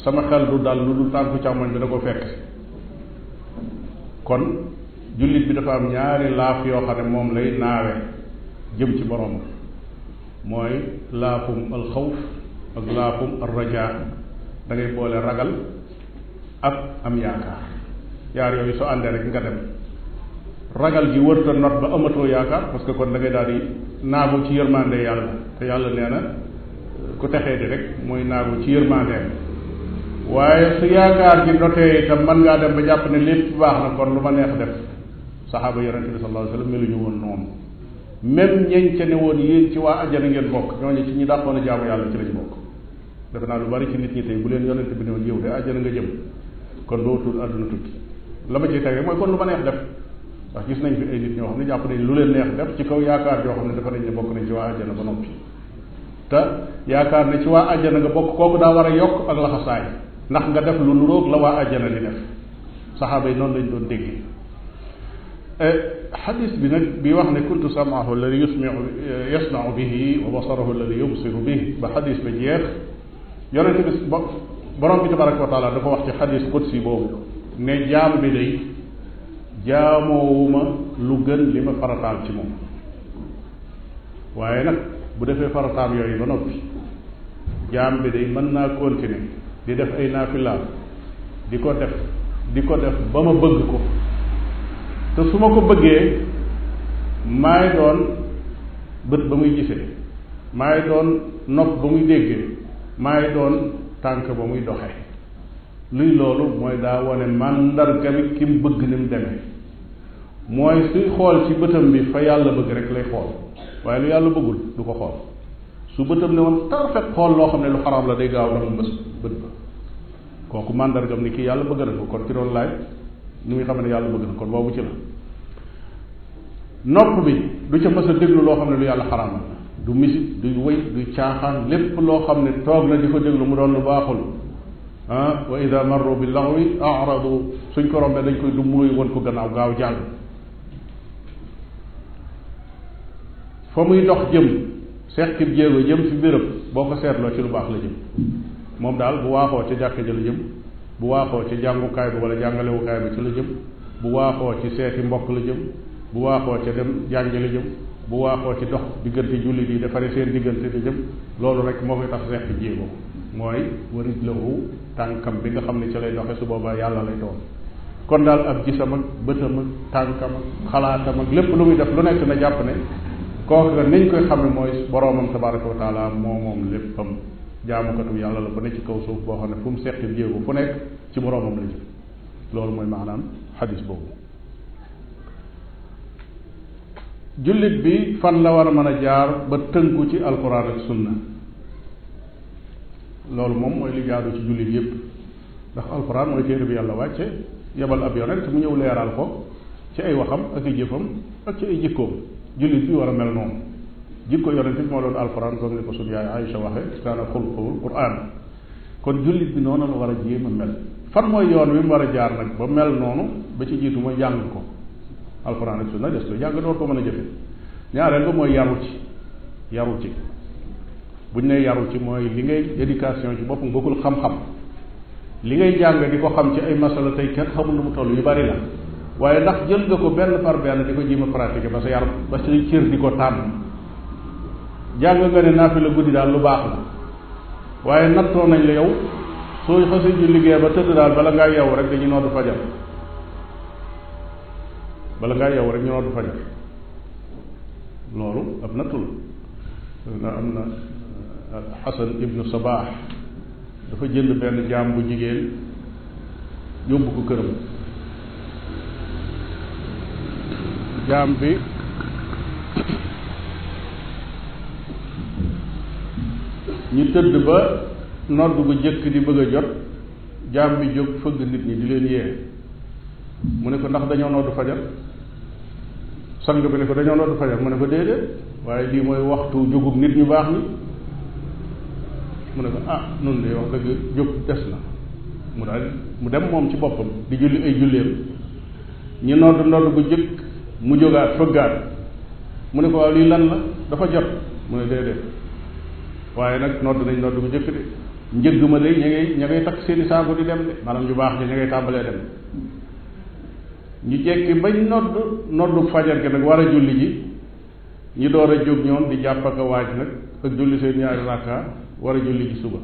B: sama xel du dal lu dul tànku càmmoñ bi da ko fekk kon jullit bi dafa am ñaari laaf yoo xam ne moom lay naawe jëm ci borom mooy laafum alxawf ak laafum alraja da ngay boole ragal ak am yaakaar yaar yooyu soo àndee rek nga dem ragal gi wërta not ba amatoo yaakaar parce que kon da ngay daal di naagu ci yërmande yàlla te yàlla nee na ku texee di rek mooy naagu ci yërmandeem waaye su yaakaar ji notee itam mën ngaa dem ba jàpp ne lépp baax na kon lu ma neex def saxaaba yonente bi sallallahu alayhi wa sallam meluñu woon noonu même ñeñ ca woon yéen ci waa ajjana ngeen bokk ñooñu ci ñi dàqoon a yàlla ci lañ naa lu bari nit bu leen yonente bi ne woon yow de ajjana nga jëm kon dootul àdduna tukki la ma mooy kon lu ma neex def ndax ne jàpp nañ lu leen neex def ci kaw yaakaar joo xam ne dafa nañ ne bokk nañ ci waa ajjana ba noppi te yaakaar ne ci waa ajjana nga bokk kooku daa war a yokk ak laxasaay ndax nga def lu nuróog la waa ajjana di def saxaaba yi noonu lañ doon dégg eh, xadis bi nag bi wax ne kuntu samaahu alladi yusmiu yasmau bihi wa basarahu alladi yubsiru bihi ba xadis ba jeex yonente bi borom bi tabaraka wa taala dafa wax ci xadis qudsi boobu ne jaam bi day jaamoowuma lu gën li ma farataal ci moom waaye nag bu defee farataal yooyu ba noppi jaam bi day mën naa continuer di def ay naafilaam di ko def di ko def ba ma bëgg ko te su ma ko bëggee maay doon bët ba muy gisee maay doon nopp ba muy déggee maay doon tànk ba muy doxe luy loolu mooy daa wane màndarga bi ki mu bëgg ni mu demee mooy suy xool ci bëtam bi fa yàlla bëgg rek lay xool waaye lu yàlla bëggul du ko xool su bëtam ne woon tarfet xool loo xam ne lu xaraam la day gaaw ndax mu bës bët ba kooku mandargam ni kii yàlla bëgg na ko kon ki doon laaj ni muy xam ne yàlla bëgg na kon boobu ci la nopp bi du ca mës déglu loo xam ne lu yàlla xaraamal la du musique du wëy du caaxaan lépp loo xam ne toog na di ko déglu mu doon lu baaxul ah wa ida marru bi laxwi aradu suñ ko rombee dañ koy du muy won ko gannaaw gaaw jàll fa muy dox jëm seqib jéego jëm fi béréb boo ko seetloo ci lu baax la jëm moom daal bu waaxoo ca jàkka ja la jëm bu waaxoo ci jàngukaay bi wala jàngalewukaay ba ci la jëm bu waaxoo ci seeti mbokk la jëm bu waaxoo ca dem jàngi la jëm bu waaxoo ci dox diggante jullit yi defare seen diggante la jëm loolu rek moo koy tax seq jéego mooy warij lahu tànkam bi nga xam ne ci lay doxe su boobaa yàlla lay doon kon daal ab gisam ak bëtam ak tànkam ak xalaatam ak lépp lu muy def lu nekk na jàpp ne kooku niñ koy xam ne mooy boroomam tabaraka wa taala moo moom léppam jaamukatu yàlla la bu ne ci kaw suuf boo xam ne fu mu seqi jéego fu nekk ci boroomam li jëm loolu mooy maanaam xadis boobu jullit bi fan la war a mën a jaar ba tënku ci alquran ak sunna loolu moom mooy li jaadu ci jullit yépp ndax alquran mooy téere bi yàlla wàcce yebal ab yonent mu ñëw leeral ko ci ay waxam ak i jëfam ak ci ay jikkoom jullit bi war a mel noonu ko yonent bi moo doon alquran comme ni ko suñu yaay Aïcha waxe kaana xulquhul quran kon jullit bi noonu la war a jéem a mel fan mooy yoon wi mu war a jaar nag ba mel noonu ba ci jiitu mooy jàng ko alquran ak sunna des ko jàng door ko mën a jëfe ñaareel ba mooy yaru ci yaru ci buñ ne yaru ci mooy li ngay éducation ci boppam bokkul xam-xam li ngay jàng di ko xam ci ay masala tey kenn xamul lu mu tollu yu bari la waaye ndax jël nga ko benn par benn di ko jéem a pratiquer ba sa yar ba sa di ko tàmm jàng nga ne naafila guddi daal lu baax la waaye nattoo nañ la yow soo xasee ju liggéey ba tëdd daal bala ngaa yow rek dañu noodu fajar bala ngaa yow rek ñu noodu fajar loolu ab nattu la na am na Xasan euh, ibnu Sabaax dafa jënd benn jaam bu jigéen yóbbu ko këram jaam bi ñu tëdd ba nodd gu jëkk di bëgg a jot jaam bi jóg fëgg nit ñi di leen yee mu ne ko ndax dañoo nodd fajar sang bi ne ko dañoo nodd fajar mu ne ko déedéet waaye lii mooy waxtu jógub nit ñu baax mu ne ko ah nun de wax dëgg jóg des na mu daal mu dem moom ci boppam di julli ay julleem ñu nodd nodd gu jëkk mu jógaat fëggaat mu ne ko waaw lii lan la dafa jot mu ne déedéet waaye nag nodd nañ nodd bu njëkk de njëgg ma léegi ña ngay ña ngay takk seeni saabu di dem de maanaam ñu baax ñi ña ngay tàmbalee dem ñu jekki bañ nodd noddu fajar gi nag war a julli ji ñu door a jóg ñoom di jàpp ak a waaj nag ak julli seen ñaari rakka war a julli ji suba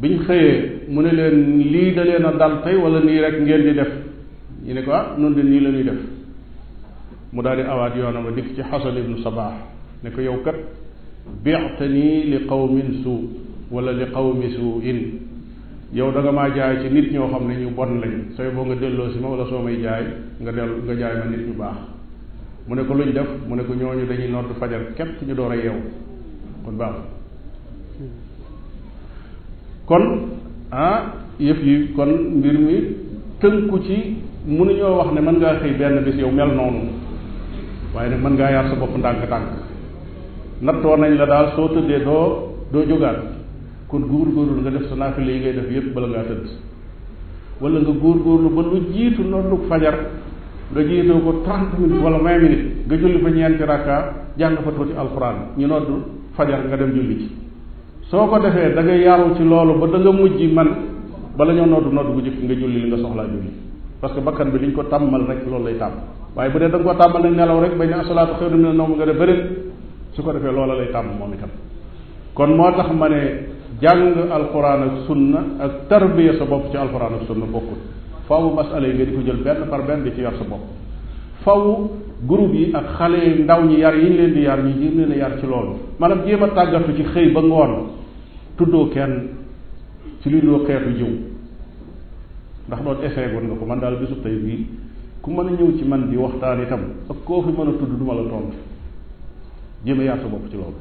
B: biñ xëyee mu ne leen lii da leen a dal tey wala nii rek ngeen di def ñu ne ko ah noonu de nii la def mu daal di awaat yoonam a dikk ci xasan ibnu sabaax ne ko yow kat bi'tani li qawmin suu wala li qawmi suu in yow da nga jaay ci nit ñoo xam ne ñu bon lañ sooy boo nga delloo si ma wala soo may jaay nga dellu nga jaay ma nit ñu baax mu ne ko luñ def mu ne ko ñooñu dañuy nodd fajar képp ñu door a yeew kon baax kon ah yëf yi kon mbir mi ko ci mënuñoo wax ne mën ngaa xëy benn bis yow mel noonu waaye nag mën ngaa yar sa bopp ndànk-ndànk nattoo nañ la daal soo tëddee doo doo jógaat kon góorgóorlu nga def sa naafile yi ngay def yépp bala ngaa tëdd wala nga góorgóorlu ba lu jiitu noddu fajar nga jiitoo ko trente minutes wala vingt minutes nga julli fa ñeenti rakka jàng fa tuuti alxuraan ñu noddu fajar nga dem julli ci soo ko defee da ngay yaru ci loolu ba da nga mujj man bala ñoo noddu noddu bu jëkk nga julli li nga soxlaa julli parce que bakkan bi liñ ko tàmmal rek loolu lay tàmm waaye bu dee da nga ko tàmmal nelaw rek bañ a asalaatu xëy na mu ne nga def bëri su ko defee loola lay tàmm moom itam kon moo tax ma ne jàng alquran ak sunna ak tarbiya sa bopp ci alquran ak sunna bokkul faw masala yi nga di ko jël benn par benn di ci yar sa bopp faw groupe yi ak xale yi ndaw ñi yar yi ñu leen di yar ñu jéem leen a yar ci loolu maanaam jéem a tàggatu ci xëy ba ngoon tuddoo kenn ci luy loo xeetu jiw ndax doon essayé goon nga ko man daal bisu tey bii ku mën a ñëw ci man di waxtaan itam ak koo fi mën a tudd duma la jéem a yaar bopp ci loolu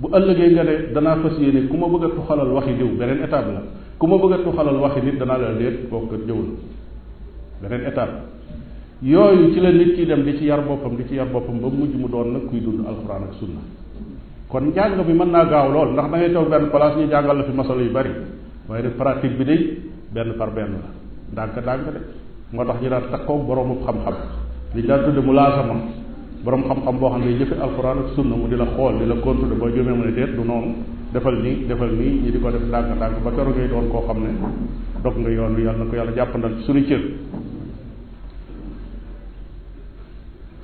B: bu ëllëgee nga ne danaa fas yéene ku ma bëgg a wax waxi diw beneen étape la ku ma bëgg a tuxalal waxi nit danaa la déet kooku kat jëw la beneen étape yooyu ci la nit ki dem di ci yar boppam di ci yar boppam ba mujj mu doon nag kuy dund alxuraan ak sunna kon njàng bi mën naa gaaw lool ndax da ngay benn place ñu jàngal la fi masala yu bari waaye nag pratique bi day benn par benn la ndànk ndànk de moo tax ñu daan takkoog boroomu xam-xam li daan tudde mu laasama borom xam-xam boo xam ne jëfe alxuraan ak sunna mu di la xool di la contrôler boo jëmee mu ne déet du noonu defal nii defal nii ñi di ko def ndànk ndànk ba keroog ngay doon koo xam ne dog nga yoon wi yàlla na ko yàlla jàppandal ci cër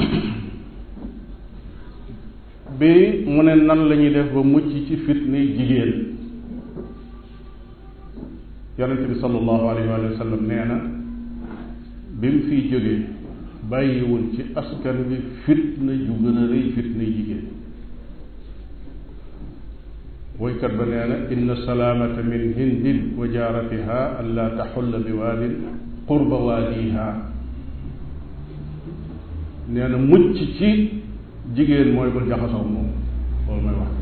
B: bi mu ne nan lañuy def ba mucc ci fitne jigéen yonente bi sallallahu alayhi wa nee na bi mu fiy jógee bàyyiwul ci askan wi fitna ju a rëy fitna jigéen woykat ba nee na inna salaamata min hindin wa jaaratiha an bi waadin qurba waadiha nee mucc ci jigéen mooy bul jaxasoo moom loolu mooy wax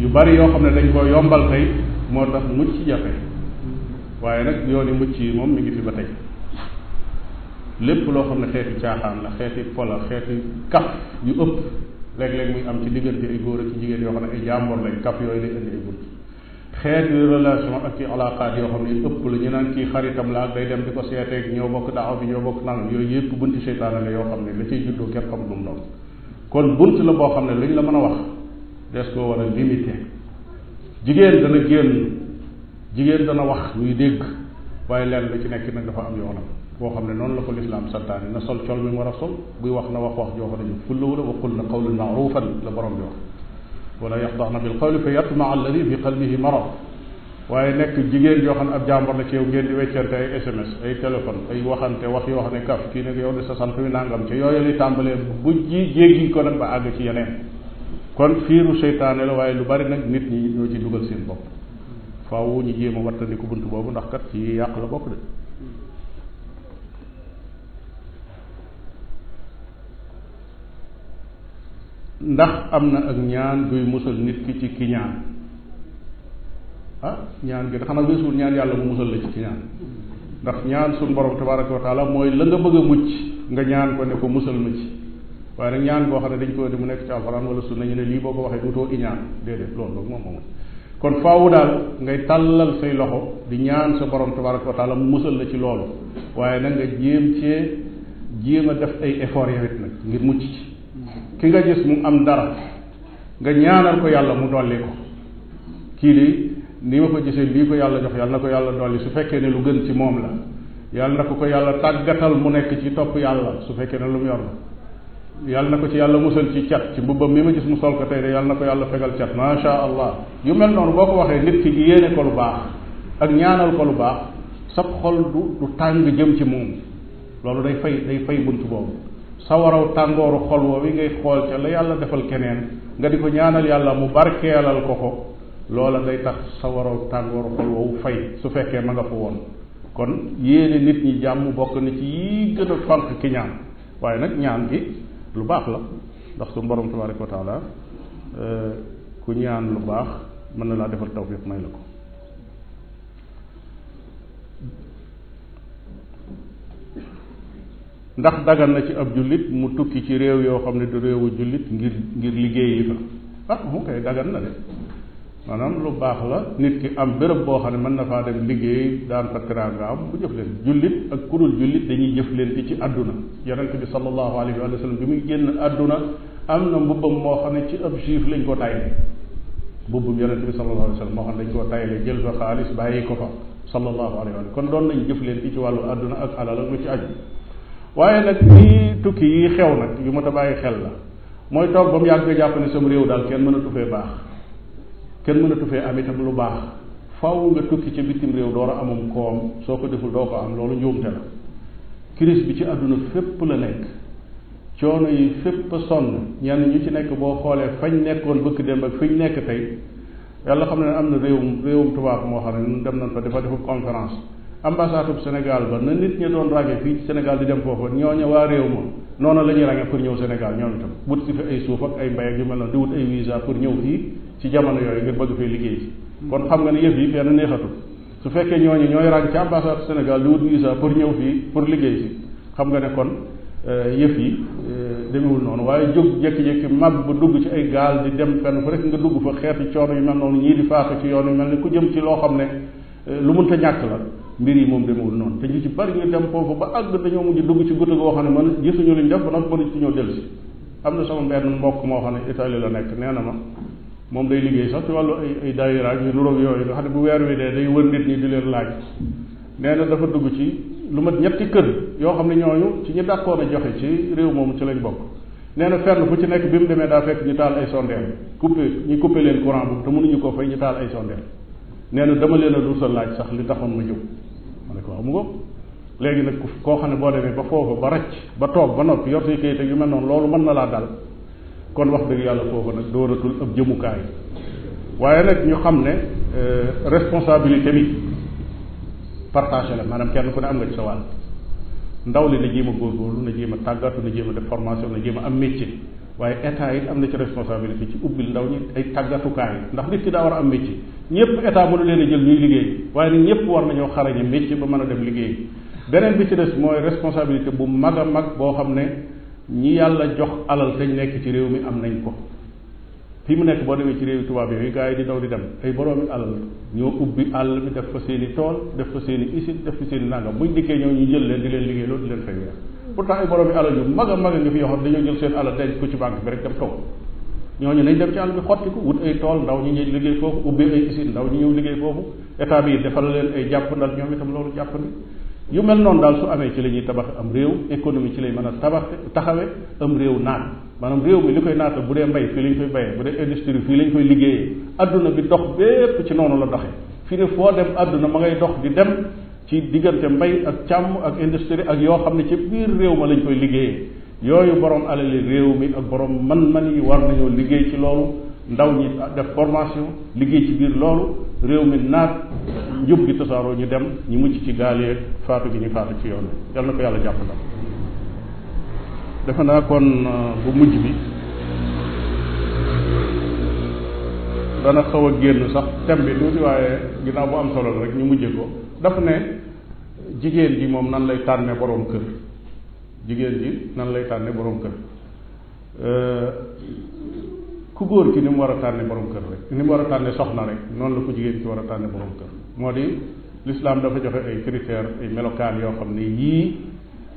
B: yu bari yoo xam ne dañ koo yombal tey moo tax mucc jafe waaye nag yooni mucc yi moom mi ngi fi ba tey lépp loo xam ne xeeti caaxaan la xeeti pola xeeti kaf yu ëpp léeg-léeg muy am ci diggante ay góor ak ci jigéen yoo xam ne ay jàmbur lañ kaf yooyu lay indi ay ak ci alaaqaat yoo xam ne ëpp la ñu naan kii xaritam la ak day dem di ko seeteeg ñoo bokk daaw bi ñoo bokk nangam yooyu yëpp bunti seytaane la yoo xam ne la ciy juddoo kenn xam lu mu doon kon bunt la boo xam ne luñ la mën a wax des koo war a limité jigéen dana génn jigéen dana wax ñuy dégg waaye lenn la ci nekk nag dafa am yoonam boo xam ne noonu la ko lislaam santaane na sol col mi mu war a sol buy wax na wax wax joo xam ne fullawula wa qul na qawlan maarufan la borom bi wax wala yaxdaxna bil qawli fa yatma jigéen joo xam ne ab jàmbur la ci yow ngeen di weccante ay sms ay téléphone ay waxante wax yoo xam ne kaf kii nag yow de sa sant wi nangam ci yooyu lay tàmbalee bu ji jéggi ko nag ba àgg ci yeneen kon fiiru seytaane la waaye lu bari nag nit ñi ñoo ci dugal seen bopp faaw ñu jéem a wattandiku bunt boobu ndax kat ci yàq la bokk de ndax am na ak ñaan guy musal nit ki ci kiñaan ah ñaan bi gi da xamal weesuwul ñaan yàlla mu musal la ci kiñaan ndax ñaan suñu borom tabaraka wa taala mooy la nga bëgg a mucc nga ñaan ko ne ko musal ma ci waaye nag ñaan boo xam ne dañ ko di mu nekk ci alxuraan wala sunna ñu ne lii boo ko waxee utoo iñaan déedéet loolu loolu moom amul kon faawu daal ngay tàllal say loxo di ñaan sa borom tabaraka wa taala mu musal na ci loolu waaye nag nga jéem cee a def ay effort yawit nag ki nga gis mu am dara nga ñaanal ko yàlla mu dolli ko kii lii ni ma ko gisee lii ko yàlla jox yàlla na ko yàlla dolli su fekkee ne lu gën ci moom la yàlla na ko ko yàlla tàggatal mu nekk ci topp yàlla su fekkee ne lu mu yor la yàlla na ko ci yàlla musal ci cat ci mbubbam mi ma gis mu sol ko tey de yàlla na ko yàlla fegal cat macha allah yu mel noonu boo ko waxee nit ki yéene ko lu baax ak ñaanal ko lu baax sab xol du du tàng jëm ci moom loolu day fay day fay bunt boobu sawaraw tàngooru xol woo wi ngay xool ca la yàlla defal keneen nga di ko ñaanal yàlla mu barkeelal ko ko loola day tax sawaraw tàngooru xol woowu fay su fekkee ma nga fa woon kon yéene nit ñi jàmm bokk na ci yi gën a fonk ki ñaan waaye nag ñaan bi lu baax la ndax su borom tabaraka wa taala euh, ku ñaan lu baax mën na laa defal tawfiq may la ko ndax dagan na ci ab jullit mu tukki ci réew yoo xam ne du réewu jullit ngir ngir liggéey yi ah mu koy dagan na de maanaam lu baax la nit ki am béréb boo xam ne mën na faa dem liggéey daan fa teraanga am bu jëf leen jullit ak kudul jullit dañuy jëf leen ci ci àdduna yonente bi sallallahu alayhi wa sallam bi muy génn àdduna am na mbubbam moo xam ne ci ab juif lañ ko tayle mbubbam yonente bi sallallahu alayhi wa moo xam ne dañ koo tayle jël fa xaalis bàyyi ko fa sallallahu alayhi wa kon doon nañ jëf leen ci wàllu àdduna ak alal ak ci aju waaye nag nii tukki yi xew nag yu ma ta bàyyi xel la mooy toog ba mu yàgg nga jàpp ne réew daal kenn mën a tufee baax kenn mën a tufee am itam lu baax faw nga tukki ca bitim réew door a koom soo ko deful doo ko am loolu njuumte la crise bi ci àdduna fépp la nekk coono yi fépp a sonn ñenn ñu ci nekk boo xoolee fañ nekkoon bëkk démb ak fiñ nekk tey yàlla xam ne am na réewum réewum tubaab moo xam ne dem nañ fa dafa defub conférence ambassade bu Sénégal ba na nit ñi doon ràññee fii ci Sénégal di dem foofa ñooñu waa réew ma noonu la ñuy ràññee pour ñëw Sénégal ñoom itam wut si fi ay suuf ak ay mbay ak yu mel noonu di wut ay visa pour ñëw fii yooyu ngir bëgg fee liggéey si kon xam nga ne yëf yi neexatul su fekkee ñooñu ñooy ràññ ci ambassade bu Sénégal di wut visa pour ñëw fii pour liggéey si xam nga ne kon euh, yëf yi euh, demewul noonu waaye jóg jékki-jékki mab ba dugg ci ay gaal di dem fenn fu rek nga dugg fa xeeti coono yu mel noonu ñii di faatu ci yoon mel ni ku jëm ci loo xam ne euh, lu munta ñàkk la mbir yi moom demewul noonu te ñu ci bari ñu dem foofu ba àgg dañoo mujj dugg ci gudd goo xam ne man gisuñu luñ def ba noppi mënuñ ci ñëw dellu si am na sama benn mbokk nee na ma moom day liggéey sax ci wàllu ay ay daayira ak yooyu nga bu weer wi dee day wër nit di leen laaj nee na dafa dugg ci lu mat ñetti kër yoo xam ne ñooñu ci ñu dàkkoon a joxe ci réew moomu ci lañ bokk nee na fenn fu ci nekk bi demee daa fekk ñu taal ay sondeel coupé ñu coupé leen courant boobu te mënuñu koo fay ñu taal ay sondeel nee na dama leen a duusa laaj sax li taxoon ma jóg ma ko waaw mu ngoog léegi nag koo xam ne boo demee ba foofa ba racc ba toog ba noppi yor say kayit ak yu mel noonu loolu mën na laa dal kon wax dëgg yàlla foofa nag doonatul ab jëmukaay waaye nag ñu xam ne euh, responsabilité bi partagé la maanaam kenn ku ne am nga ci sa wàll ndaw li na jéem a góorgóorlu na jéem a tàggatu na jéem a def formation na jéem am métier waaye état it am na ci responsabilité ci ubbil ndaw ñi ay tàggatukaay ndax lit ci daa war a am métier ñëpp état mënu leen a jël ñuy liggéey waaye nag ñëpp war nañoo xarañe métier ba mën a dem liggéey beneen bi ci des mooy responsabilité bu mag a mag boo xam ne ñi yàlla jox alal te nekk ci réew mi am nañ ko fii mu nekk boo demee ci réew tubaab yooyu gars yi di daw di dem ay boroomi alal ñoo ubbi àll bi def fa tool def fa seen i usine def fa seen i dikkee ñëw ñu jël leen di leen liggéey loolu di leen fay weer pourtant ay boroomi alal yu mag seen alal denc ko ci banque bi rek dem toog ñooñu nañ dem ci àll bi xotti ko wut ay tool ndaw ñi ñuy liggéey foofu ubbi ay usine ñëw liggéey boobu état bi defal leen ay jàpp ndal ñoom tam loolu jàpp ni yu mel noonu daal su amee ci la ñuy tabax am réew économie ci lay mën a tabax taxawe am réew naat maanaam réew mi li koy naata bu dee mbay fii lañ koy bayee bu dee industrie fii lañ koy liggéeyee adduna bi dox bépp ci noonu la doxee fii ne foo dem àdduna ma ngay dox di dem ci diggante mbay ak càmm ak industrie ak yoo xam ne ci biir réew ma lañ koy liggéeyee yooyu boroom borom yi réew mi ak boroom man-man yi war nañoo liggéey ci loolu ndaw ñi def formation liggéey ci biir loolu réew mi naat njub gi tasaaroo ñu dem ñu mujj ci gaaleeg faatu gi ñu faatu ci yoon bi yal na ko yàlla jàpp na defe naa euh, bu mujj bi dana xaw a génn sax thème bi tuuti waaye ginnaaw bu am solo la rek ñu mujje ko daf ne jigéen ji moom nan lay tànnee boroom kër jigéen ji nan lay tànne borom kër euh, ku góor ki ni mu war a tànne boroom kër rek ni mu war a tànne soxna rek noonu la ko jigéen ki war a tànne borom kër moo di l'islam dafa joxe ay critères ay melokaan yoo xam ne yii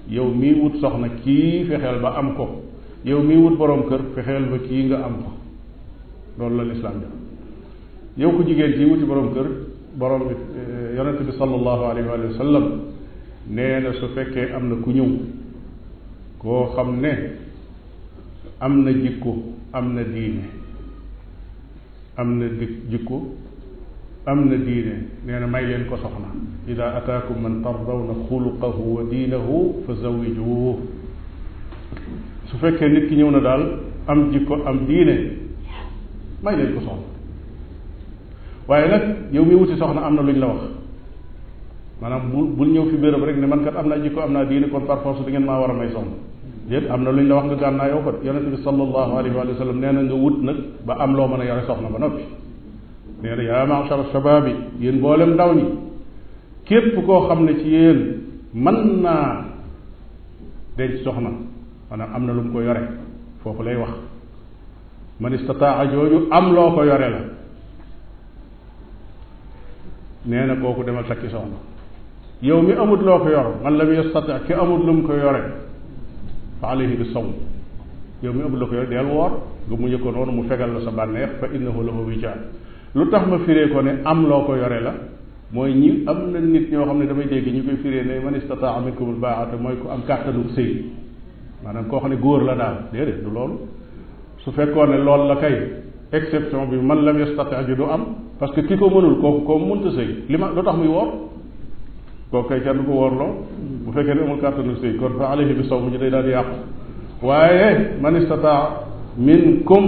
B: yow mii wut soxna kii xel ba am ko yow mii wut boroom kër fexeel ba kii nga am ko loolu la l'islam joxe yow ku jigéen kii wuti borom kër borom bi euh, yonent bi sallallahu alayhi wa sallam nee na su fekkee am na ku ñëw koo xam ne am na jikko am na diine am na jikko am na diine nee na may leen ko soxna ida ataakum man tardawna xuluqahu wa diinahu fa zawijuhu su fekkee nit ki ñëw na daal am jikko am diine may leen ko soxna waaye nag yow mi wuti soxna am na luñ la wax maanaam bu bul ñëw fi béréb rek ne man kat am naa jikko am naa diine kon par force di maa war a may soxna déet am na lu ñu la wax nga gànnaayoo ko yonente bi sallallahu alayhi wa sallam nee na nga wut nag ba am loo mën a yore soxna ba noppi nee na yaa ma'shar shabaab yi yéen mboolem ndaw ñi képp koo xam ne ci yéen mën naa denc soxna maanaam am na lu mu ko yore foofu lay wax man istataa jooju am loo ko yore la nee na kooku demal takki soxna yow mi amut loo ko yor man lam yastati ki amut lu mu ko yore fa alayhi bi sawm yow mi ëmb la ko yow deel woor nga muñe ko noonu mu fegal la sa bànneex fa innahu lahu wijaan lu tax ma firee ko ne am loo ko yore la mooy ñi am na nit ñoo xam ne damay dégg ñu koy firee ne man istataa minkumul baaxata mooy ku am kàttanug sëy maanaam koo xam ne góor la daal déedéet du loolu su fekkoon ne loolu la kay exception bi man lam yastati ji du am parce que ki ko mënul kooku koo mënta sëy li ma lu tax muy woor kooku kay kenn du ko wóorloo bu fekkee ne amul kàttanu sëy kon fa alayhi bi saw mu ji day daal di yàqu waaye man istataa minkum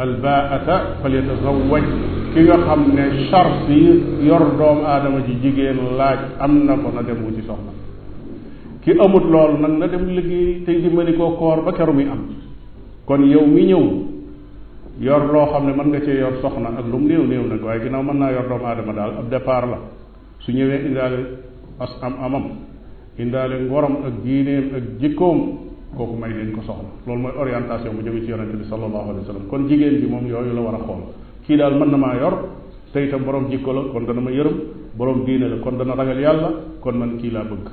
B: albaata falyatazawaj ki nga xam ne charte yi yor doom aadama ji jigéen laaj am na ko na dem wuti soxna ki amut lool nag na dem liggéey tey dimbali koo koor ba keru muy am kon yow mi ñëw yor loo xam ne mën nga cee yor soxna ak lu mu néew néew nag waaye ginnaaw mën naa yor doomu aadama daal ab départ la su ñëwee indaale as am amam indaale ngorom ak diineem ak jikkoom kooku may leen ko soxla loolu mooy orientation bu jóge ci yonente bi sallallahu alayhi wa sallam kon jigéen bi moom yooyu la war a xool kii daal mën na maa yor te itam borom jikko la kon dana ma yërëm borom diine la kon dana ragal yàlla kon man kii laa bëgg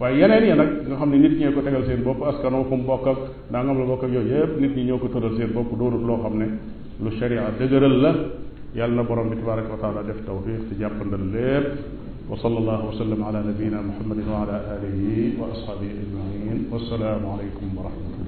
B: waaye yeneen yi nag nga xam ne nit ñee ko tegal seen bopp askanoo fu mu bokk ak nangam la bokk yooyu yëpp nit ñi ñoo ko tëral seen bopp loo xam ne lu sharia dëgëral la yàlla na borom bi tabaraka wa taala def tawfiq ci jàppandal lépp wa sallallahu
C: wa sallam ala nabiyina muhammadin wa ala alihi wa ashabihi ajmain wassalaamu aleykum wa rahmatullah